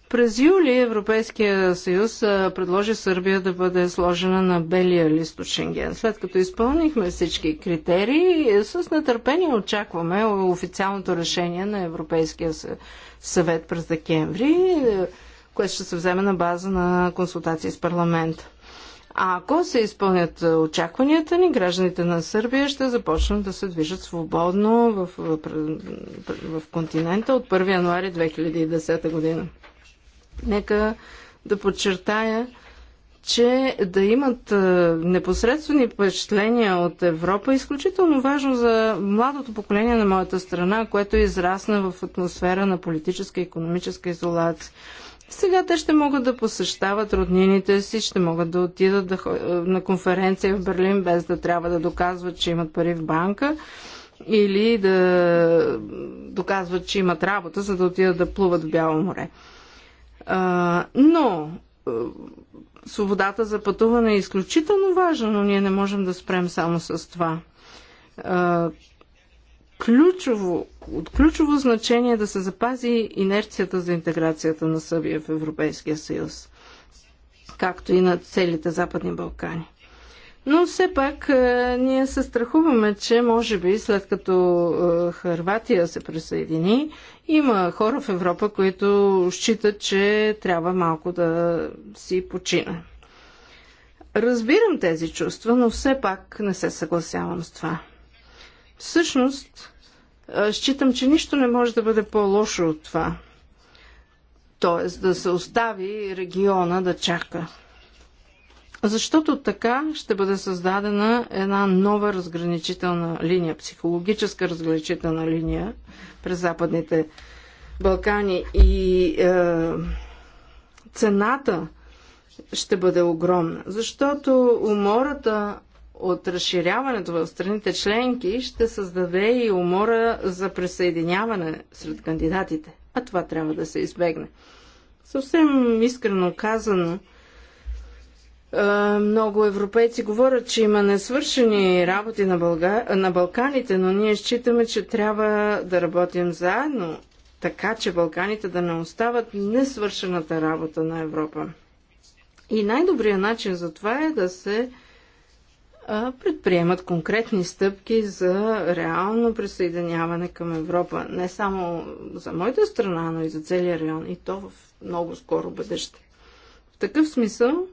През юли Европейския съюз предложи Сърбия да бъде сложена на белия лист от Шенген. След като изпълнихме всички критерии, е, с нетърпение очакваме официалното решение на Европейския съвет през декември, е, което ще се вземе на база на консултации с парламента. А ако се изпълнят очакванията ни, гражданите на Сърбия ще започнат да се движат свободно в, в, в континента от 1 януари 2010 година. Нека да подчертая, че да имат е, непосредствени впечатления от Европа е изключително важно за младото поколение на моята страна, което израсна в атмосфера на политическа и економическа изолация. Сега те ще могат да посещават роднините си, ще могат да отидат да, е, на конференция в Берлин, без да трябва да доказват, че имат пари в банка или да доказват, че имат работа, за да отидат да плуват в Бяло море. А, но е, свободата за пътуване е изключително важна, но ние не можем да спрем само с това ключово, от ключово значение да се запази инерцията за интеграцията на Сърбия в Европейския съюз, както и на целите Западни Балкани. Но все пак е, ние се страхуваме, че може би след като е, Харватия се присъедини, има хора в Европа, които считат, че трябва малко да си почина. Разбирам тези чувства, но все пак не се съгласявам с това. Всъщност, считам, че нищо не може да бъде по-лошо от това. Тоест да се остави региона да чака. Защото така ще бъде създадена една нова разграничителна линия, психологическа разграничителна линия през Западните Балкани. И е, цената ще бъде огромна, защото умората от разширяването в страните членки ще създаде и умора за присъединяване сред кандидатите. А това трябва да се избегне. Съвсем искрено казано, е, много европейци говорят, че има несвършени работи на, Бълга... на Балканите, но ние считаме, че трябва да работим заедно, така че Балканите да не остават несвършената работа на Европа. И най-добрият начин за това е да се предприемат конкретни стъпки за реално присъединяване към Европа. Не само за моята страна, но и за целия район. И то в много скоро бъдеще. В такъв смисъл,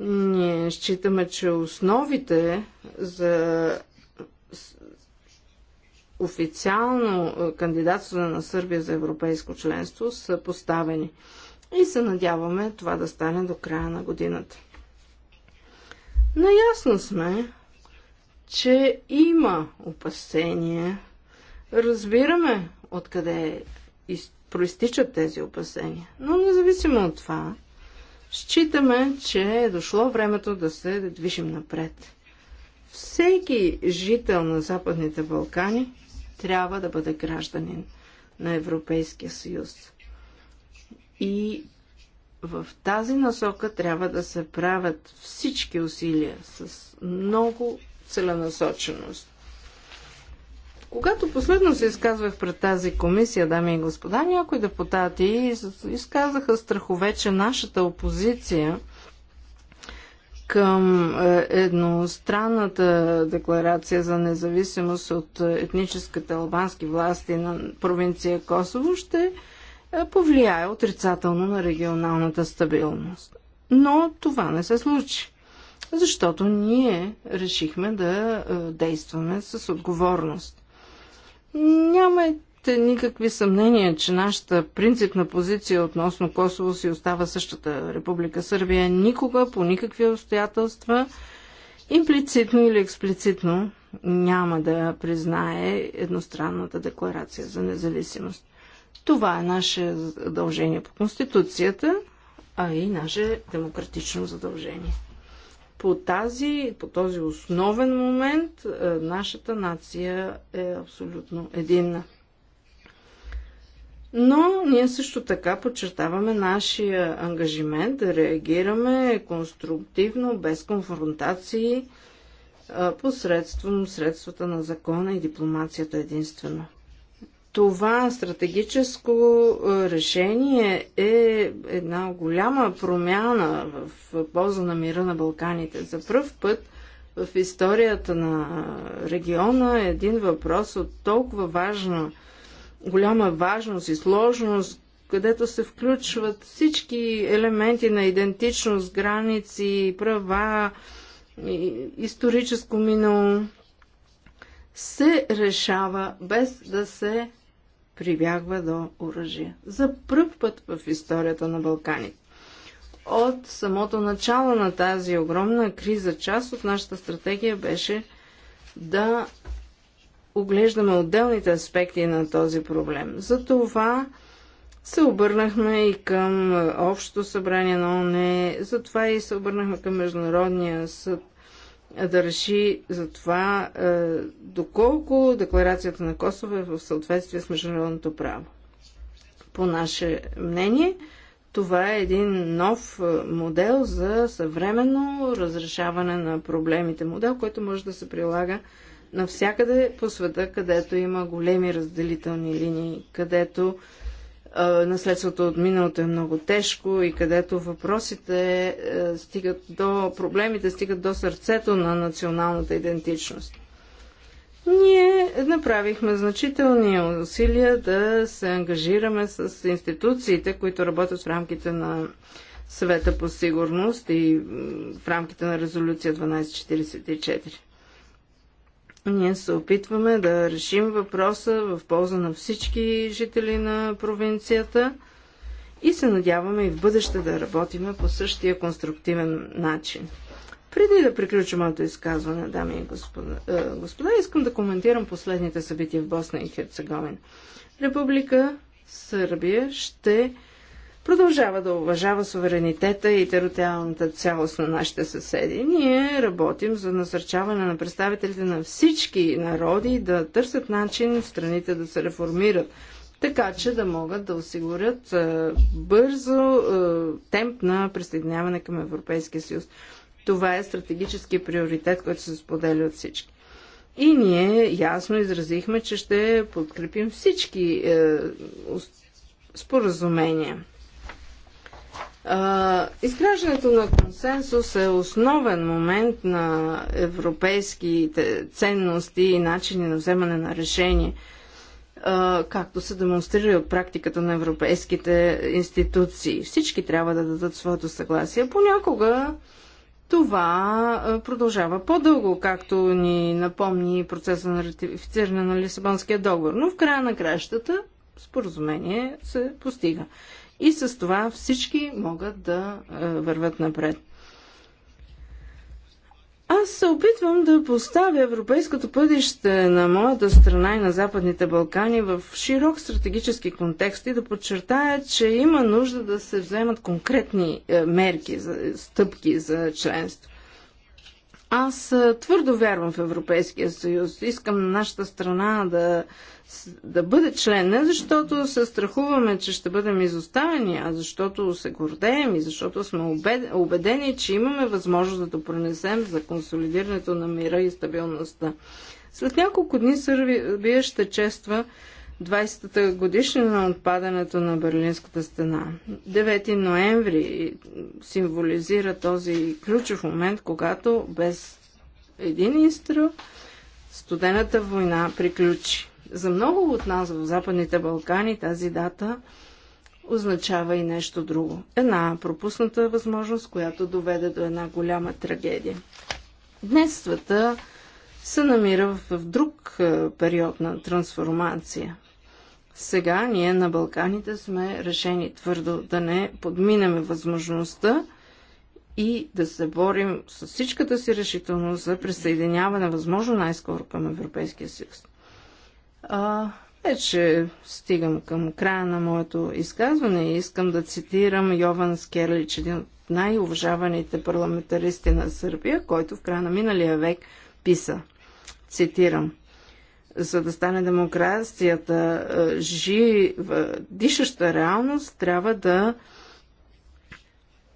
ние считаме, че основите за официално кандидатстване на Сърбия за европейско членство са поставени. И се надяваме това да стане до края на годината. Наясно сме, че има опасения. Разбираме откъде проистичат тези опасения. Но независимо от това, считаме, че е дошло времето да се движим напред. Всеки жител на Западните Балкани трябва да бъде гражданин на Европейския съюз. И в тази насока трябва да се правят всички усилия с много целенасоченост. Когато последно се изказвах пред тази комисия, дами и господа, някои депутати изказаха страхове, че нашата опозиция към е, едностранната декларация за независимост от е, етническата албански власти на провинция Косово ще е, повлияе отрицателно на регионалната стабилност. Но това не се случи, защото ние решихме да е, действаме с отговорност. Нямайте никакви съмнения, че нашата принципна позиция относно Косово си остава същата. Република Сърбия никога, по никакви обстоятелства, имплицитно или експлицитно няма да признае едностранната декларация за независимост. Това е наше задължение по Конституцията, а и наше демократично задължение. По, тази, по този основен момент е, нашата нация е абсолютно единна. Но ние също така подчертаваме нашия ангажимент да реагираме конструктивно, без конфронтации, е, посредством средствата на закона и дипломацията единствено това стратегическо е, решение е една голяма промяна в полза на мира на Балканите. За първ път в историята на региона е един въпрос от толкова важна, голяма важност и сложност, където се включват всички елементи на идентичност, граници, права, историческо минало, се решава без да се прибягва до оръжие. За пръв път в историята на Балканите. От самото начало на тази огромна криза, част от нашата стратегия беше да оглеждаме отделните аспекти на този проблем. За това се обърнахме и към Общото събрание на ОНЕ, затова и се обърнахме към Международния съд да реши за това е, доколко декларацията на Косово е в съответствие с международното право. По наше мнение, това е един нов е, модел за съвременно разрешаване на проблемите. Модел, който може да се прилага навсякъде по света, където има големи разделителни линии, където наследството от миналото е много тежко и където въпросите е, стигат до проблемите, стигат до сърцето на националната идентичност. Ние направихме значителни усилия да се ангажираме с институциите, които работят в рамките на съвета по сигурност и в рамките на резолюция 1244. Ние се опитваме да решим въпроса в полза на всички жители на провинцията и се надяваме и в бъдеще да работиме по същия конструктивен начин. Преди да приключим моето изказване, дами и господа, э, господа, искам да коментирам последните събития в Босна и Херцеговина. Република Сърбия ще продължава да уважава суверенитета и териториалната цялост на нашите съседи. Ние работим за насърчаване на представителите на всички народи да търсят начин страните да се реформират, така че да могат да осигурят е, бързо е, темп на присъединяване към Европейския съюз. Това е стратегически приоритет, който се споделя от всички. И ние ясно изразихме, че ще подкрепим всички е, споразумения. Изграждането на консенсус е основен момент на европейските ценности и начини на вземане на решение, както се демонстрира от практиката на европейските институции. Всички трябва да дадат своето съгласие. Понякога това продължава по-дълго, както ни напомни процеса на ратифициране на Лисабонския договор, но в края на кращата споразумение се постига и с това всички могат да е, върват напред. Аз се опитвам да поставя европейското пътище на моята страна и на Западните Балкани в широк стратегически контекст и да подчертая, че има нужда да се вземат конкретни е, мерки, стъпки за членство. Аз твърдо вярвам в Европейския съюз. Искам нашата страна да, да бъде член. Не защото се страхуваме, че ще бъдем изоставени, а защото се гордеем и защото сме убедени, че имаме възможност да допринесем за консолидирането на мира и стабилността. След няколко дни Сърбия ще чества 20-та годишнина на отпадането на Берлинската стена. 9 ноември символизира този ключов момент, когато без един изстрел студената война приключи. За много от нас в Западните Балкани тази дата означава и нещо друго. Една пропусната възможност, която доведе до една голяма трагедия. Днес света се намира в друг е, период на трансформация. Сега ние на Балканите сме решени твърдо да не подминем възможността и да се борим с всичката си решителност за присъединяване възможно най-скоро към Европейския съюз. А, вече стигам към края на моето изказване и искам да цитирам Йован Скерлич, един от най-уважаваните парламентаристи на Сърбия, който в края на миналия век писа. Цитирам за да стане демокрацията е, жива, дишаща реалност, трябва да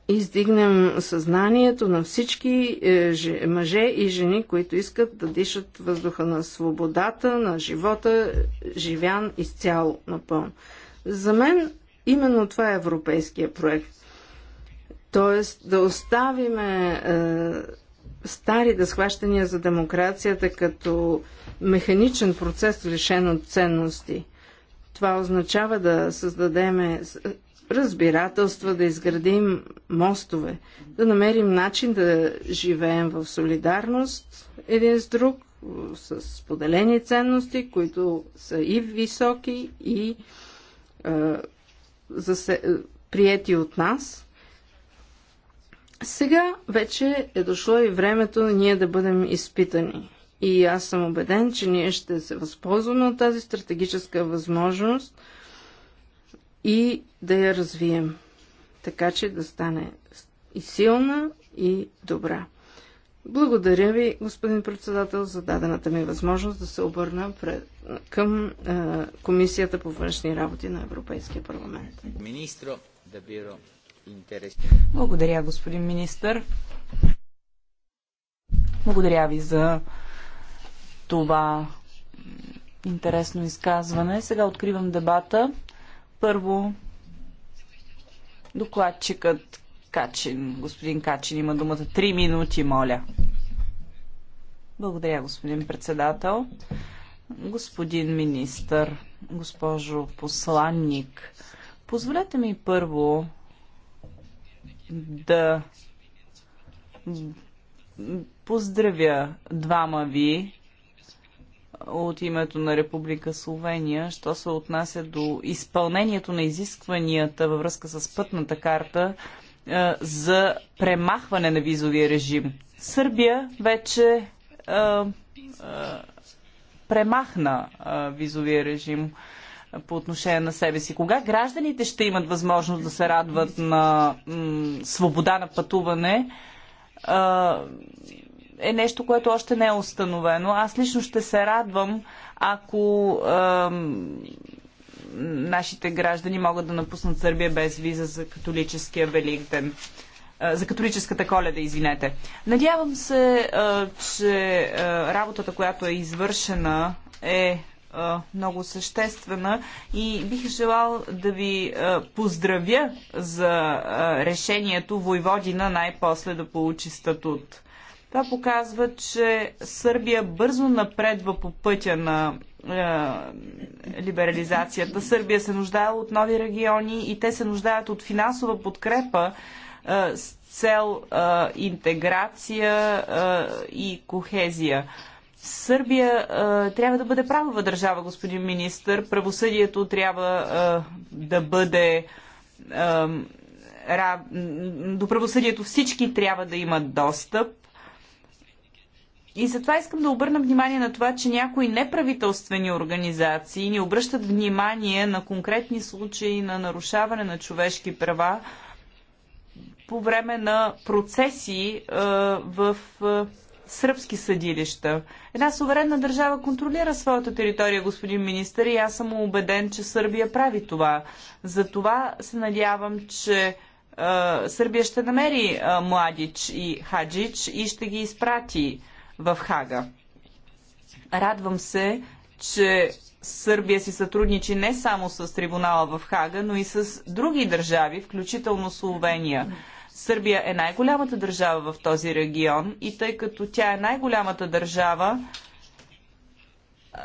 издигнем съзнанието на всички е, мъже и жени, които искат да дишат въздуха на свободата, на живота, живян изцяло напълно. За мен именно това е европейския проект. Тоест да оставиме е, стари да схващания за демокрацията като е, механичен процес, лишен от ценности. Това означава да създадем разбирателства, да изградим мостове, да намерим начин да живеем в солидарност един с друг, с поделени ценности, които са и високи, и е, засе, прияти от нас. Сега вече е дошло и времето ние да бъдем изпитани. И аз съм убеден, че ние ще се възползваме от тази стратегическа възможност и да я развием, така че да стане и силна, и добра. Благодаря ви, господин председател, за дадената ми възможност да се обърна пред, към е, Комисията по външни работи на Европейския парламент. Министро, да биро Благодаря, господин министър. Благодаря ви за това интересно изказване. Сега откривам дебата. Първо, докладчикът Качин, господин Качин, има думата. Три минути, моля. Благодаря, господин председател. Господин министър, госпожо посланник, позволете ми първо да поздравя двама ви от името на Република Словения, що се отнася до изпълнението на изискванията във връзка с пътната карта е, за премахване на визовия режим. Сърбия вече а, е, а, е, премахна а, визовия режим по отношение на себе си. Кога гражданите ще имат възможност да се радват на свобода на пътуване, е нещо, което още не е установено. Аз лично ще се радвам, ако нашите граждани могат да напуснат Сърбия без виза за католическия Великден. За католическата коледа, извинете. Надявам се, че работата, която е извършена, е много съществена и бих желал да ви поздравя за решението Войводина най-после да получи статут. Това показва, че Сърбия бързо напредва по пътя на е, либерализацията. Сърбия се нуждае от нови региони и те се нуждаят от финансова подкрепа е, с цел е, интеграция е, и кохезия. Сърбия е, трябва да бъде правова държава, господин министр. Правосъдието трябва е, да бъде. Е, До правосъдието всички трябва да имат достъп. И затова искам да обърна внимание на това, че някои неправителствени организации ни обръщат внимание на конкретни случаи на нарушаване на човешки права по време на процеси е, в а, е, сръбски съдилища. Една суверенна държава контролира своята територия, господин министър, и аз съм убеден, че Сърбия прави това. Затова се надявам, че е, Сърбия ще намери Младич и Хаджич и ще ги изпрати в Хага. Радвам се, че Сърбия си сътрудничи не само с трибунала в Хага, но и с други държави, включително Словения. Сърбия е най-голямата държава в този регион и тъй като тя е най-голямата държава,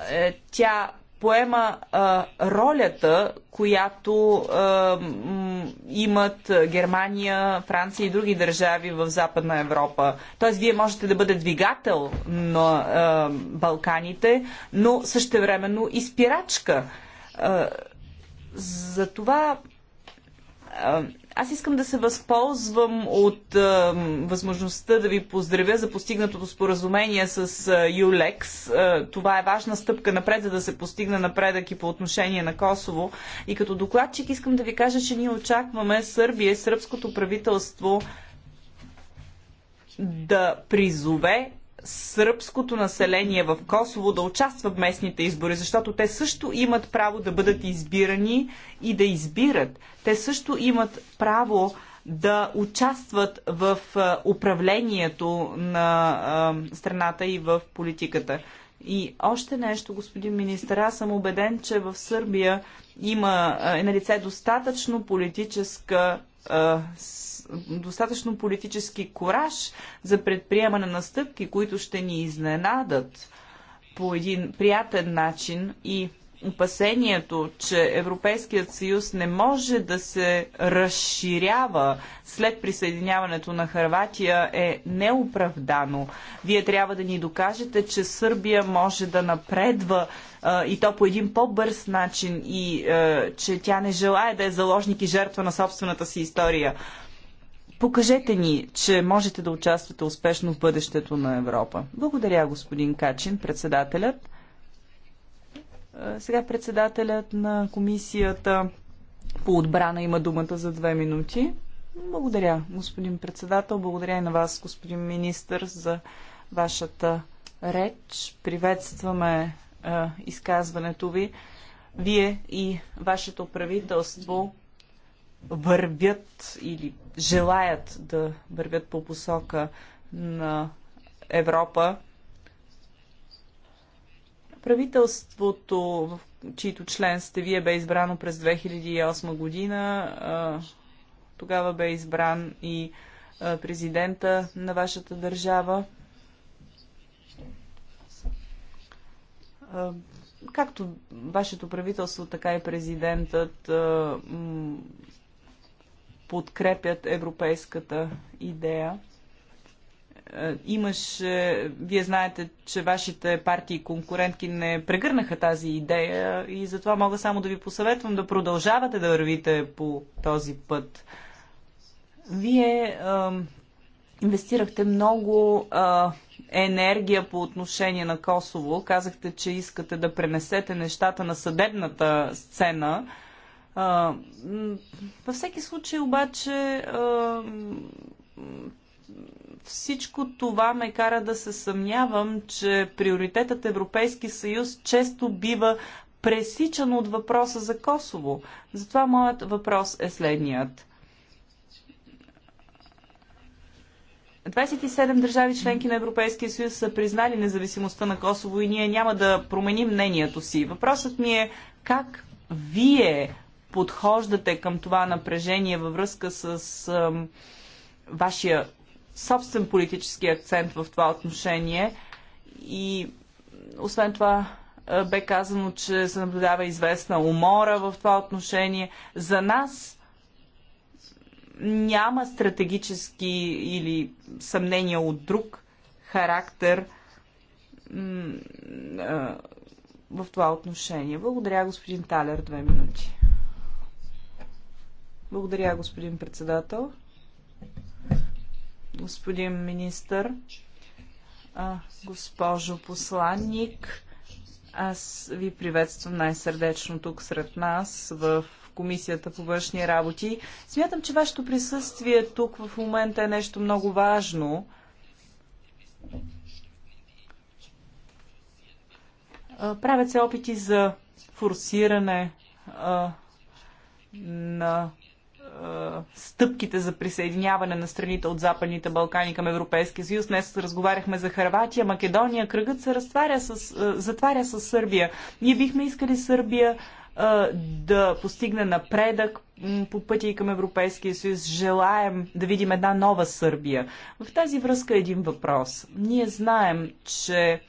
е, тя поема а, ролята, която а, имат Германия, Франция и други държави в Западна Европа. Тоест, вие можете да бъде двигател на а, Балканите, но същевременно и спирачка. А, затова аз искам да се възползвам от е, възможността да ви поздравя за постигнатото споразумение с е, ЮЛЕКС. Е, това е важна стъпка напред, за да се постигне напредък и по отношение на Косово. И като докладчик искам да ви кажа, че ние очакваме Сърбия сръбското правителство да призове сръбското население в Косово да участва в местните избори, защото те също имат право да бъдат избирани и да избират. Те също имат право да участват в управлението на страната и в политиката. И още нещо, господин министър, аз съм убеден, че в Сърбия има, е на лице достатъчно политическа е, достатъчно политически кораж за предприемане на стъпки, които ще ни изненадат по един приятен начин и опасението, че Европейският съюз не може да се разширява след присъединяването на Харватия е неоправдано. Вие трябва да ни докажете, че Сърбия може да напредва а, и то по един по-бърз начин и а, че тя не желая да е заложник и жертва на собствената си история. Покажете ни, че можете да участвате успешно в бъдещето на Европа. Благодаря, господин Качин, председателят. Е, сега председателят на комисията по отбрана има думата за две минути. Благодаря, господин председател. Благодаря и на вас, господин министр, за вашата реч. Приветстваме е, изказването ви. Вие и вашето правителство вървят или желаят да вървят по посока на Европа. Правителството, в чието член сте вие, бе избрано през 2008 година. Тогава бе избран и президента на вашата държава. Както вашето правителство, така и президентът подкрепят европейската идея. Е, имаш, е, вие знаете, че вашите партии и конкурентки не прегърнаха тази идея и затова мога само да ви посъветвам да продължавате да вървите по този път. Вие а, инвестирахте много а, енергия по отношение на Косово. Казахте, че искате да пренесете нещата на съдебната сцена. А, във всеки случай обаче всичко това ме кара да се съмнявам, че приоритетът Европейски съюз често бива пресичан от въпроса за Косово. Затова моят въпрос е следният. 27 държави членки на Европейския съюз са признали независимостта на Косово и ние няма да променим мнението си. Въпросът ми е как вие подхождате към това напрежение във връзка с ам, вашия собствен политически акцент в това отношение. И освен това бе казано, че се наблюдава известна умора в това отношение. За нас няма стратегически или съмнения от друг характер в това отношение. Благодаря, господин Талер. Две минути. Благодаря, господин председател. Господин министър, госпожо посланник, аз ви приветствам най-сърдечно тук сред нас в Комисията по външни работи. Смятам, че вашето присъствие тук в момента е нещо много важно. Правят се опити за форсиране а, на стъпките за присъединяване на страните от Западните Балкани към Европейския съюз. Днес разговаряхме за Харватия, Македония. Кръгът се разтваря с, затваря с Сърбия. Ние бихме искали Сърбия да постигне напредък по пътя и към Европейския съюз. Желаем да видим една нова Сърбия. В тази връзка един въпрос. Ние знаем, че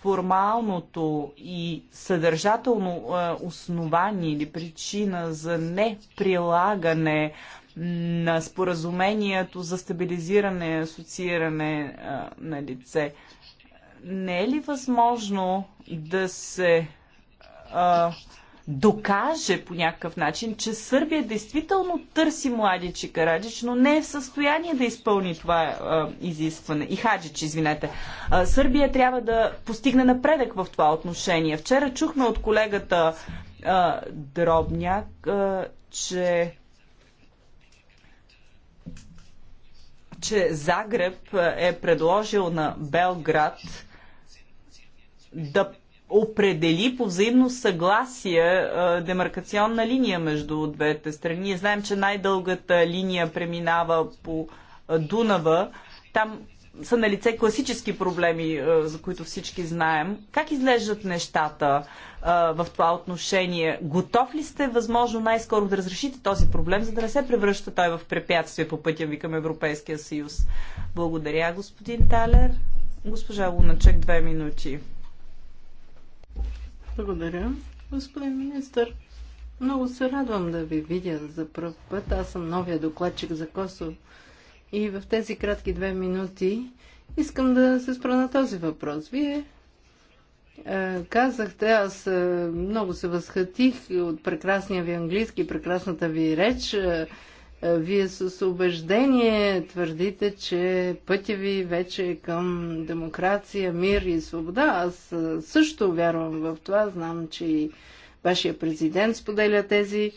формалното и съдържателно е, основание или причина за неприлагане на споразумението за стабилизиране и асоцииране е, на лице. Не е ли възможно да се а, е, докаже по някакъв начин, че Сърбия действително търси младичи Карадич, но не е в състояние да изпълни това а, изискване. И Хаджич, извинете. А, Сърбия трябва да постигне напредък в това отношение. Вчера чухме от колегата а, Дробняк, а, че че Загреб е предложил на Белград да определи по взаимно съгласие демаркационна линия между двете страни. Знаем, че най-дългата линия преминава по Дунава. Там са на лице класически проблеми, за които всички знаем. Как изглеждат нещата в това отношение? Готов ли сте възможно най-скоро да разрешите този проблем, за да не се превръща той в препятствие по пътя ви към Европейския съюз? Благодаря, господин Талер. Госпожа Луначек, две минути. Благодаря, господин министр. Много се радвам да ви видя за първ път. Аз съм новия докладчик за Косово. И в тези кратки две минути искам да се спра на този въпрос. Вие е, казахте, аз е, много се възхатих от прекрасния ви английски, прекрасната ви реч. Е, вие с убеждение твърдите, че пътя ви вече е към демокрация, мир и свобода. Аз също вярвам в това. Знам, че и вашия президент споделя тези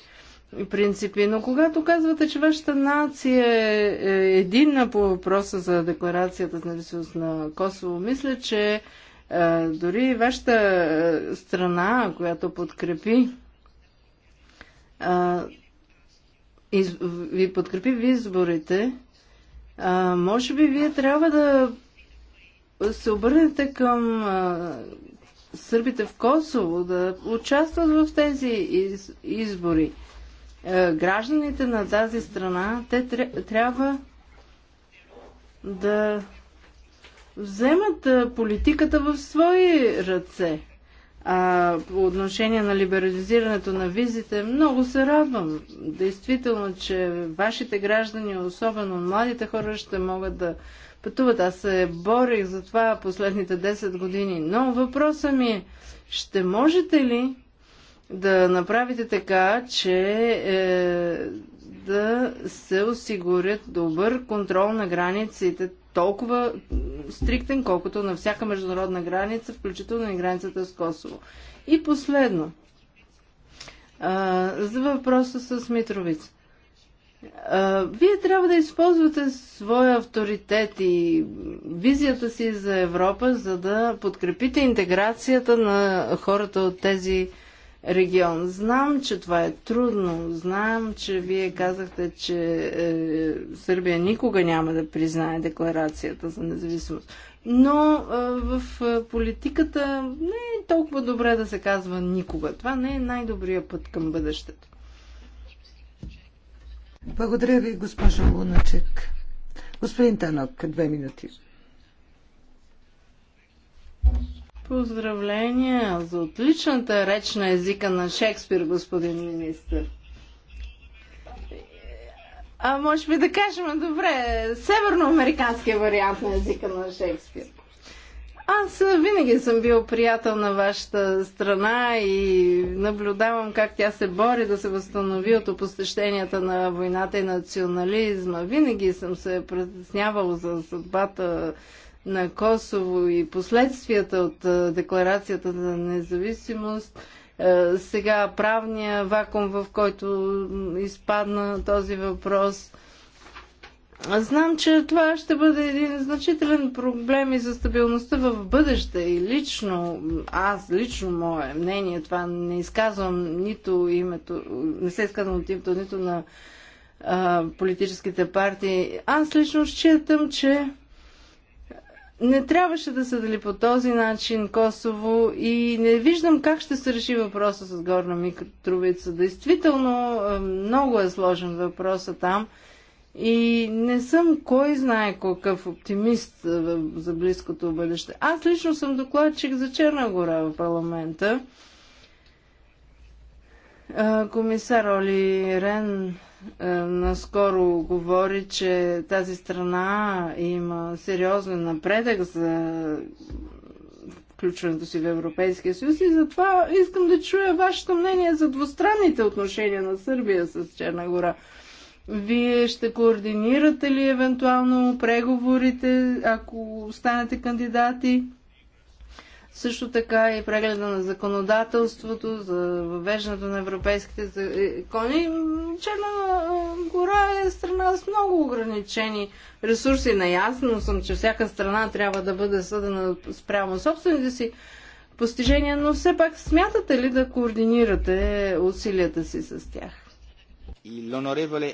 принципи. Но когато казвате, че вашата нация е, е единна по въпроса за декларацията за независимост на Косово, мисля, че дори вашата страна, която подкрепи из... ви подкрепи в изборите, а, може би вие трябва да се обърнете към а, сърбите в Косово, да участват в тези из... избори. А, гражданите на тази страна, те тря... трябва да вземат политиката в свои ръце. А, по отношение на либерализирането на визите, много се радвам. Действително, че вашите граждани, особено младите хора, ще могат да пътуват. Аз се борих за това последните 10 години. Но въпросът ми е, ще можете ли да направите така, че е, да се осигурят добър контрол на границите, толкова стриктен, колкото на всяка международна граница, включително и границата с Косово. И последно, за въпроса с Митровица. Вие трябва да използвате своя авторитет и визията си за Европа, за да подкрепите интеграцията на хората от тези регион. Знам, че това е трудно. Знам, че вие казахте, че е, Сърбия никога няма да признае декларацията за независимост. Но е, в е, политиката не е толкова добре да се казва никога. Това не е най добрия път към бъдещето. Благодаря ви, госпожо Луначек. Господин Танок, две минути. Поздравления за отличната реч на езика на Шекспир, господин министр. А може би да кажем, добре, северноамериканския вариант на езика на Шекспир. Аз винаги съм бил приятел на вашата страна и наблюдавам как тя се бори да се възстанови от опустещенията на войната и национализма. Винаги съм се притеснявал за съдбата на Косово и последствията от декларацията за независимост, сега правния вакуум, в който изпадна този въпрос. Знам, че това ще бъде един значителен проблем и за стабилността в бъдеще. И лично, аз лично мое мнение, това не изказвам нито името, не се изказвам от името нито на а, политическите партии. Аз лично считам, че не трябваше да се дали по този начин Косово и не виждам как ще се реши въпроса с Горна Митровица. Действително е, много е сложен въпроса там и не съм кой знае какъв оптимист е, за близкото бъдеще. Аз лично съм докладчик за Черна гора в парламента. Е, комисар Оли Рен е, наскоро говори, че тази страна има сериозен напредък за включването си в Европейския съюз и затова искам да чуя вашето мнение за двустранните отношения на Сърбия с Черна гора. Вие ще координирате ли евентуално преговорите, ако станете кандидати? Също така и прегледа на законодателството за въвеждането на европейските закони. Е, Черна гора е страна с много ограничени ресурси. Наясно съм, че всяка страна трябва да бъде съдена спрямо собствените си постижения, но все пак смятате ли да координирате усилията си с тях? L'onorevole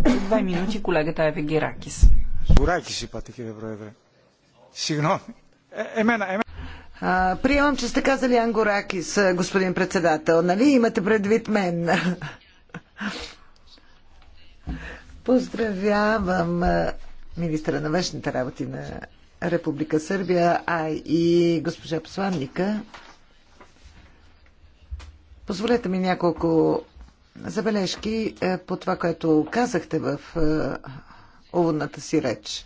Две минути колегата Еве Геракис. Е, е, е, а, приемам, че сте казали Ангоракис, господин председател. Нали имате предвид мен? Поздравявам министра на външните работи на Република Сърбия, а и госпожа посланника. Позволете ми няколко забележки е, по това, което казахте в е, уводната си реч.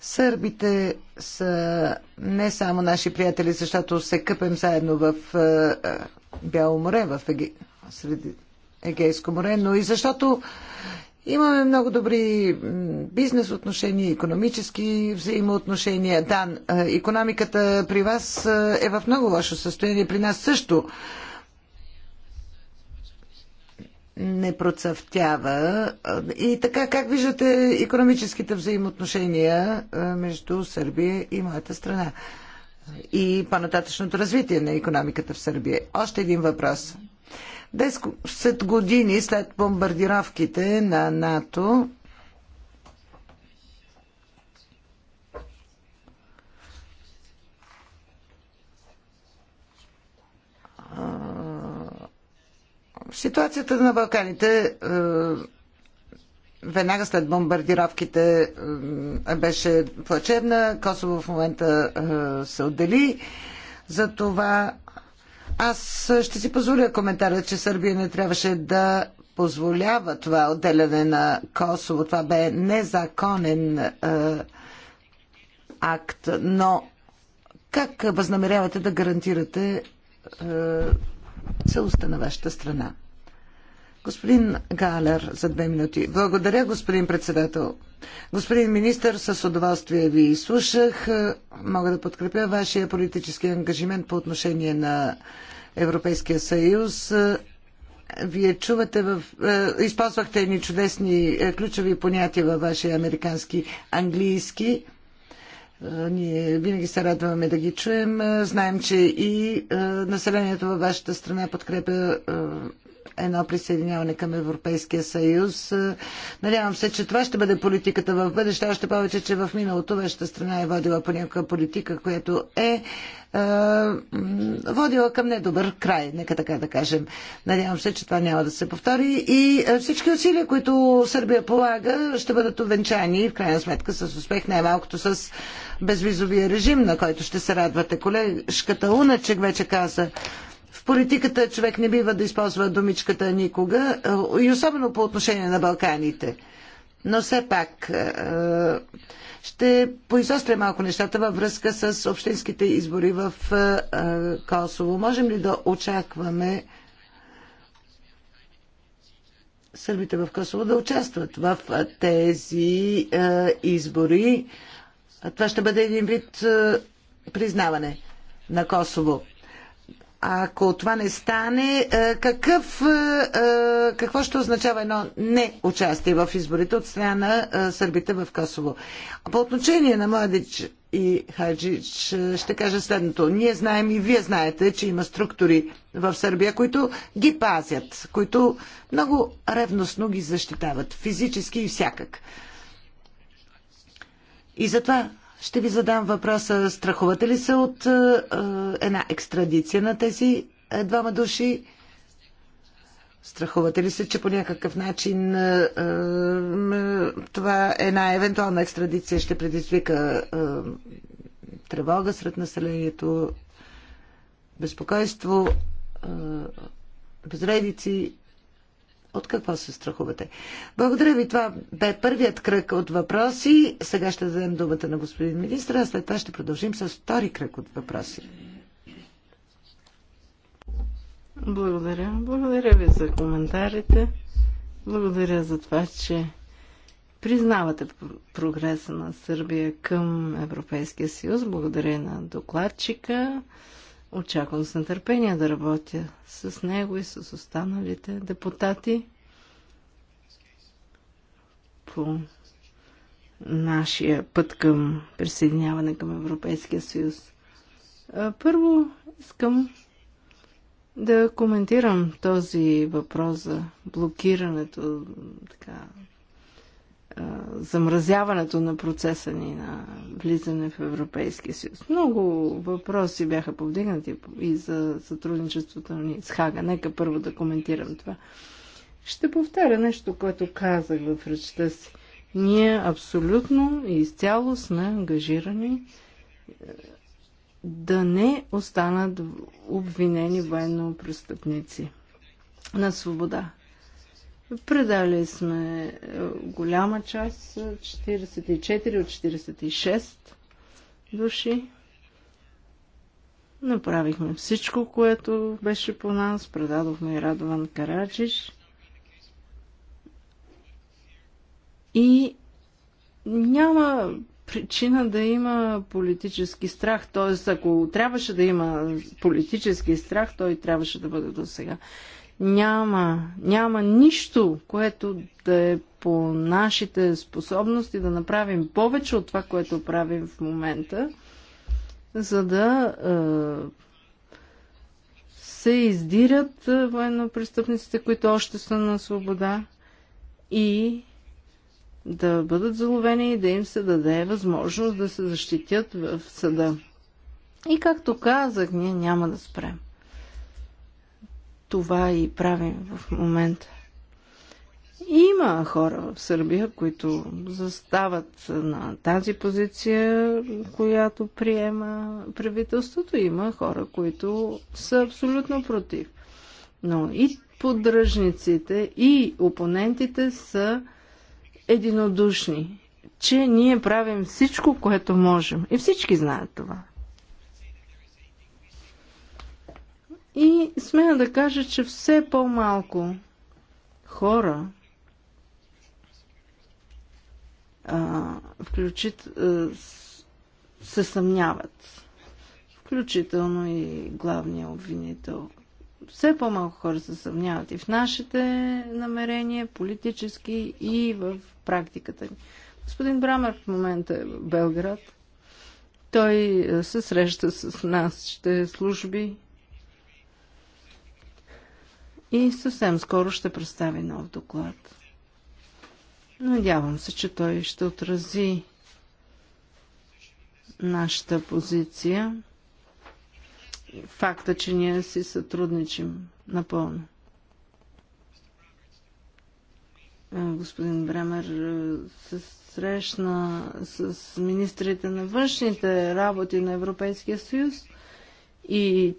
Сърбите са не само наши приятели, защото се къпем заедно в е, Бяло море, в Еге... Егейско море, но и защото имаме много добри бизнес отношения, економически взаимоотношения. Да, економиката при вас е в много лошо състояние, при нас също не процъфтява. И така, как виждате економическите взаимоотношения между Сърбия и моята страна? И по-нататъчното развитие на економиката в Сърбия. Още един въпрос. Десет години след бомбардировките на НАТО Ситуацията на Балканите е, веднага след бомбардировките е, беше плачевна. Косово в момента е, се отдели. Затова аз ще си позволя коментара, че Сърбия не трябваше да позволява това отделяне на Косово. Това бе незаконен е, акт. Но как възнамерявате да гарантирате е, целостта на вашата страна. Господин Галер, за две минути. Благодаря, господин председател. Господин министър, с удоволствие ви слушах. Мога да подкрепя вашия политически ангажимент по отношение на Европейския съюз. Вие чувате в... Е, използвахте едни чудесни е, ключови понятия във вашия американски английски. Ние винаги се радваме да ги чуем. Знаем, че и населението във вашата страна подкрепя едно присъединяване към Европейския съюз. Надявам се, че това ще бъде политиката в бъдеще, още повече, че в миналото вашата страна е водила по някаква политика, която е, е водила към недобър край, нека така да кажем. Надявам се, че това няма да се повтори и е, всички усилия, които Сърбия полага, ще бъдат увенчани в крайна сметка с успех, най-малкото с безвизовия режим, на който ще се радвате. Колежката Уначек вече каза, политиката човек не бива да използва думичката никога, и особено по отношение на Балканите. Но все пак е, ще поизостря малко нещата във връзка с общинските избори в е, е, Косово. Можем ли да очакваме сърбите в Косово да участват в тези избори? Това ще бъде един вид признаване на Косово. Ако това не стане, е, какъв, е, е, какво ще означава едно неучастие в изборите от страна на сърбите в Косово? По отношение на Младич и Хаджич ще кажа следното. Ние знаем и вие знаете, че има структури в Сърбия, които ги пазят, които много ревностно ги защитават, физически и всякак. И затова ще ви задам въпроса, страхувате ли се от е, е една екстрадиция на тези е, двама души? Страхувате ли се, че по някакъв начин е, е, това е една евентуална екстрадиция ще предизвика е, тревога сред населението, безпокойство, безредици? От какво се страхувате? Благодаря ви. Това бе първият кръг от въпроси. Сега ще дадем думата на господин министр, а след това ще продължим с втори кръг от въпроси. Благодаря. Благодаря ви за коментарите. Благодаря за това, че признавате прогреса на Сърбия към Европейския съюз. Благодаря на докладчика. Очаквам с нетърпение да работя с него и с останалите депутати по нашия път към присъединяване към Европейския съюз. Първо искам да коментирам този въпрос за блокирането, така, замразяването на процеса ни на влизане в Европейския съюз. Много въпроси бяха повдигнати и за сътрудничеството ни с Хага. Нека първо да коментирам това. Ще повтаря нещо, което казах в речта си. Ние абсолютно и изцяло сме ангажирани е, да не останат обвинени военно престъпници на свобода. Предали сме е, голяма част, 44 е, от 46 души. Направихме всичко, което беше по нас. Предадохме и Радован Караджиш. И няма причина да има политически страх. Т.е. ако трябваше да има политически страх, той трябваше да бъде до сега. Няма, няма нищо, което да е по нашите способности да направим повече от това, което правим в момента, за да е, се издирят военнопрестъпниците, които още са на свобода и да бъдат заловени и да им се даде възможност да се защитят в съда. И както казах, ние няма да спрем това и правим в момента. Има хора в Сърбия, които застават на тази позиция, която приема правителството. Има хора, които са абсолютно против. Но и поддръжниците, и опонентите са единодушни, че ние правим всичко, което можем. И всички знаят това. И смея да кажа, че все по-малко хора, а, включит, а, се съмняват, включително и главния обвинител. Все по-малко хора се съмняват и в нашите намерения, политически и в практиката ни. Господин Брамер в момента е в Белград. Той се среща с нас, ще служби и съвсем скоро ще представи нов доклад. Надявам се, че той ще отрази нашата позиция и факта, че ние си сътрудничим напълно. Господин Бремер се срещна с министрите на външните работи на Европейския съюз и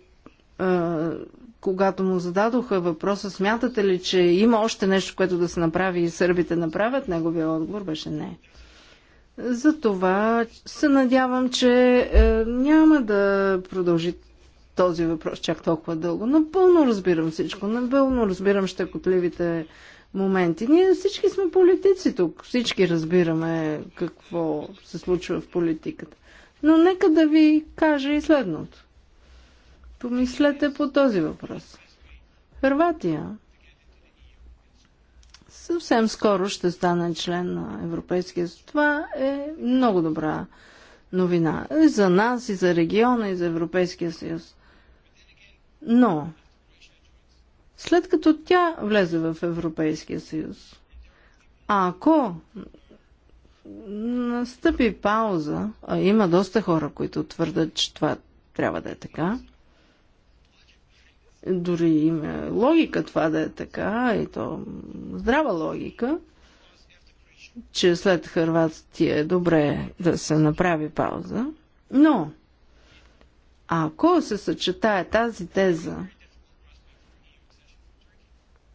когато му зададоха въпроса, смятате ли, че има още нещо, което да се направи и сърбите направят, неговия отговор беше не. Затова се надявам, че е, няма да продължи този въпрос чак толкова дълго. Напълно разбирам всичко, напълно разбирам щекотливите моменти. Ние всички сме политици тук, всички разбираме какво се случва в политиката. Но нека да ви кажа и следното. Помислете по този въпрос. Хърватия съвсем скоро ще стане член на Европейския съюз. Това е много добра новина. И за нас, и за региона, и за Европейския съюз. Но, след като тя влезе в Европейския съюз, а ако настъпи пауза, а има доста хора, които твърдят, че това трябва да е така, дори има е логика това да е така, и то здрава логика, че след Харватия е добре да се направи пауза. Но, ако се съчетае тази теза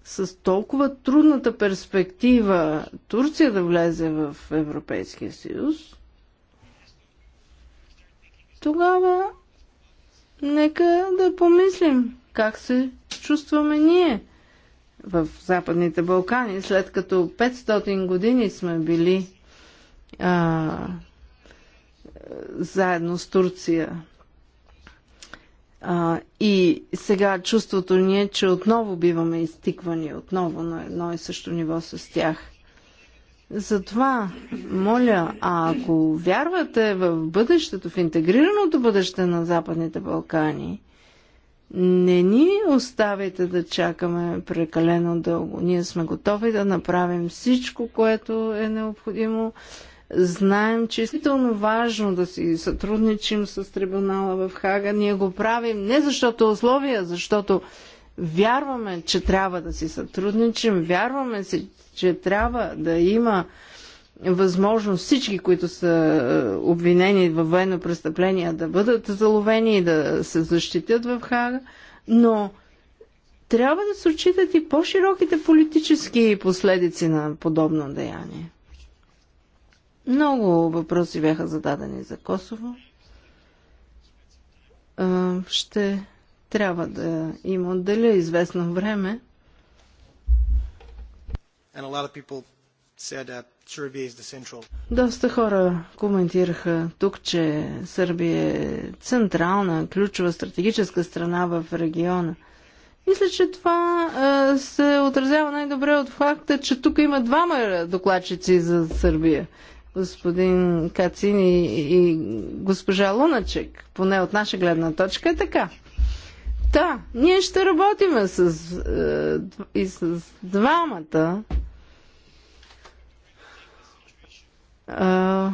с толкова трудната перспектива Турция да влезе в Европейския съюз, тогава нека да помислим как се чувстваме ние в Западните Балкани, след като 500 години сме били а, заедно с Турция. А, и сега чувството ни е, че отново биваме изтиквани, отново на едно и също ниво с тях. Затова, моля, а ако вярвате в бъдещето, в интегрираното бъдеще на Западните Балкани, не ни оставяйте да чакаме прекалено дълго. Ние сме готови да направим всичко, което е необходимо. Знаем, че е изключително важно да си сътрудничим с трибунала в Хага. Ние го правим не защото е условия, защото вярваме, че трябва да си сътрудничим, вярваме си, че трябва да има възможност всички, които са е, обвинени във военно престъпление, да бъдат заловени и да се защитят в Хага, но трябва да се отчитат и по-широките политически последици на подобно деяние. Много въпроси бяха зададени за Косово. Е, ще трябва да им отделя известно време. And a lot of people said that доста хора коментираха тук, че Сърбия е централна, ключова стратегическа страна в региона. Мисля, че това се отразява най-добре от факта, че тук има двама докладчици за Сърбия. Господин Кацин и, и госпожа Луначек, поне от наша гледна точка е така. Да, ние ще работиме с, е, и с двамата А,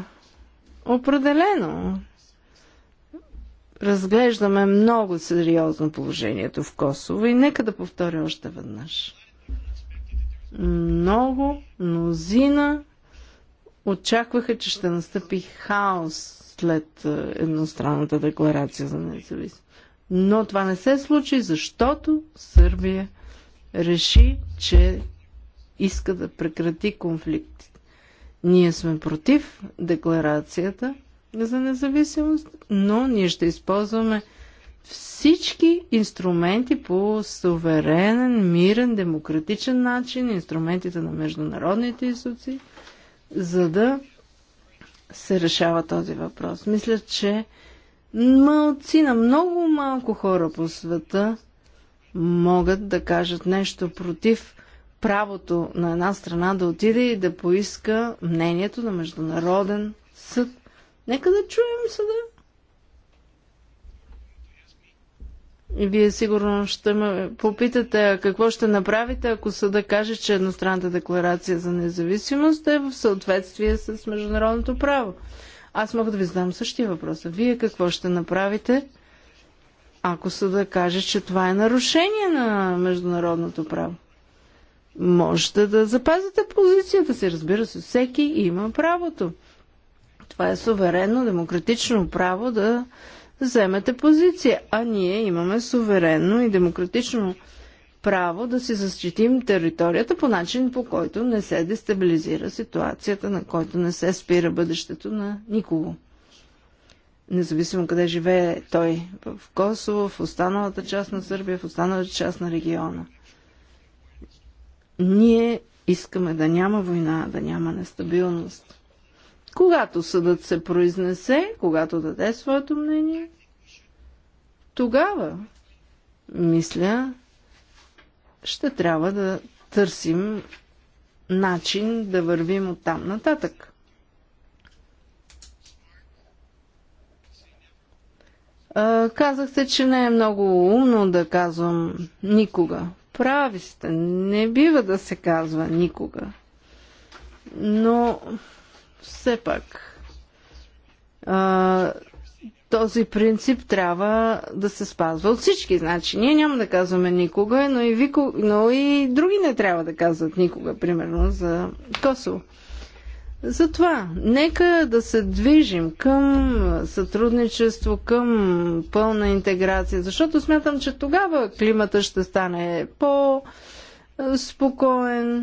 определено. Разглеждаме много сериозно положението в Косово и нека да повторя още веднъж. Много мнозина очакваха, че ще настъпи хаос след едностранната декларация за независимост. Но това не се случи, защото Сърбия реши, че иска да прекрати конфликти. Ние сме против декларацията за независимост, но ние ще използваме всички инструменти по суверенен, мирен, демократичен начин, инструментите на международните институции, за да се решава този въпрос. Мисля, че малци на много малко хора по света могат да кажат нещо против правото на една страна да отиде и да поиска мнението на Международен съд. Нека да чуем съда. И вие сигурно ще ме попитате какво ще направите, ако съда каже, че едностранната декларация за независимост е в съответствие с международното право. Аз мога да ви задам същия въпрос. А вие какво ще направите, ако съда каже, че това е нарушение на международното право? можете да запазите позицията си. Разбира се, всеки има правото. Това е суверенно, демократично право да вземете позиция. А ние имаме суверенно и демократично право да си защитим територията по начин, по който не се дестабилизира ситуацията, на който не се спира бъдещето на никого. Независимо къде живее той, в Косово, в останалата част на Сърбия, в останалата част на региона – ние искаме да няма война, да няма нестабилност. Когато съдът се произнесе, когато даде своето мнение, тогава, мисля, ще трябва да търсим начин да вървим от там нататък. казахте, че не е много умно да казвам никога. Прави сте. Не бива да се казва никога. Но все пак а, този принцип трябва да се спазва от всички. Значи ние няма да казваме никога, но и, вико, но и други не трябва да казват никога, примерно за Косово. Затова, нека да се движим към сътрудничество, към пълна интеграция, защото смятам, че тогава климата ще стане по-спокоен.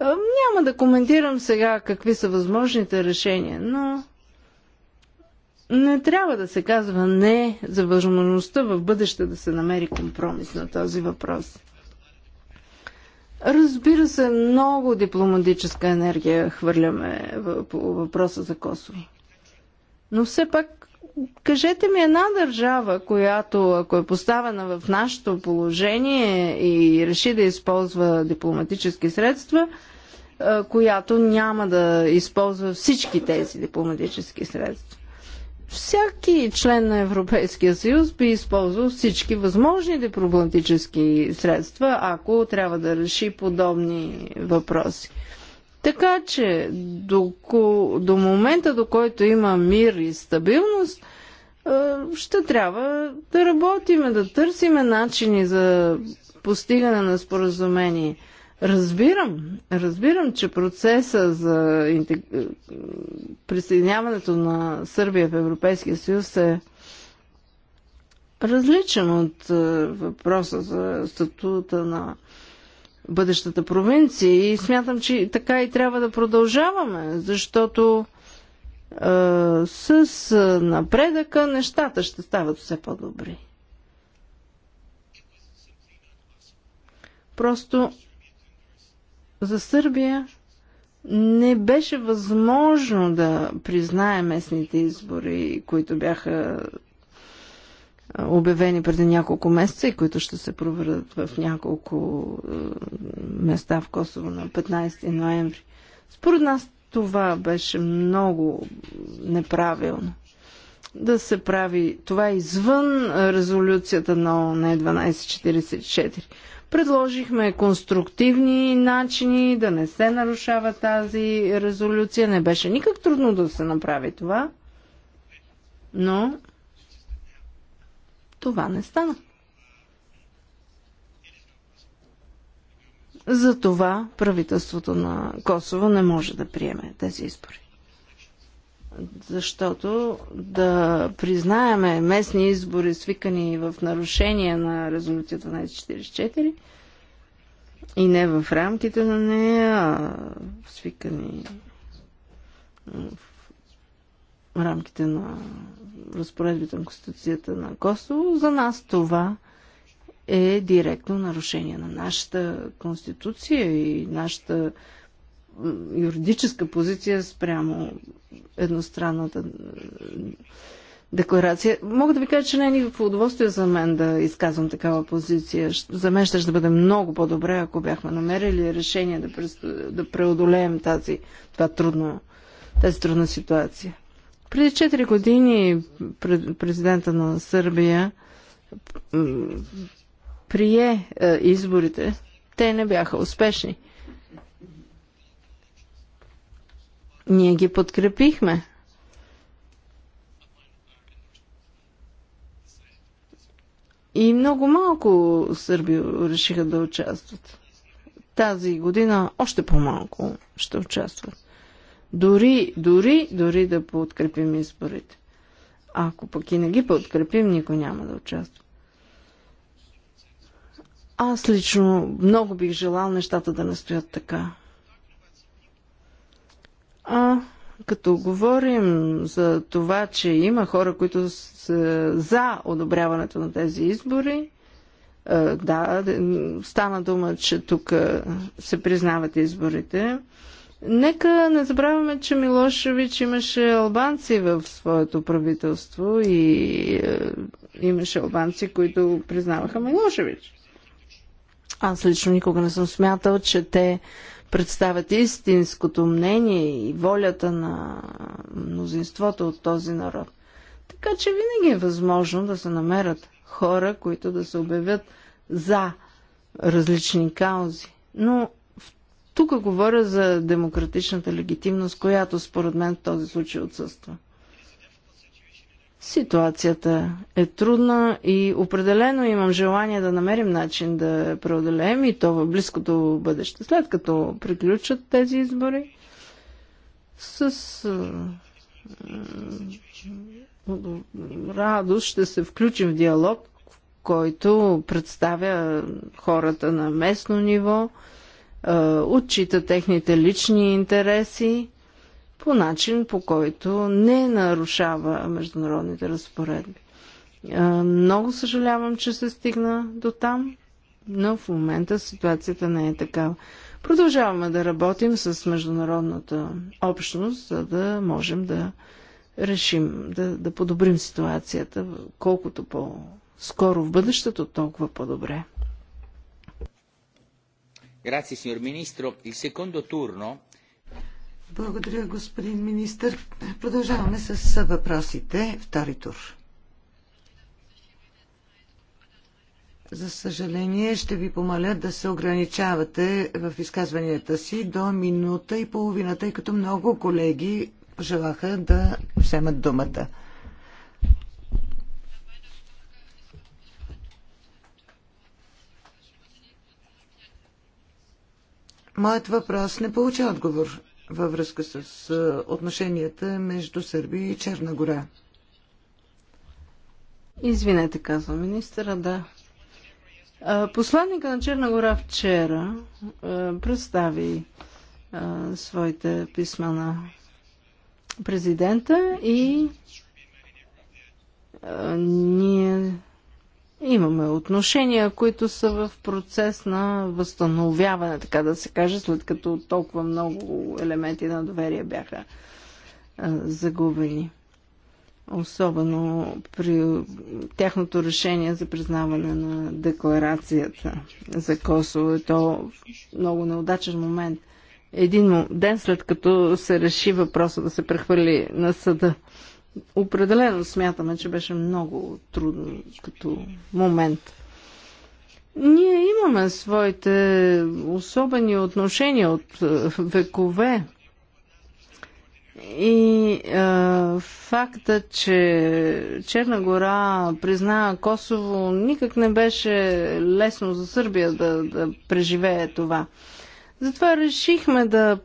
Е, няма да коментирам сега какви са възможните решения, но не трябва да се казва не за възможността в бъдеще да се намери компромис на този въпрос. Разбира се, много дипломатическа енергия хвърляме по въпроса за Косово. Но все пак, кажете ми една държава, която, ако е поставена в нашето положение и реши да използва дипломатически средства, която няма да използва всички тези дипломатически средства всяки член на Европейския съюз би използвал всички възможни дипломатически средства, ако трябва да реши подобни въпроси. Така че до, до момента, до който има мир и стабилност, е, ще трябва да работиме, да търсиме начини за постигане на споразумение – Разбирам, разбирам, че процеса за интег... присъединяването на Сърбия в Европейския съюз е различен от е, въпроса за статута на бъдещата провинция и смятам, че така и трябва да продължаваме, защото е, с е, напредъка нещата ще стават все по-добри. Просто за Сърбия не беше възможно да признае местните избори, които бяха обявени преди няколко месеца и които ще се проведат в няколко места в Косово на 15 ноември. Според нас това беше много неправилно. Да се прави това извън резолюцията на ОНЕ 1244. Предложихме конструктивни начини да не се нарушава тази резолюция. Не беше никак трудно да се направи това, но това не стана. Затова правителството на Косово не може да приеме тези избори защото да признаеме местни избори, свикани в нарушение на резолюцията на 44 и не в рамките на нея, а свикани в рамките на разпоредбите на Конституцията на Косово, за нас това е директно нарушение на нашата Конституция и нашата юридическа позиция спрямо едностранната е, декларация. Мога да ви кажа, че не е никакво удоволствие за мен да изказвам такава позиция. За мен ще, ще бъде много по-добре, ако бяхме намерили решение да, през... да преодолеем тази, това трудно, тази трудна ситуация. Преди 4 години президента на Сърбия прие е, изборите. Те не бяха успешни. Ние ги подкрепихме. И много малко сърби решиха да участват. Тази година още по-малко ще участват. Дори, дори, дори да подкрепим изборите. Ако пък и не ги подкрепим, никой няма да участва. Аз лично много бих желал нещата да не стоят така. А като говорим за това, че има хора, които са за одобряването на тези избори, да, стана дума, че тук се признават изборите. Нека не забравяме, че Милошевич имаше албанци в своето правителство и имаше албанци, които признаваха Милошевич. Аз лично никога не съм смятал, че те представят истинското мнение и волята на мнозинството от този народ. Така че винаги е възможно да се намерят хора, които да се обявят за различни каузи. Но тук говоря за демократичната легитимност, която според мен в този случай отсъства. Ситуацията е трудна и определено имам желание да намерим начин да преодолеем и то в близкото бъдеще. След като приключат тези избори, с радост ще се включим в диалог, който представя хората на местно ниво, отчита техните лични интереси по начин, по който не нарушава международните разпоредби. Много съжалявам, че се стигна до там, но в момента ситуацията не е такава. Продължаваме да работим с международната общност, за да можем да решим, да, да подобрим ситуацията, колкото по-скоро в бъдещето, толкова по-добре. Grazie signor Ministro. Il secondo turno благодаря, господин министр. Продължаваме с въпросите. Втори тур. За съжаление, ще ви помоля да се ограничавате в изказванията си до минута и половина, тъй като много колеги желаха да вземат думата. Моят въпрос не получи отговор във връзка с отношенията между Сърбия и Черна гора. Извинете, казва министъра, да. Посланника на Черна гора вчера представи своите писма на президента и ние Имаме отношения, които са в процес на възстановяване, така да се каже, след като толкова много елементи на доверие бяха а, загубени. Особено при тяхното решение за признаване на декларацията за Косово. е то много неудачен момент. Един ден след като се реши въпроса да се прехвърли на съда определено смятаме, че беше много трудно като момент. Ние имаме своите особени отношения от е, векове. И е, факта, че Черна гора признава Косово, никак не беше лесно за Сърбия да, да преживее това. Затова решихме да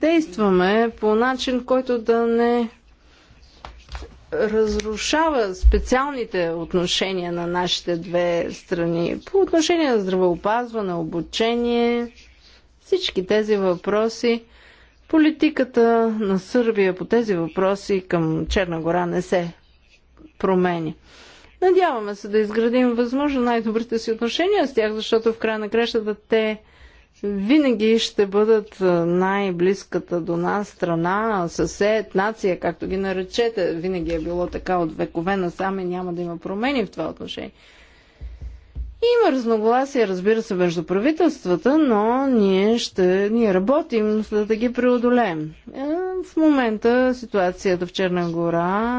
действаме по начин, който да не разрушава специалните отношения на нашите две страни по отношение на здравеопазване, обучение, всички тези въпроси. Политиката на Сърбия по тези въпроси към Черна гора не се промени. Надяваме се да изградим възможно най-добрите си отношения с тях, защото в края на кращата те винаги ще бъдат най-близката до нас страна, съсед, нация, както ги наречете. Винаги е било така от векове насам и няма да има промени в това отношение. Има разногласия, разбира се, между правителствата, но ние ще ние работим, за да ги преодолеем. В момента ситуацията в Черна гора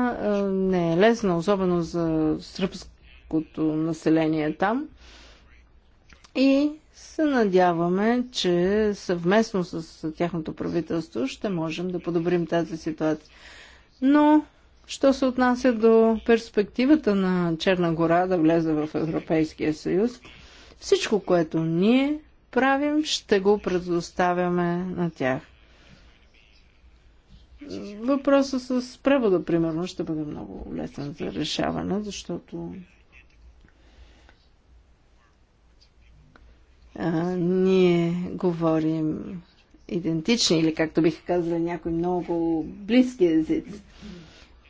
не е лесна, особено за сръбското население там. И се надяваме, че съвместно с тяхното правителство ще можем да подобрим тази ситуация. Но, що се отнася до перспективата на Черна гора да влезе в Европейския съюз, всичко, което ние правим, ще го предоставяме на тях. Въпросът с превода, примерно, ще бъде много лесен за решаване, защото а, ние говорим идентични или както бих казали някои много близки езици.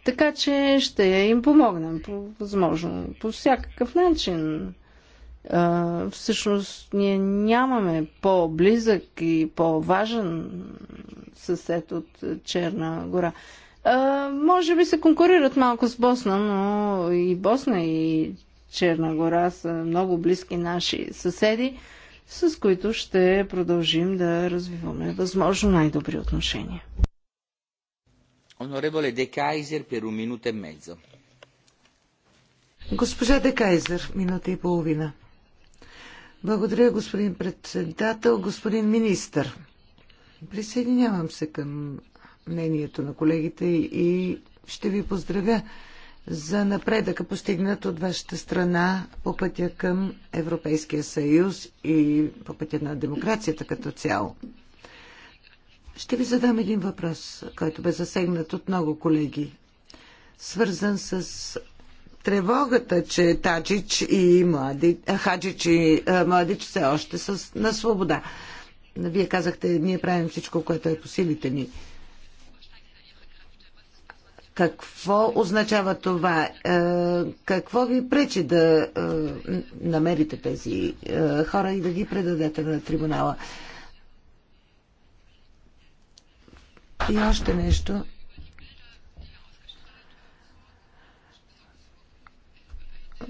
Така че ще им помогнем по възможно, по всякакъв начин. А, всъщност ние нямаме по-близък и по-важен съсед от Черна гора. А, може би се конкурират малко с Босна, но и Босна и Черна гора са много близки наши съседи с които ще продължим да развиваме възможно най-добри отношения. Онореболе Де Кайзер, перу минута и мезо. Госпожа Де Кайзер, минута и половина. Благодаря, господин председател, господин министър. Присъединявам се към мнението на колегите и ще ви поздравя за напредъка постигнат от вашата страна по пътя към Европейския съюз и по пътя на демокрацията като цяло. Ще ви задам един въпрос, който бе засегнат от много колеги, свързан с тревогата, че Таджич и млади, Хаджич и Младич все още са на свобода. Вие казахте, ние правим всичко, което е по силите ни. Какво означава това? Е, какво ви пречи да е, намерите тези е, хора и да ги предадете на трибунала? И още нещо.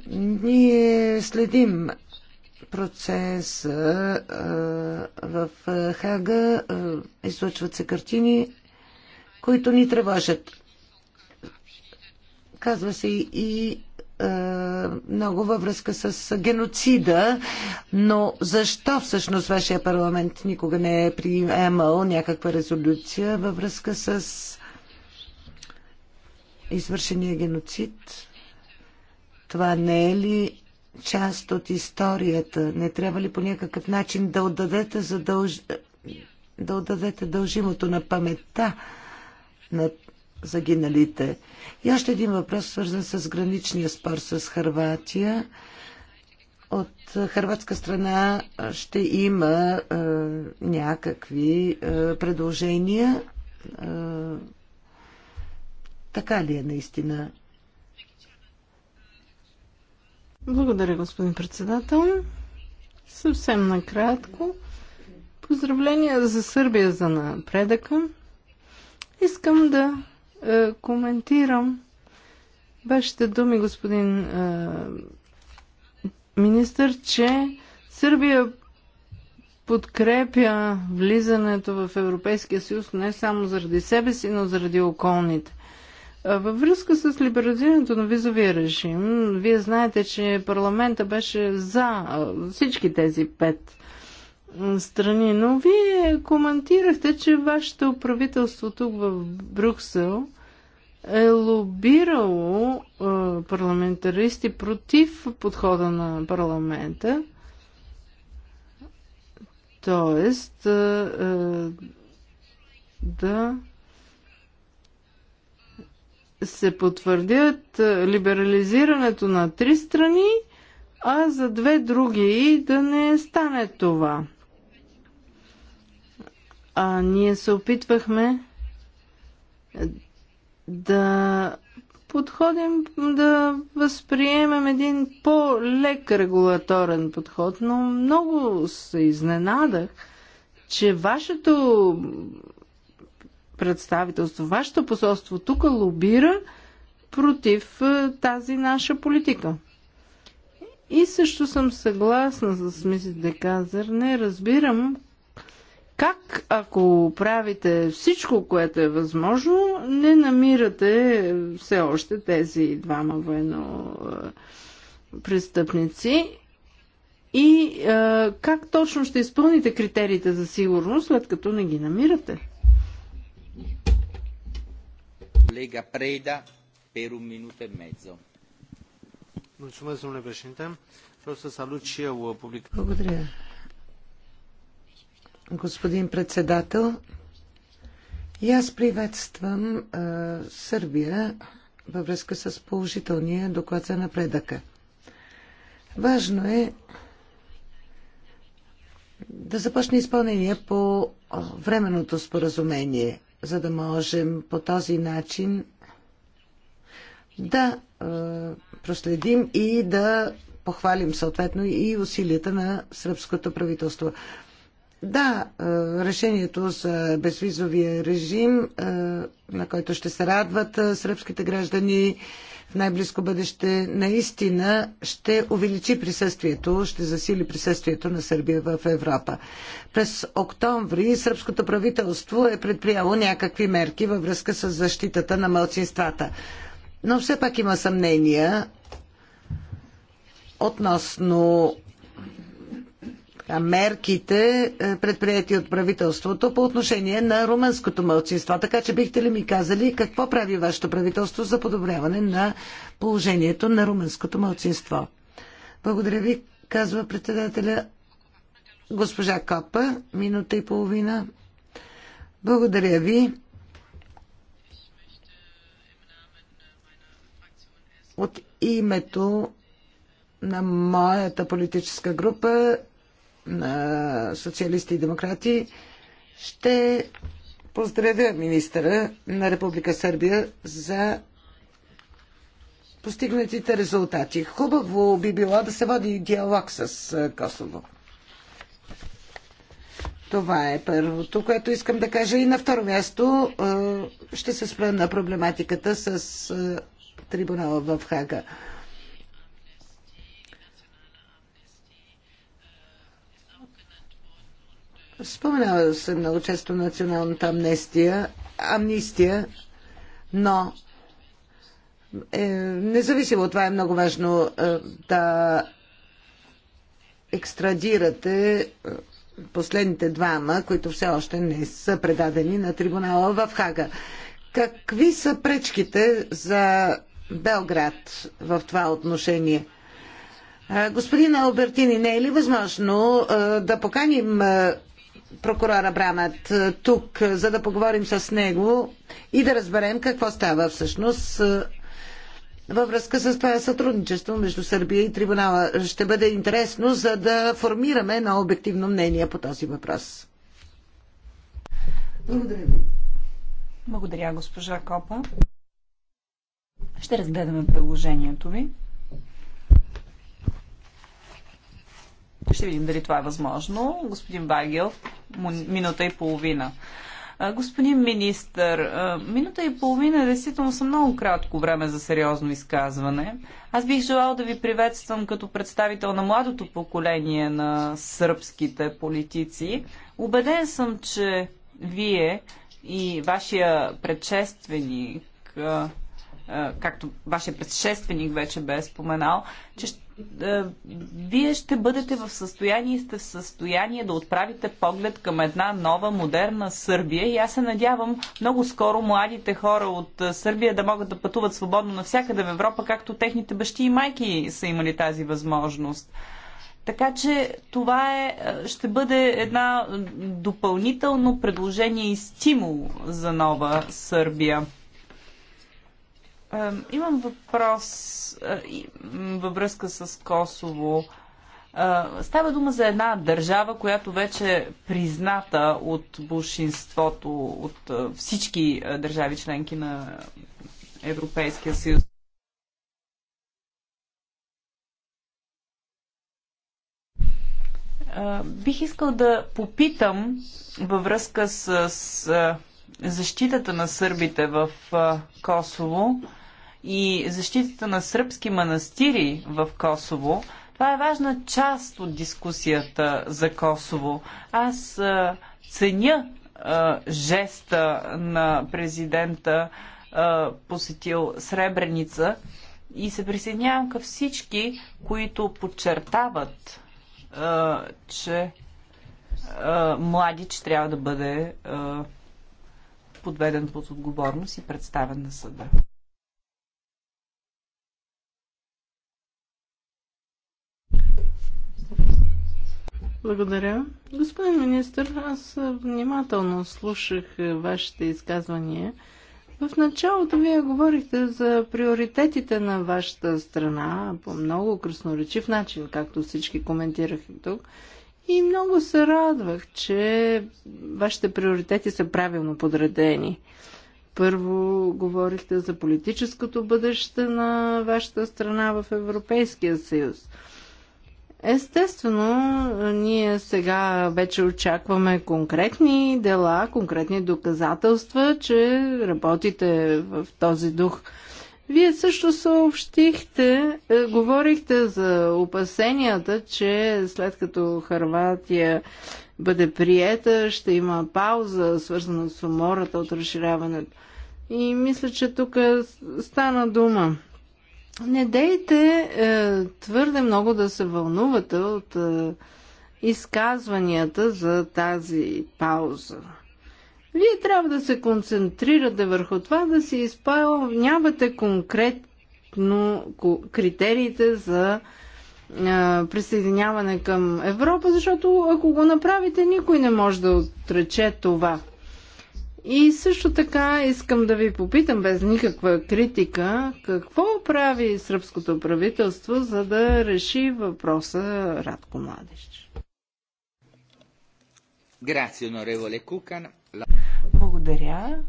Ние следим процеса в Хага. Излучват се картини, които ни тревожат. Казва се и е, много във връзка с геноцида, но защо всъщност вашия парламент никога не е приемал някаква резолюция във връзка с извършения геноцид? Това не е ли част от историята? Не трябва ли по някакъв начин да отдадете, задълж... да отдадете дължимото на паметта на загиналите. И още един въпрос, свързан с граничния спор с Харватия. От хърватска страна ще има е, някакви е, предложения. Е, така ли е наистина? Благодаря, господин председател. Съвсем накратко. Поздравления за Сърбия за напредъка. Искам да е, коментирам вашите думи, господин е, министър, че Сърбия подкрепя влизането в Европейския съюз не само заради себе си, но заради околните. Във връзка с либерализирането на визовия режим, вие знаете, че парламента беше за всички тези пет страни. Но вие коментирахте, че вашето правителство тук в Брюксел е лобирало парламентаристи против подхода на парламента. Тоест, да се потвърдят либерализирането на три страни, а за две други да не стане това. А ние се опитвахме да подходим, да възприемем един по-лек регулаторен подход, но много се изненадах, че вашето представителство, вашето посолство тук лобира против тази наша политика. И също съм съгласна с мисис Деказър. Не разбирам как, ако правите всичко, което е възможно, не намирате все още тези двама военно е, престъпници? И е, как точно ще изпълните критериите за сигурност, след като не ги намирате? Колега Преда, перу минута и медзо. Благодаря, Mulțumesc, господин председател. И аз приветствам а, Сърбия във връзка с положителния доклад за напредъка. Важно е да започне изпълнение по временното споразумение, за да можем по този начин да проследим и да похвалим съответно и усилията на сръбското правителство. Да, решението за безвизовия режим, на който ще се радват сръбските граждани в най-близко бъдеще, наистина ще увеличи присъствието, ще засили присъствието на Сърбия в Европа. През октомври сръбското правителство е предприяло някакви мерки във връзка с защитата на мълцинствата. Но все пак има съмнения относно мерките, е, предприяти от правителството по отношение на румънското мълчинство. Така че бихте ли ми казали какво прави вашето правителство за подобряване на положението на румънското мълчинство? Благодаря ви, казва председателя госпожа Копа, минута и половина. Благодаря ви. От името на моята политическа група на социалисти и демократи, ще поздравя министъра на Република Сърбия за постигнатите резултати. Хубаво би било да се води диалог с Косово. Това е първото, което искам да кажа. И на второ място ще се спра на проблематиката с трибунала в Хага. Споменава се много често националната амнестия, амнистия, но е, независимо от това е много важно е, да екстрадирате е, последните двама, които все още не са предадени на трибунала в Хага. Какви са пречките за Белград в това отношение? Е, господин Албертини, не е ли възможно е, да поканим прокурора Брамат е, тук, е, за да поговорим с него и да разберем какво става всъщност е, във връзка с това сътрудничество между Сърбия и трибунала. Ще бъде интересно, за да формираме едно обективно мнение по този въпрос. Благодаря ви. Благодаря, госпожа Копа. Ще разгледаме предложението ви. Ще видим дали това е възможно. Господин Багел, минута и половина. Господин министър, минута и половина е действително са много кратко време за сериозно изказване. Аз бих желал да ви приветствам като представител на младото поколение на сръбските политици. Убеден съм, че вие и вашия предшественик, както вашия предшественик вече бе споменал, че ще е, вие ще бъдете в състояние, сте в състояние да отправите поглед към една нова, модерна Сърбия и аз се надявам много скоро младите хора от е, Сърбия да могат да пътуват свободно навсякъде в Европа, както техните бащи и майки са имали тази възможност. Така че това е, е ще бъде една допълнително предложение и стимул за нова Сърбия. Имам въпрос във връзка с Косово. Става дума за една държава, която вече е призната от большинството, от всички държави членки на Европейския съюз. Бих искал да попитам във връзка с защитата на сърбите в Косово и защитата на сръбски манастири в Косово, това е важна част от дискусията за Косово. Аз а, ценя а, жеста на президента, а, посетил Сребреница и се присъединявам към всички, които подчертават, а, че а, младич трябва да бъде а, подведен под отговорност и представен на съда. Благодаря. Господин министр, аз внимателно слушах вашите изказвания. В началото вие говорихте за приоритетите на вашата страна по много красноречив начин, както всички коментирах и тук. И много се радвах, че вашите приоритети са правилно подредени. Първо говорихте за политическото бъдеще на вашата страна в Европейския съюз. Естествено, ние сега вече очакваме конкретни дела, конкретни доказателства, че работите в този дух. Вие също съобщихте, е, говорихте за опасенията, че след като Харватия бъде приета, ще има пауза, свързана с умората от разширяването. И мисля, че тук стана дума. Не дейте е, твърде много да се вълнувате от е, изказванията за тази пауза. Вие трябва да се концентрирате върху това, да си изпълнявате конкретно критериите за е, присъединяване към Европа, защото ако го направите, никой не може да отрече това. И също така искам да ви попитам без никаква критика, какво прави сръбското правителство, за да реши въпроса Радко Младеж? Благодаря,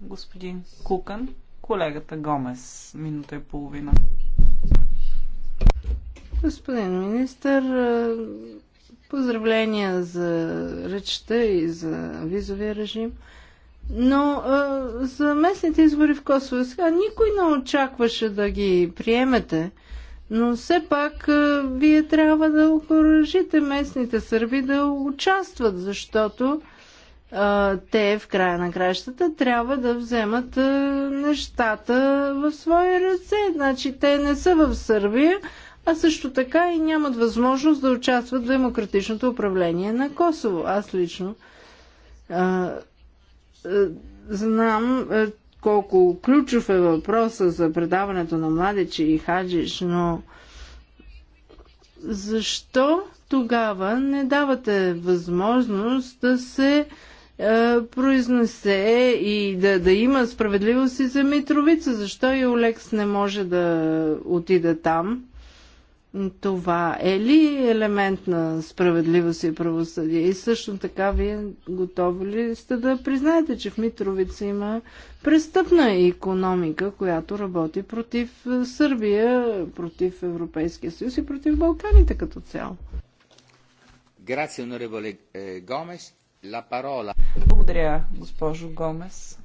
господин Кукан. Колегата Гомес, минута и половина. Господин министър, Поздравления за речта и за визовия режим. Но а, за местните избори в Косово сега никой не очакваше да ги приемете. Но все пак а, вие трябва да окоръжите местните сърби да участват, защото а, те в края на кращата трябва да вземат а, нещата в свои ръце. Значи те не са в Сърбия, а също така и нямат възможност да участват в демократичното управление на Косово. Аз лично а, а, знам а, колко ключов е въпроса за предаването на младечи и хаджиш, но защо тогава не давате възможност да се произнесе и да, да има справедливост и за Митровица. Защо и Олекс не може да отида там? Това е ли елемент на справедливост и правосъдие? И също така, вие готови ли сте да признаете, че в Митровица има престъпна економика, която работи против е, Сърбия, против Европейския съюз и против Балканите като цяло? Е, Благодаря, госпожо Гомес.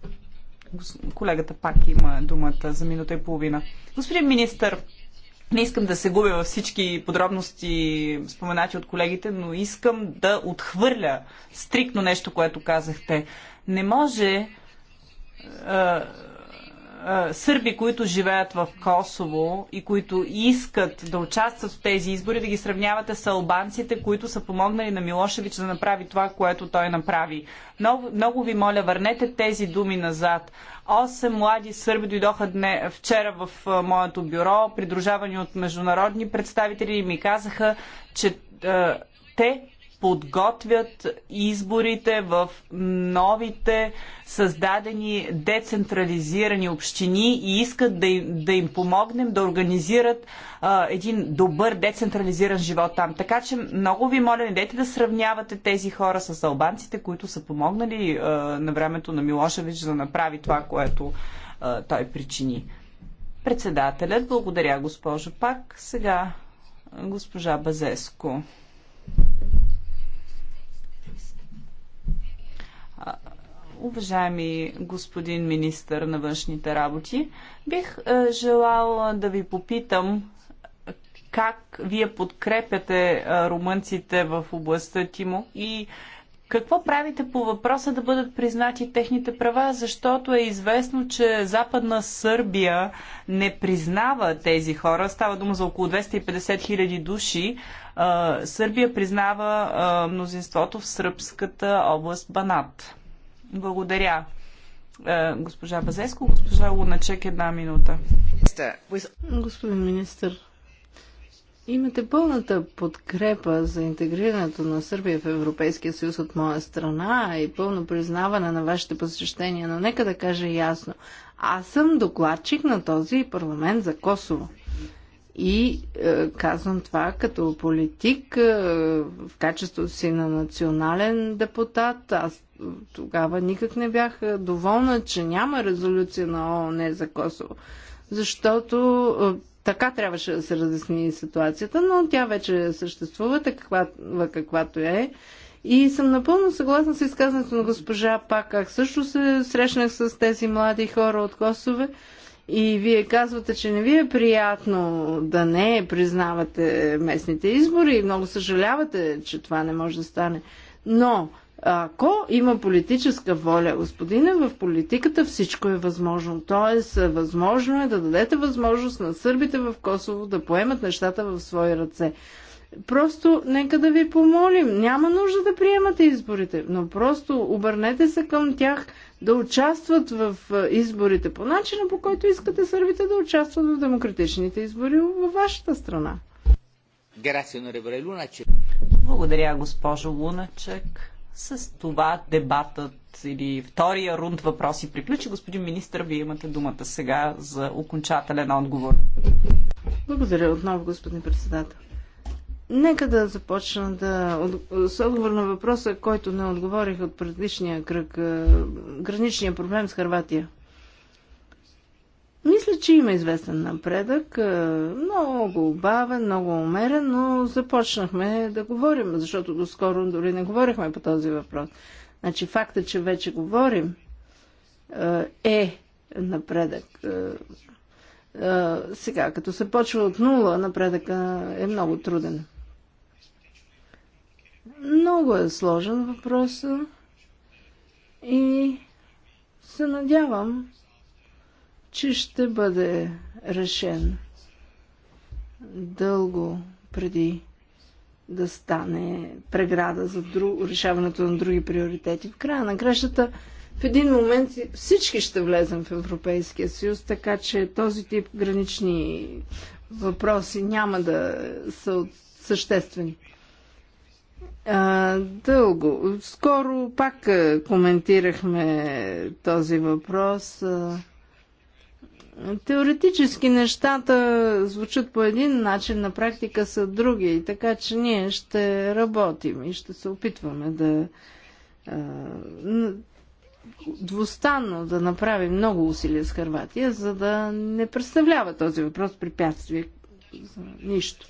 Колегата пак има думата за минута и половина. Господин министър, не искам да се губя във всички подробности, споменати от колегите, но искам да отхвърля стрикно нещо, което казахте. Не може сърби, които живеят в Косово и които искат да участват в тези избори, да ги сравнявате с албанците, които са помогнали на Милошевич да направи това, което той направи. Много, много ви моля, върнете тези думи назад. Осем млади сърби дойдоха дне, вчера в моето бюро, придружавани от международни представители и ми казаха, че е, те подготвят изборите в новите създадени децентрализирани общини и искат да им, да им помогнем да организират а, един добър децентрализиран живот там. Така че много ви моля, не дайте да сравнявате тези хора с албанците, които са помогнали а, на времето на Милошевич да направи това, което а, той причини. Председателят, благодаря госпожо Пак. Сега госпожа Базеско. Уважаеми господин министър на външните работи, бих желала желал е, да ви попитам как вие подкрепяте е, румънците в областта Тимо и какво правите по въпроса да бъдат признати техните права, защото е известно, че Западна Сърбия не признава тези хора. Става дума за около 250 хиляди души. Е, Сърбия признава мнозинството в сръбската област Банат. Благодаря. Е, госпожа Базеско, госпожа Луначек, една минута. Господин министр, имате пълната подкрепа за интегрирането на Сърбия в Европейския съюз от моя страна и пълно признаване на вашите посещения, но нека да кажа ясно. Аз съм докладчик на този парламент за Косово. И е, казвам това като политик, е, в качеството си на национален депутат. Аз тогава никак не бях е, доволна, че няма резолюция на ООН за Косово. Защото е, така трябваше да се разясни ситуацията, но тя вече съществува, такава каквато е. И съм напълно съгласна с изказването на госпожа как Също се срещнах с тези млади хора от Косове. И вие казвате, че не ви е приятно да не признавате местните избори и много съжалявате, че това не може да стане. Но ако има политическа воля, господине, в политиката всичко е възможно. Тоест, възможно е да дадете възможност на сърбите в Косово да поемат нещата в свои ръце. Просто нека да ви помолим. Няма нужда да приемате изборите, но просто обърнете се към тях – да участват в изборите по начина, по който искате сърбите да участват в демократичните избори във вашата страна. Благодаря, госпожо Луначек. С това дебатът или втория рунд въпроси приключи. Господин министр, вие имате думата сега за окончателен отговор. Благодаря отново, господин председател. Нека да започна да, с отговор на въпроса, който не отговорих от предишния кръг. Граничния проблем с Харватия. Мисля, че има известен напредък. Много бавен, много умерен, но започнахме да говорим, защото доскоро дори не говорихме по този въпрос. Значи факта, че вече говорим, е напредък. Сега, като се почва от нула, напредъка е много труден. Много е сложен въпроса и се надявам, че ще бъде решен дълго преди да стане преграда за друг, решаването на други приоритети. В края на кращата в един момент всички ще влезем в Европейския съюз, така че този тип гранични въпроси няма да са съществени. А, дълго. Скоро пак коментирахме този въпрос. теоретически нещата звучат по един начин, на практика са други, така че ние ще работим и ще се опитваме да двустанно да направим много усилия с Харватия, за да не представлява този въпрос препятствие за нищо.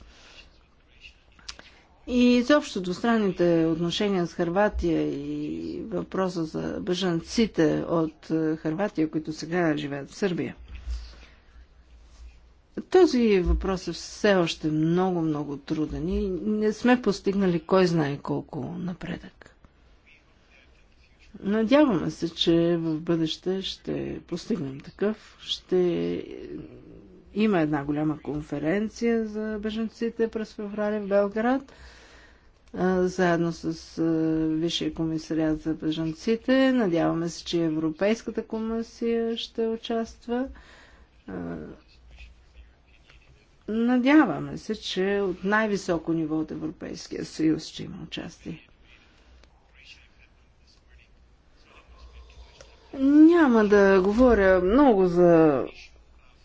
И изобщо двустранните отношения с Харватия и въпроса за бежанците от е, Харватия, които сега живеят в Сърбия. Този въпрос е все още много, много труден и не сме постигнали кой знае колко напредък. Надяваме се, че в бъдеще ще постигнем такъв. Ще има една голяма конференция за беженците през февраля в Белград – заедно с Висшия комисариат за бежанците. Надяваме се, че Европейската комисия ще участва. Надяваме се, че от най-високо ниво от Европейския съюз ще има участие. Няма да говоря много за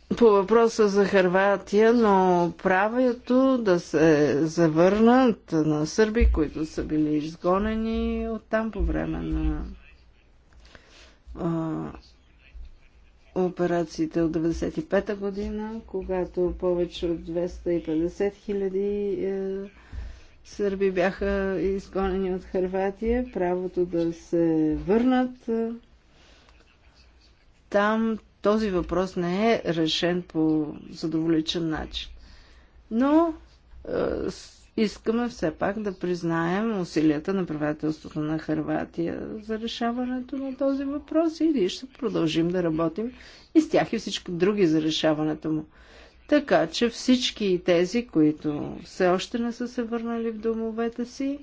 по въпроса за Харватия, но правото да се завърнат на сърби, които са били изгонени от там по време на а, операциите от 1995 година, когато повече от 250 хиляди е, сърби бяха изгонени от Харватия, правото да се върнат е, там този въпрос не е решен по задоволичен начин. Но е, искаме все пак да признаем усилията на правителството на Харватия за решаването на този въпрос и ние ще продължим да работим и с тях и всички други за решаването му. Така че всички тези, които все още не са се върнали в домовете си,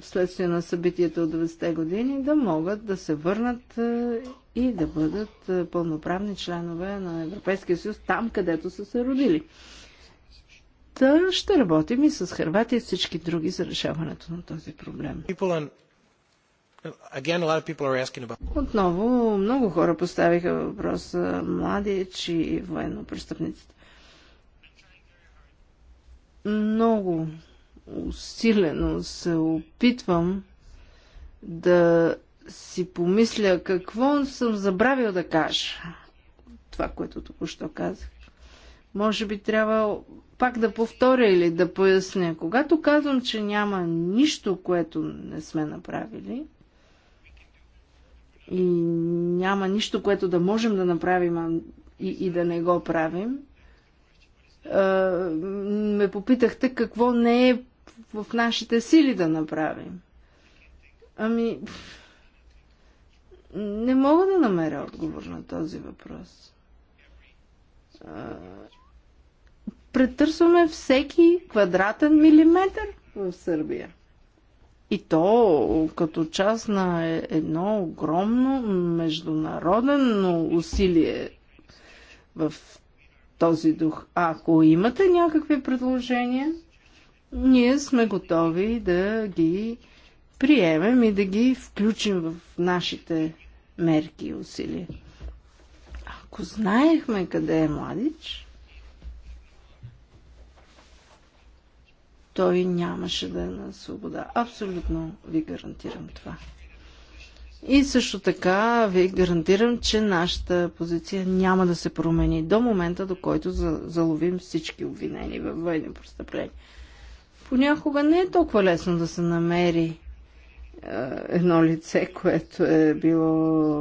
вследствие на събитията от 20-те години, да могат да се върнат е, и да бъдат е, пълноправни членове на Европейския съюз там, където са се родили. Та ще работим и с Харватия и всички други за решаването на този проблем. Отново много хора поставиха въпроса е, младич и военно-престъпниците. Много усилено се опитвам да си помисля какво съм забравил да кажа. Това, което току-що казах. Може би трябва пак да повторя или да поясня. Когато казвам, че няма нищо, което не сме направили, и няма нищо, което да можем да направим и, и да не го правим, а, ме попитахте какво не е в нашите сили да направим. Ами, не мога да намеря отговор на този въпрос. Претърсваме всеки квадратен милиметър в Сърбия. И то като част на е, едно огромно международно усилие в този дух. А ако имате някакви предложения, ние сме готови да ги приемем и да ги включим в нашите мерки и усилия. Ако знаехме къде е младич, той нямаше да е на свобода. Абсолютно ви гарантирам това. И също така ви гарантирам, че нашата позиция няма да се промени до момента, до който заловим всички обвинени във военни престъпления. Понякога не е толкова лесно да се намери е, едно лице, което е било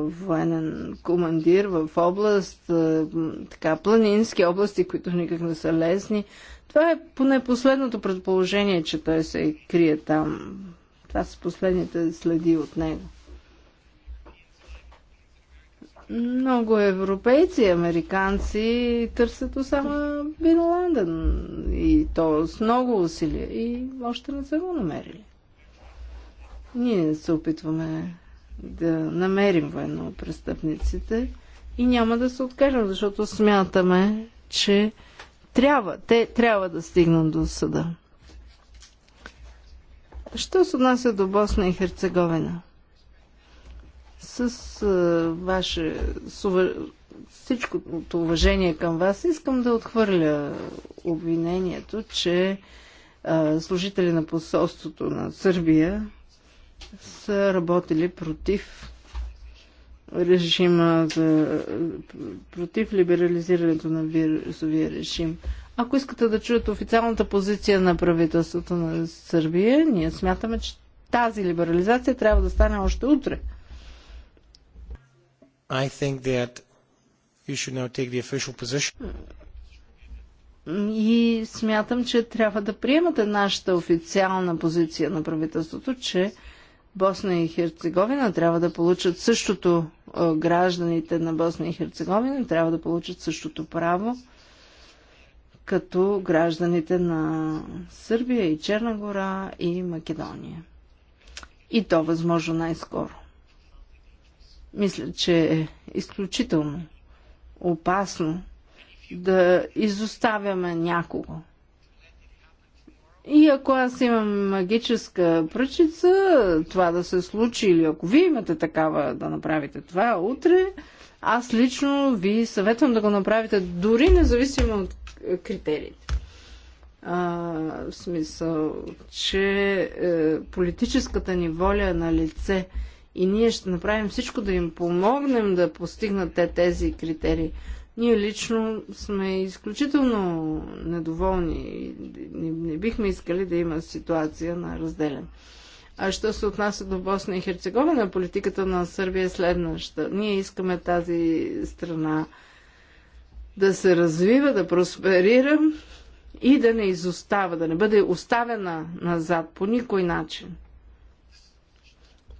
военен командир в област, е, така планински области, които никак не са лесни. Това е поне последното предположение, че той се крие там. Това са последните следи от него. Много европейци и американци търсят само Бин Ланден и то с много усилия и още не са го намерили. Ние се опитваме да намерим военно престъпниците и няма да се откажем, защото смятаме, че трябва, те трябва да стигнат до съда. Що се отнася до Босна и Херцеговина? С а, ваше с уваж... всичкото уважение към вас искам да отхвърля обвинението, че а, служители на посолството на Сърбия са работили против режима за, против либерализирането на вирусовия режим. Ако искате да чуете официалната позиция на правителството на Сърбия, ние смятаме, че тази либерализация трябва да стане още утре. I think that you should now take the official position. И смятам, че трябва да приемате нашата официална позиция на правителството, че Босна и Херцеговина трябва да получат същото, гражданите на Босна и Херцеговина трябва да получат същото право като гражданите на Сърбия и Черна гора и Македония. И то възможно най-скоро. Мисля, че е изключително опасно да изоставяме някого – и ако аз имам магическа пръчица, това да се случи, или ако вие имате такава да направите това утре, аз лично ви съветвам да го направите дори независимо от критериите. А, в смисъл, че е, политическата ни воля е на лице и ние ще направим всичко да им помогнем да постигнат те тези критерии. Ние лично сме изключително недоволни и не, не бихме искали да има ситуация на разделен. А що се отнася до Босна и Херцеговина, политиката на Сърбия е следваща. Ние искаме тази страна да се развива, да просперира и да не изостава, да не бъде оставена назад по никой начин.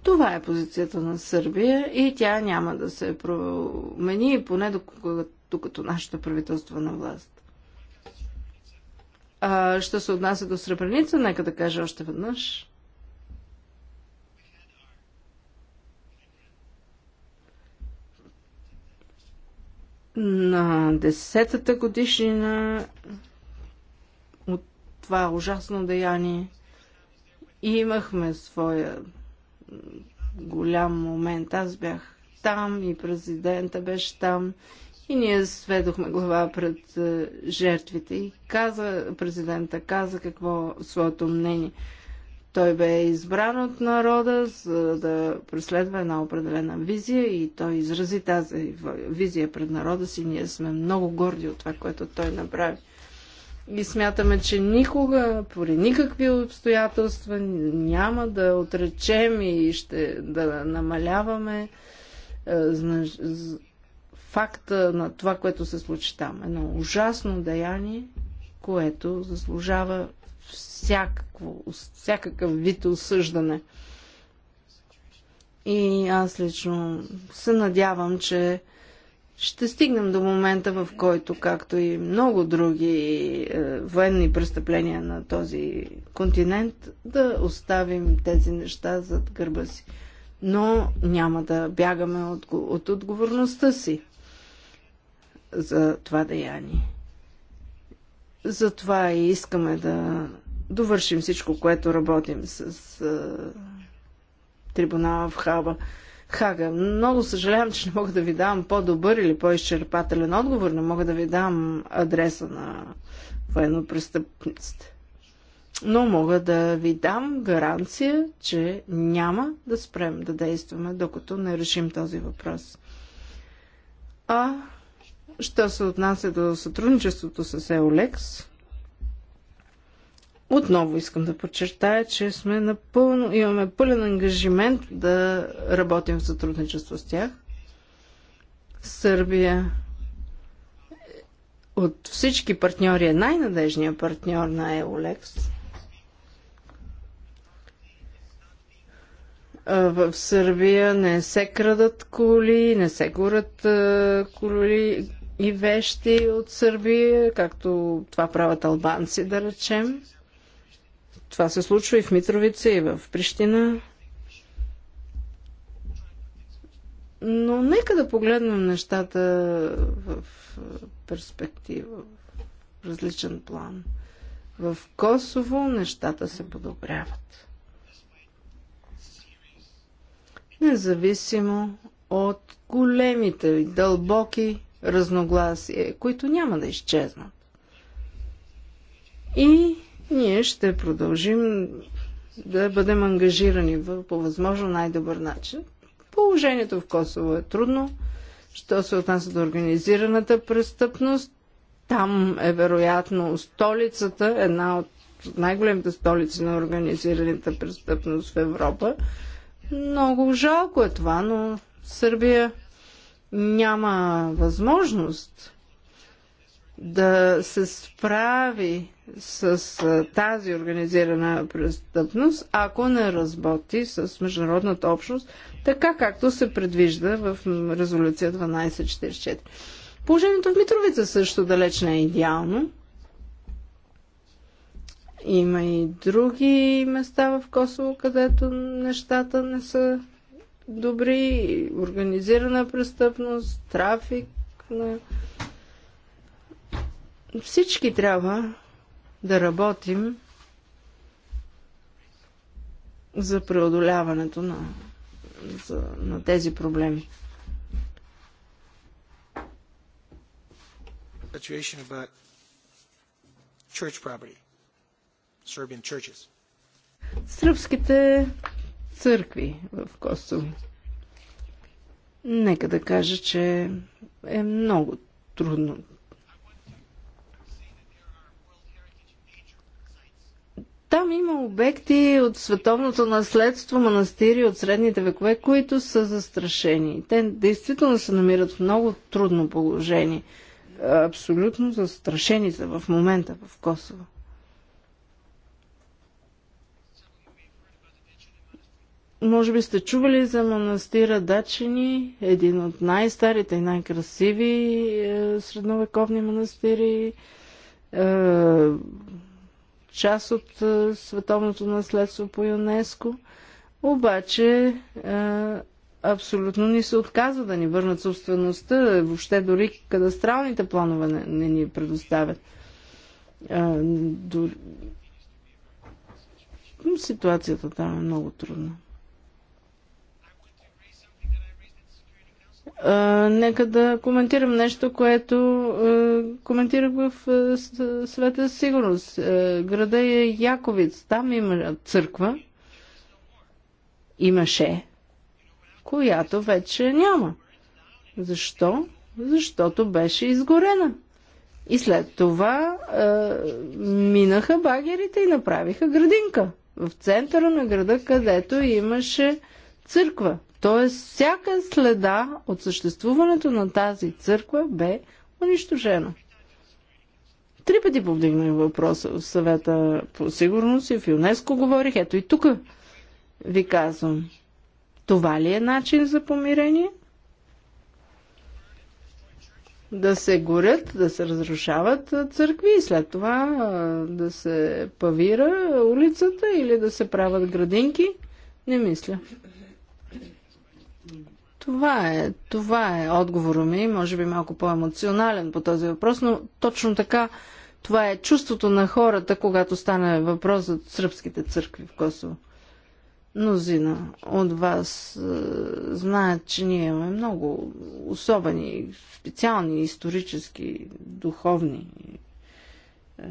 Това е позицията на Сърбия и тя няма да се промени, поне докато докато нашето правителство е на власт. А, що се отнася до Сребреница, нека да кажа още веднъж. На десетата годишнина от това ужасно деяние имахме своя голям момент. Аз бях там и президента беше там и ние сведохме глава пред е, жертвите и каза, президента каза какво е своето мнение. Той бе избран от народа, за да преследва една определена визия и той изрази тази визия пред народа си. Ние сме много горди от това, което той направи. И смятаме, че никога, пори никакви обстоятелства, няма да отречем и ще да намаляваме е, факта на това, което се случи там. Едно ужасно деяние, което заслужава всякакво, всякакъв вид осъждане. И аз лично се надявам, че ще стигнем до момента, в който, както и много други е, военни престъпления на този континент, да оставим тези неща зад гърба си. Но няма да бягаме от, от отговорността си за това деяние. Затова и искаме да довършим всичко, което работим с а, трибунала в Хаба. Хага, много съжалявам, че не мога да ви дам по-добър или по-изчерпателен отговор, не мога да ви дам адреса на военнопрестъпниците. Но мога да ви дам гаранция, че няма да спрем да действаме, докато не решим този въпрос. А Що се отнася до сътрудничеството с Еолекс, отново искам да подчертая, че сме напълно, имаме пълен ангажимент да работим в сътрудничество с тях. Сърбия от всички партньори е най-надежният партньор на Еолекс. В Сърбия не се крадат коли, не се горят коли, и вещи от Сърбия, както това правят албанци, да речем. Това се случва и в Митровица, и в Прищина. Но нека да погледнем нещата в перспектива, в различен план. В Косово нещата се подобряват. Независимо от големите и дълбоки разногласие, които няма да изчезнат. И ние ще продължим да бъдем ангажирани по възможно най-добър начин. Положението в Косово е трудно. Що се отнася до организираната престъпност, там е вероятно столицата, една от най-големите столици на организираната престъпност в Европа. Много жалко е това, но Сърбия няма възможност да се справи с тази организирана престъпност, ако не разботи с международната общност, така както се предвижда в резолюция 1244. Положението в Митровица също далеч не е идеално. Има и други места в Косово, където нещата не са добри, организирана престъпност, трафик на... Всички трябва да работим за преодоляването на, за, на тези проблеми. Situation about church property, Serbian churches. Сръбските църкви в Косово. Нека да кажа, че е много трудно. Там има обекти от световното наследство, манастири от средните векове, които са застрашени. Те действително се намират в много трудно положение. Абсолютно застрашени са в момента в Косово. Може би сте чували за манастира Дачини, един от най-старите и най-красиви е, средновековни манастири, е, част от е, световното наследство по ЮНЕСКО. Обаче абсолютно ни се отказва да ни върнат собствеността, въобще дори кадастралните планове не, не ни предоставят. Ситуацията там е много трудна. нека да коментирам нещо, което коментирах в света сигурност. града е Яковиц. Там има църква. Имаше. Която вече няма. Защо? Защото беше изгорена. И след това а, минаха багерите и направиха градинка в центъра на града, където имаше църква. Тоест, всяка следа от съществуването на тази църква бе унищожена. Три пъти повдигнах въпроса в съвета по сигурност и в ЮНЕСКО говорих. Ето и тук ви казвам. Това ли е начин за помирение? Да се горят, да се разрушават църкви и след това да се павира улицата или да се правят градинки? Не мисля. Това е, това е отговора ми, може би малко по-емоционален по този въпрос, но точно така това е чувството на хората, когато стане въпрос за сръбските църкви в Косово. Мнозина от вас е, знаят, че ние имаме много особени, специални, исторически, духовни е,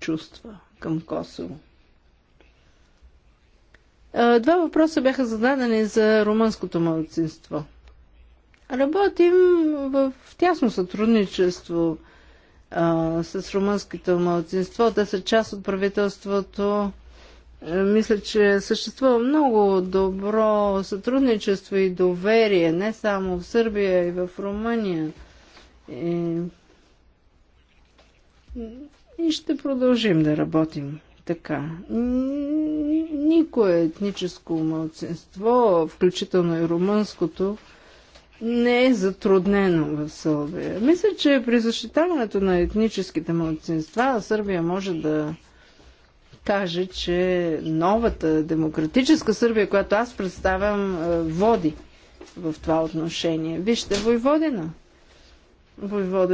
чувства към Косово. Два въпроса бяха зададени за румънското младсинство. Работим в тясно сътрудничество а, с румънското младсинство. Те са част от правителството. Е, мисля, че съществува много добро сътрудничество и доверие, не само в Сърбия и в Румъния. И, и ще продължим да работим така. Никое етническо младсинство, включително и румънското, не е затруднено в Сълбия. Мисля, че при защитаването на етническите младсинства Сърбия може да каже, че новата демократическа Сърбия, която аз представям, е, води в това отношение. Вижте, Войводина. Войводина